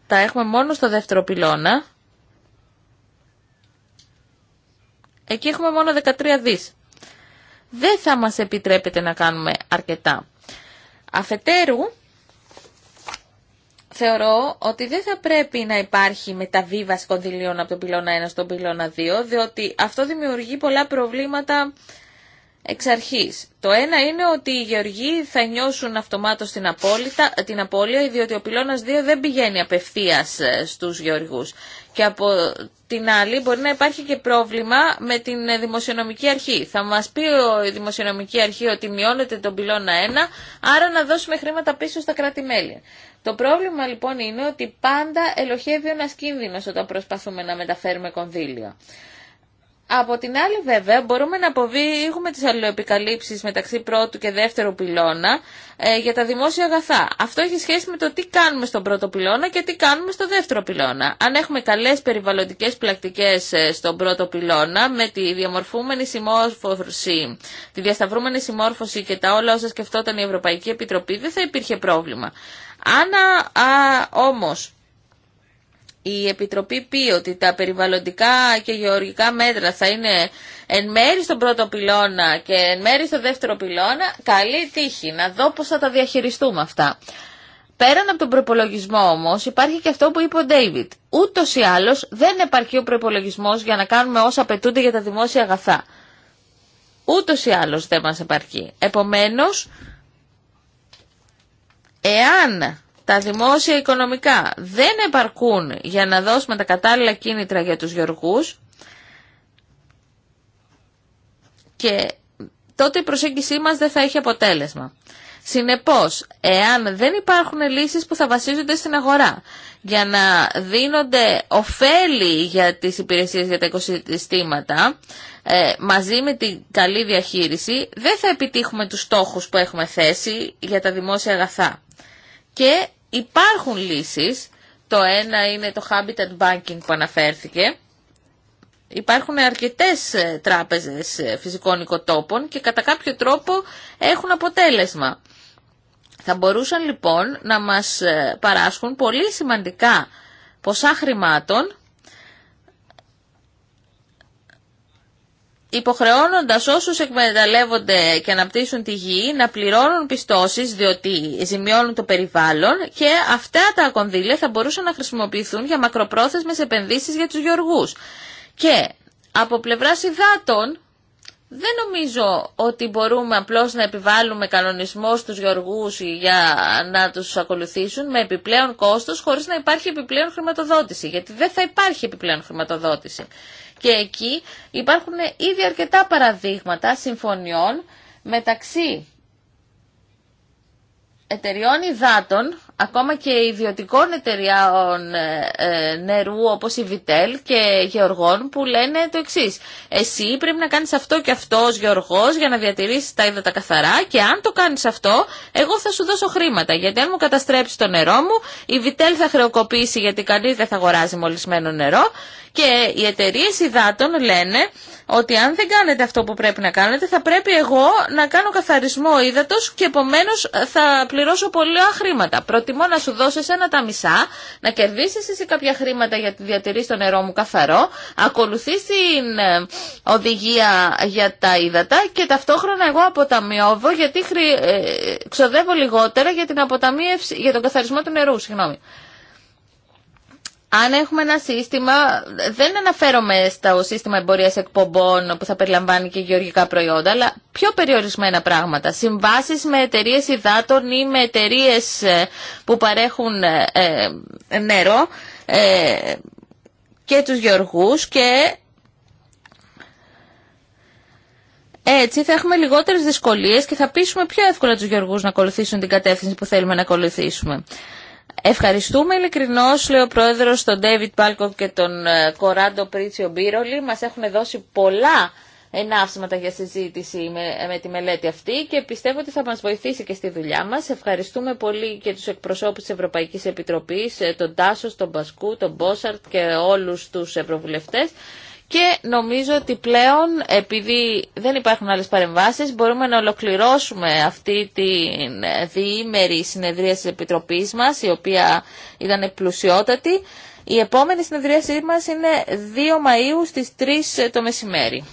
τα έχουμε μόνο στο δεύτερο πυλώνα, εκεί έχουμε μόνο 13 δις. Δεν θα μας επιτρέπεται να κάνουμε αρκετά. Αφετέρου, θεωρώ ότι δεν θα πρέπει να υπάρχει μεταβίβαση κονδυλίων από τον πυλώνα 1 στον πυλώνα 2, διότι αυτό δημιουργεί πολλά προβλήματα εξ αρχής. Το ένα είναι ότι οι γεωργοί θα νιώσουν αυτομάτως την, απόλυτα, την απώλεια, διότι ο πυλώνας 2 δεν πηγαίνει απευθείας ε, στους γεωργούς. Και από την άλλη μπορεί να υπάρχει και πρόβλημα με την δημοσιονομική αρχή. Θα μας πει η δημοσιονομική αρχή ότι μειώνεται τον πυλώνα 1, άρα να δώσουμε χρήματα πίσω στα κράτη-μέλη. Το πρόβλημα λοιπόν είναι ότι πάντα ελοχεύει ένα κίνδυνο όταν προσπαθούμε να μεταφέρουμε κονδύλιο. Από την άλλη βέβαια μπορούμε να έχουμε τις αλληλοεπικαλύψεις μεταξύ πρώτου και δεύτερου πυλώνα ε, για τα δημόσια αγαθά. Αυτό έχει σχέση με το τι κάνουμε στον πρώτο πυλώνα και τι κάνουμε στο δεύτερο πυλώνα. Αν έχουμε καλές περιβαλλοντικές πλακτικές ε, στον πρώτο πυλώνα με τη διαμορφούμενη συμμόρφωση, τη διασταυρούμενη συμμόρφωση και τα όλα όσα σκεφτόταν η Ευρωπαϊκή Επιτροπή δεν θα υπήρχε πρόβλημα. Αν α, όμως η Επιτροπή πει ότι τα περιβαλλοντικά και γεωργικά μέτρα θα είναι εν μέρη στον πρώτο πυλώνα και εν μέρη στον δεύτερο πυλώνα, καλή τύχη να δω πώς θα τα διαχειριστούμε αυτά. Πέραν από τον προπολογισμό όμω, υπάρχει και αυτό που είπε ο Ντέιβιτ. Ούτω ή άλλω δεν επαρκεί ο προπολογισμό για να κάνουμε όσα απαιτούνται για τα δημόσια αγαθά. Ούτω ή άλλω δεν μα επαρκεί. Επομένω, Εάν τα δημόσια οικονομικά δεν επαρκούν για να δώσουμε τα κατάλληλα κίνητρα για τους γεωργούς και τότε η προσέγγισή μας δεν θα έχει αποτέλεσμα. Συνεπώς, εάν δεν υπάρχουν λύσεις που θα βασίζονται στην αγορά για να δίνονται ωφέλη για τις υπηρεσίες για τα οικοσυστήματα ε, μαζί με την καλή διαχείριση, δεν θα επιτύχουμε τους στόχους που έχουμε θέσει για τα δημόσια αγαθά. Και υπάρχουν λύσεις. Το ένα είναι το Habitat Banking που αναφέρθηκε. Υπάρχουν αρκετές ε, τράπεζες ε, φυσικών οικοτόπων και κατά κάποιο τρόπο έχουν αποτέλεσμα. Θα μπορούσαν λοιπόν να μας ε, παράσχουν πολύ σημαντικά ποσά χρημάτων Υποχρεώνοντα όσου εκμεταλλεύονται και αναπτύσσουν τη γη να πληρώνουν πιστώσει διότι ζημιώνουν το περιβάλλον και αυτά τα κονδύλια θα μπορούσαν να χρησιμοποιηθούν για μακροπρόθεσμε επενδύσει για του γεωργού. Και από πλευρά υδάτων δεν νομίζω ότι μπορούμε απλώς να επιβάλλουμε κανονισμό στους γεωργούς για να τους ακολουθήσουν με επιπλέον κόστος χωρίς να υπάρχει επιπλέον χρηματοδότηση, γιατί δεν θα υπάρχει επιπλέον χρηματοδότηση. Και εκεί υπάρχουν ήδη αρκετά παραδείγματα συμφωνιών μεταξύ εταιριών υδάτων, ακόμα και ιδιωτικών εταιριών ε, ε, νερού όπως η Βιτέλ και γεωργών που λένε το εξής. Εσύ πρέπει να κάνεις αυτό και αυτό ως γεωργός για να διατηρήσεις τα ύδατα καθαρά και αν το κάνεις αυτό εγώ θα σου δώσω χρήματα γιατί αν μου καταστρέψει το νερό μου η Βιτέλ θα χρεοκοπήσει γιατί κανείς δεν θα αγοράζει μολυσμένο νερό και οι εταιρείε υδάτων λένε ότι αν δεν κάνετε αυτό που πρέπει να κάνετε, θα πρέπει εγώ να κάνω καθαρισμό ύδατο και επομένω θα πληρώσω πολλά χρήματα. Προτιμώ να σου δώσω ένα τα μισά, να κερδίσει εσύ κάποια χρήματα για τη διατηρήση το νερό μου καθαρό, ακολουθεί την ε, οδηγία για τα ύδατα και ταυτόχρονα εγώ αποταμιώβω γιατί ε, ξοδεύω λιγότερα για, την αποταμίευση... για τον καθαρισμό του νερού. Συγγνώμη αν έχουμε ένα σύστημα, δεν αναφέρομαι στο σύστημα εμπορία εκπομπών που θα περιλαμβάνει και γεωργικά προϊόντα, αλλά πιο περιορισμένα πράγματα. Συμβάσει με εταιρείε υδάτων ή με εταιρείε ε, που παρέχουν ε, ε, νερό και τους γεωργούς και έτσι θα έχουμε λιγότερες δυσκολίες και θα πείσουμε πιο εύκολα τους γεωργούς να ακολουθήσουν την κατεύθυνση που θέλουμε να ακολουθήσουμε. Ευχαριστούμε ειλικρινώ, λέει ο πρόεδρο, τον Ντέιβιτ Πάλκοβ και τον Κοράντο Πρίτσιο Μπύρολη. Μα έχουν δώσει πολλά ενάψματα για συζήτηση με, με τη μελέτη αυτή και πιστεύω ότι θα μας βοηθήσει και στη δουλειά μας. Ευχαριστούμε πολύ και τους εκπροσώπους της Ευρωπαϊκής Επιτροπής, ε, τον Τάσο, τον Μπασκού, τον Μπόσαρτ και όλους τους ευρωβουλευτές και νομίζω ότι πλέον, επειδή δεν υπάρχουν άλλες παρεμβάσεις, μπορούμε να ολοκληρώσουμε αυτή τη διήμερη συνεδρία της Επιτροπής μας, η οποία ήταν πλουσιότατη. Η επόμενη συνεδρίασή μας είναι 2 Μαΐου στις 3 το μεσημέρι.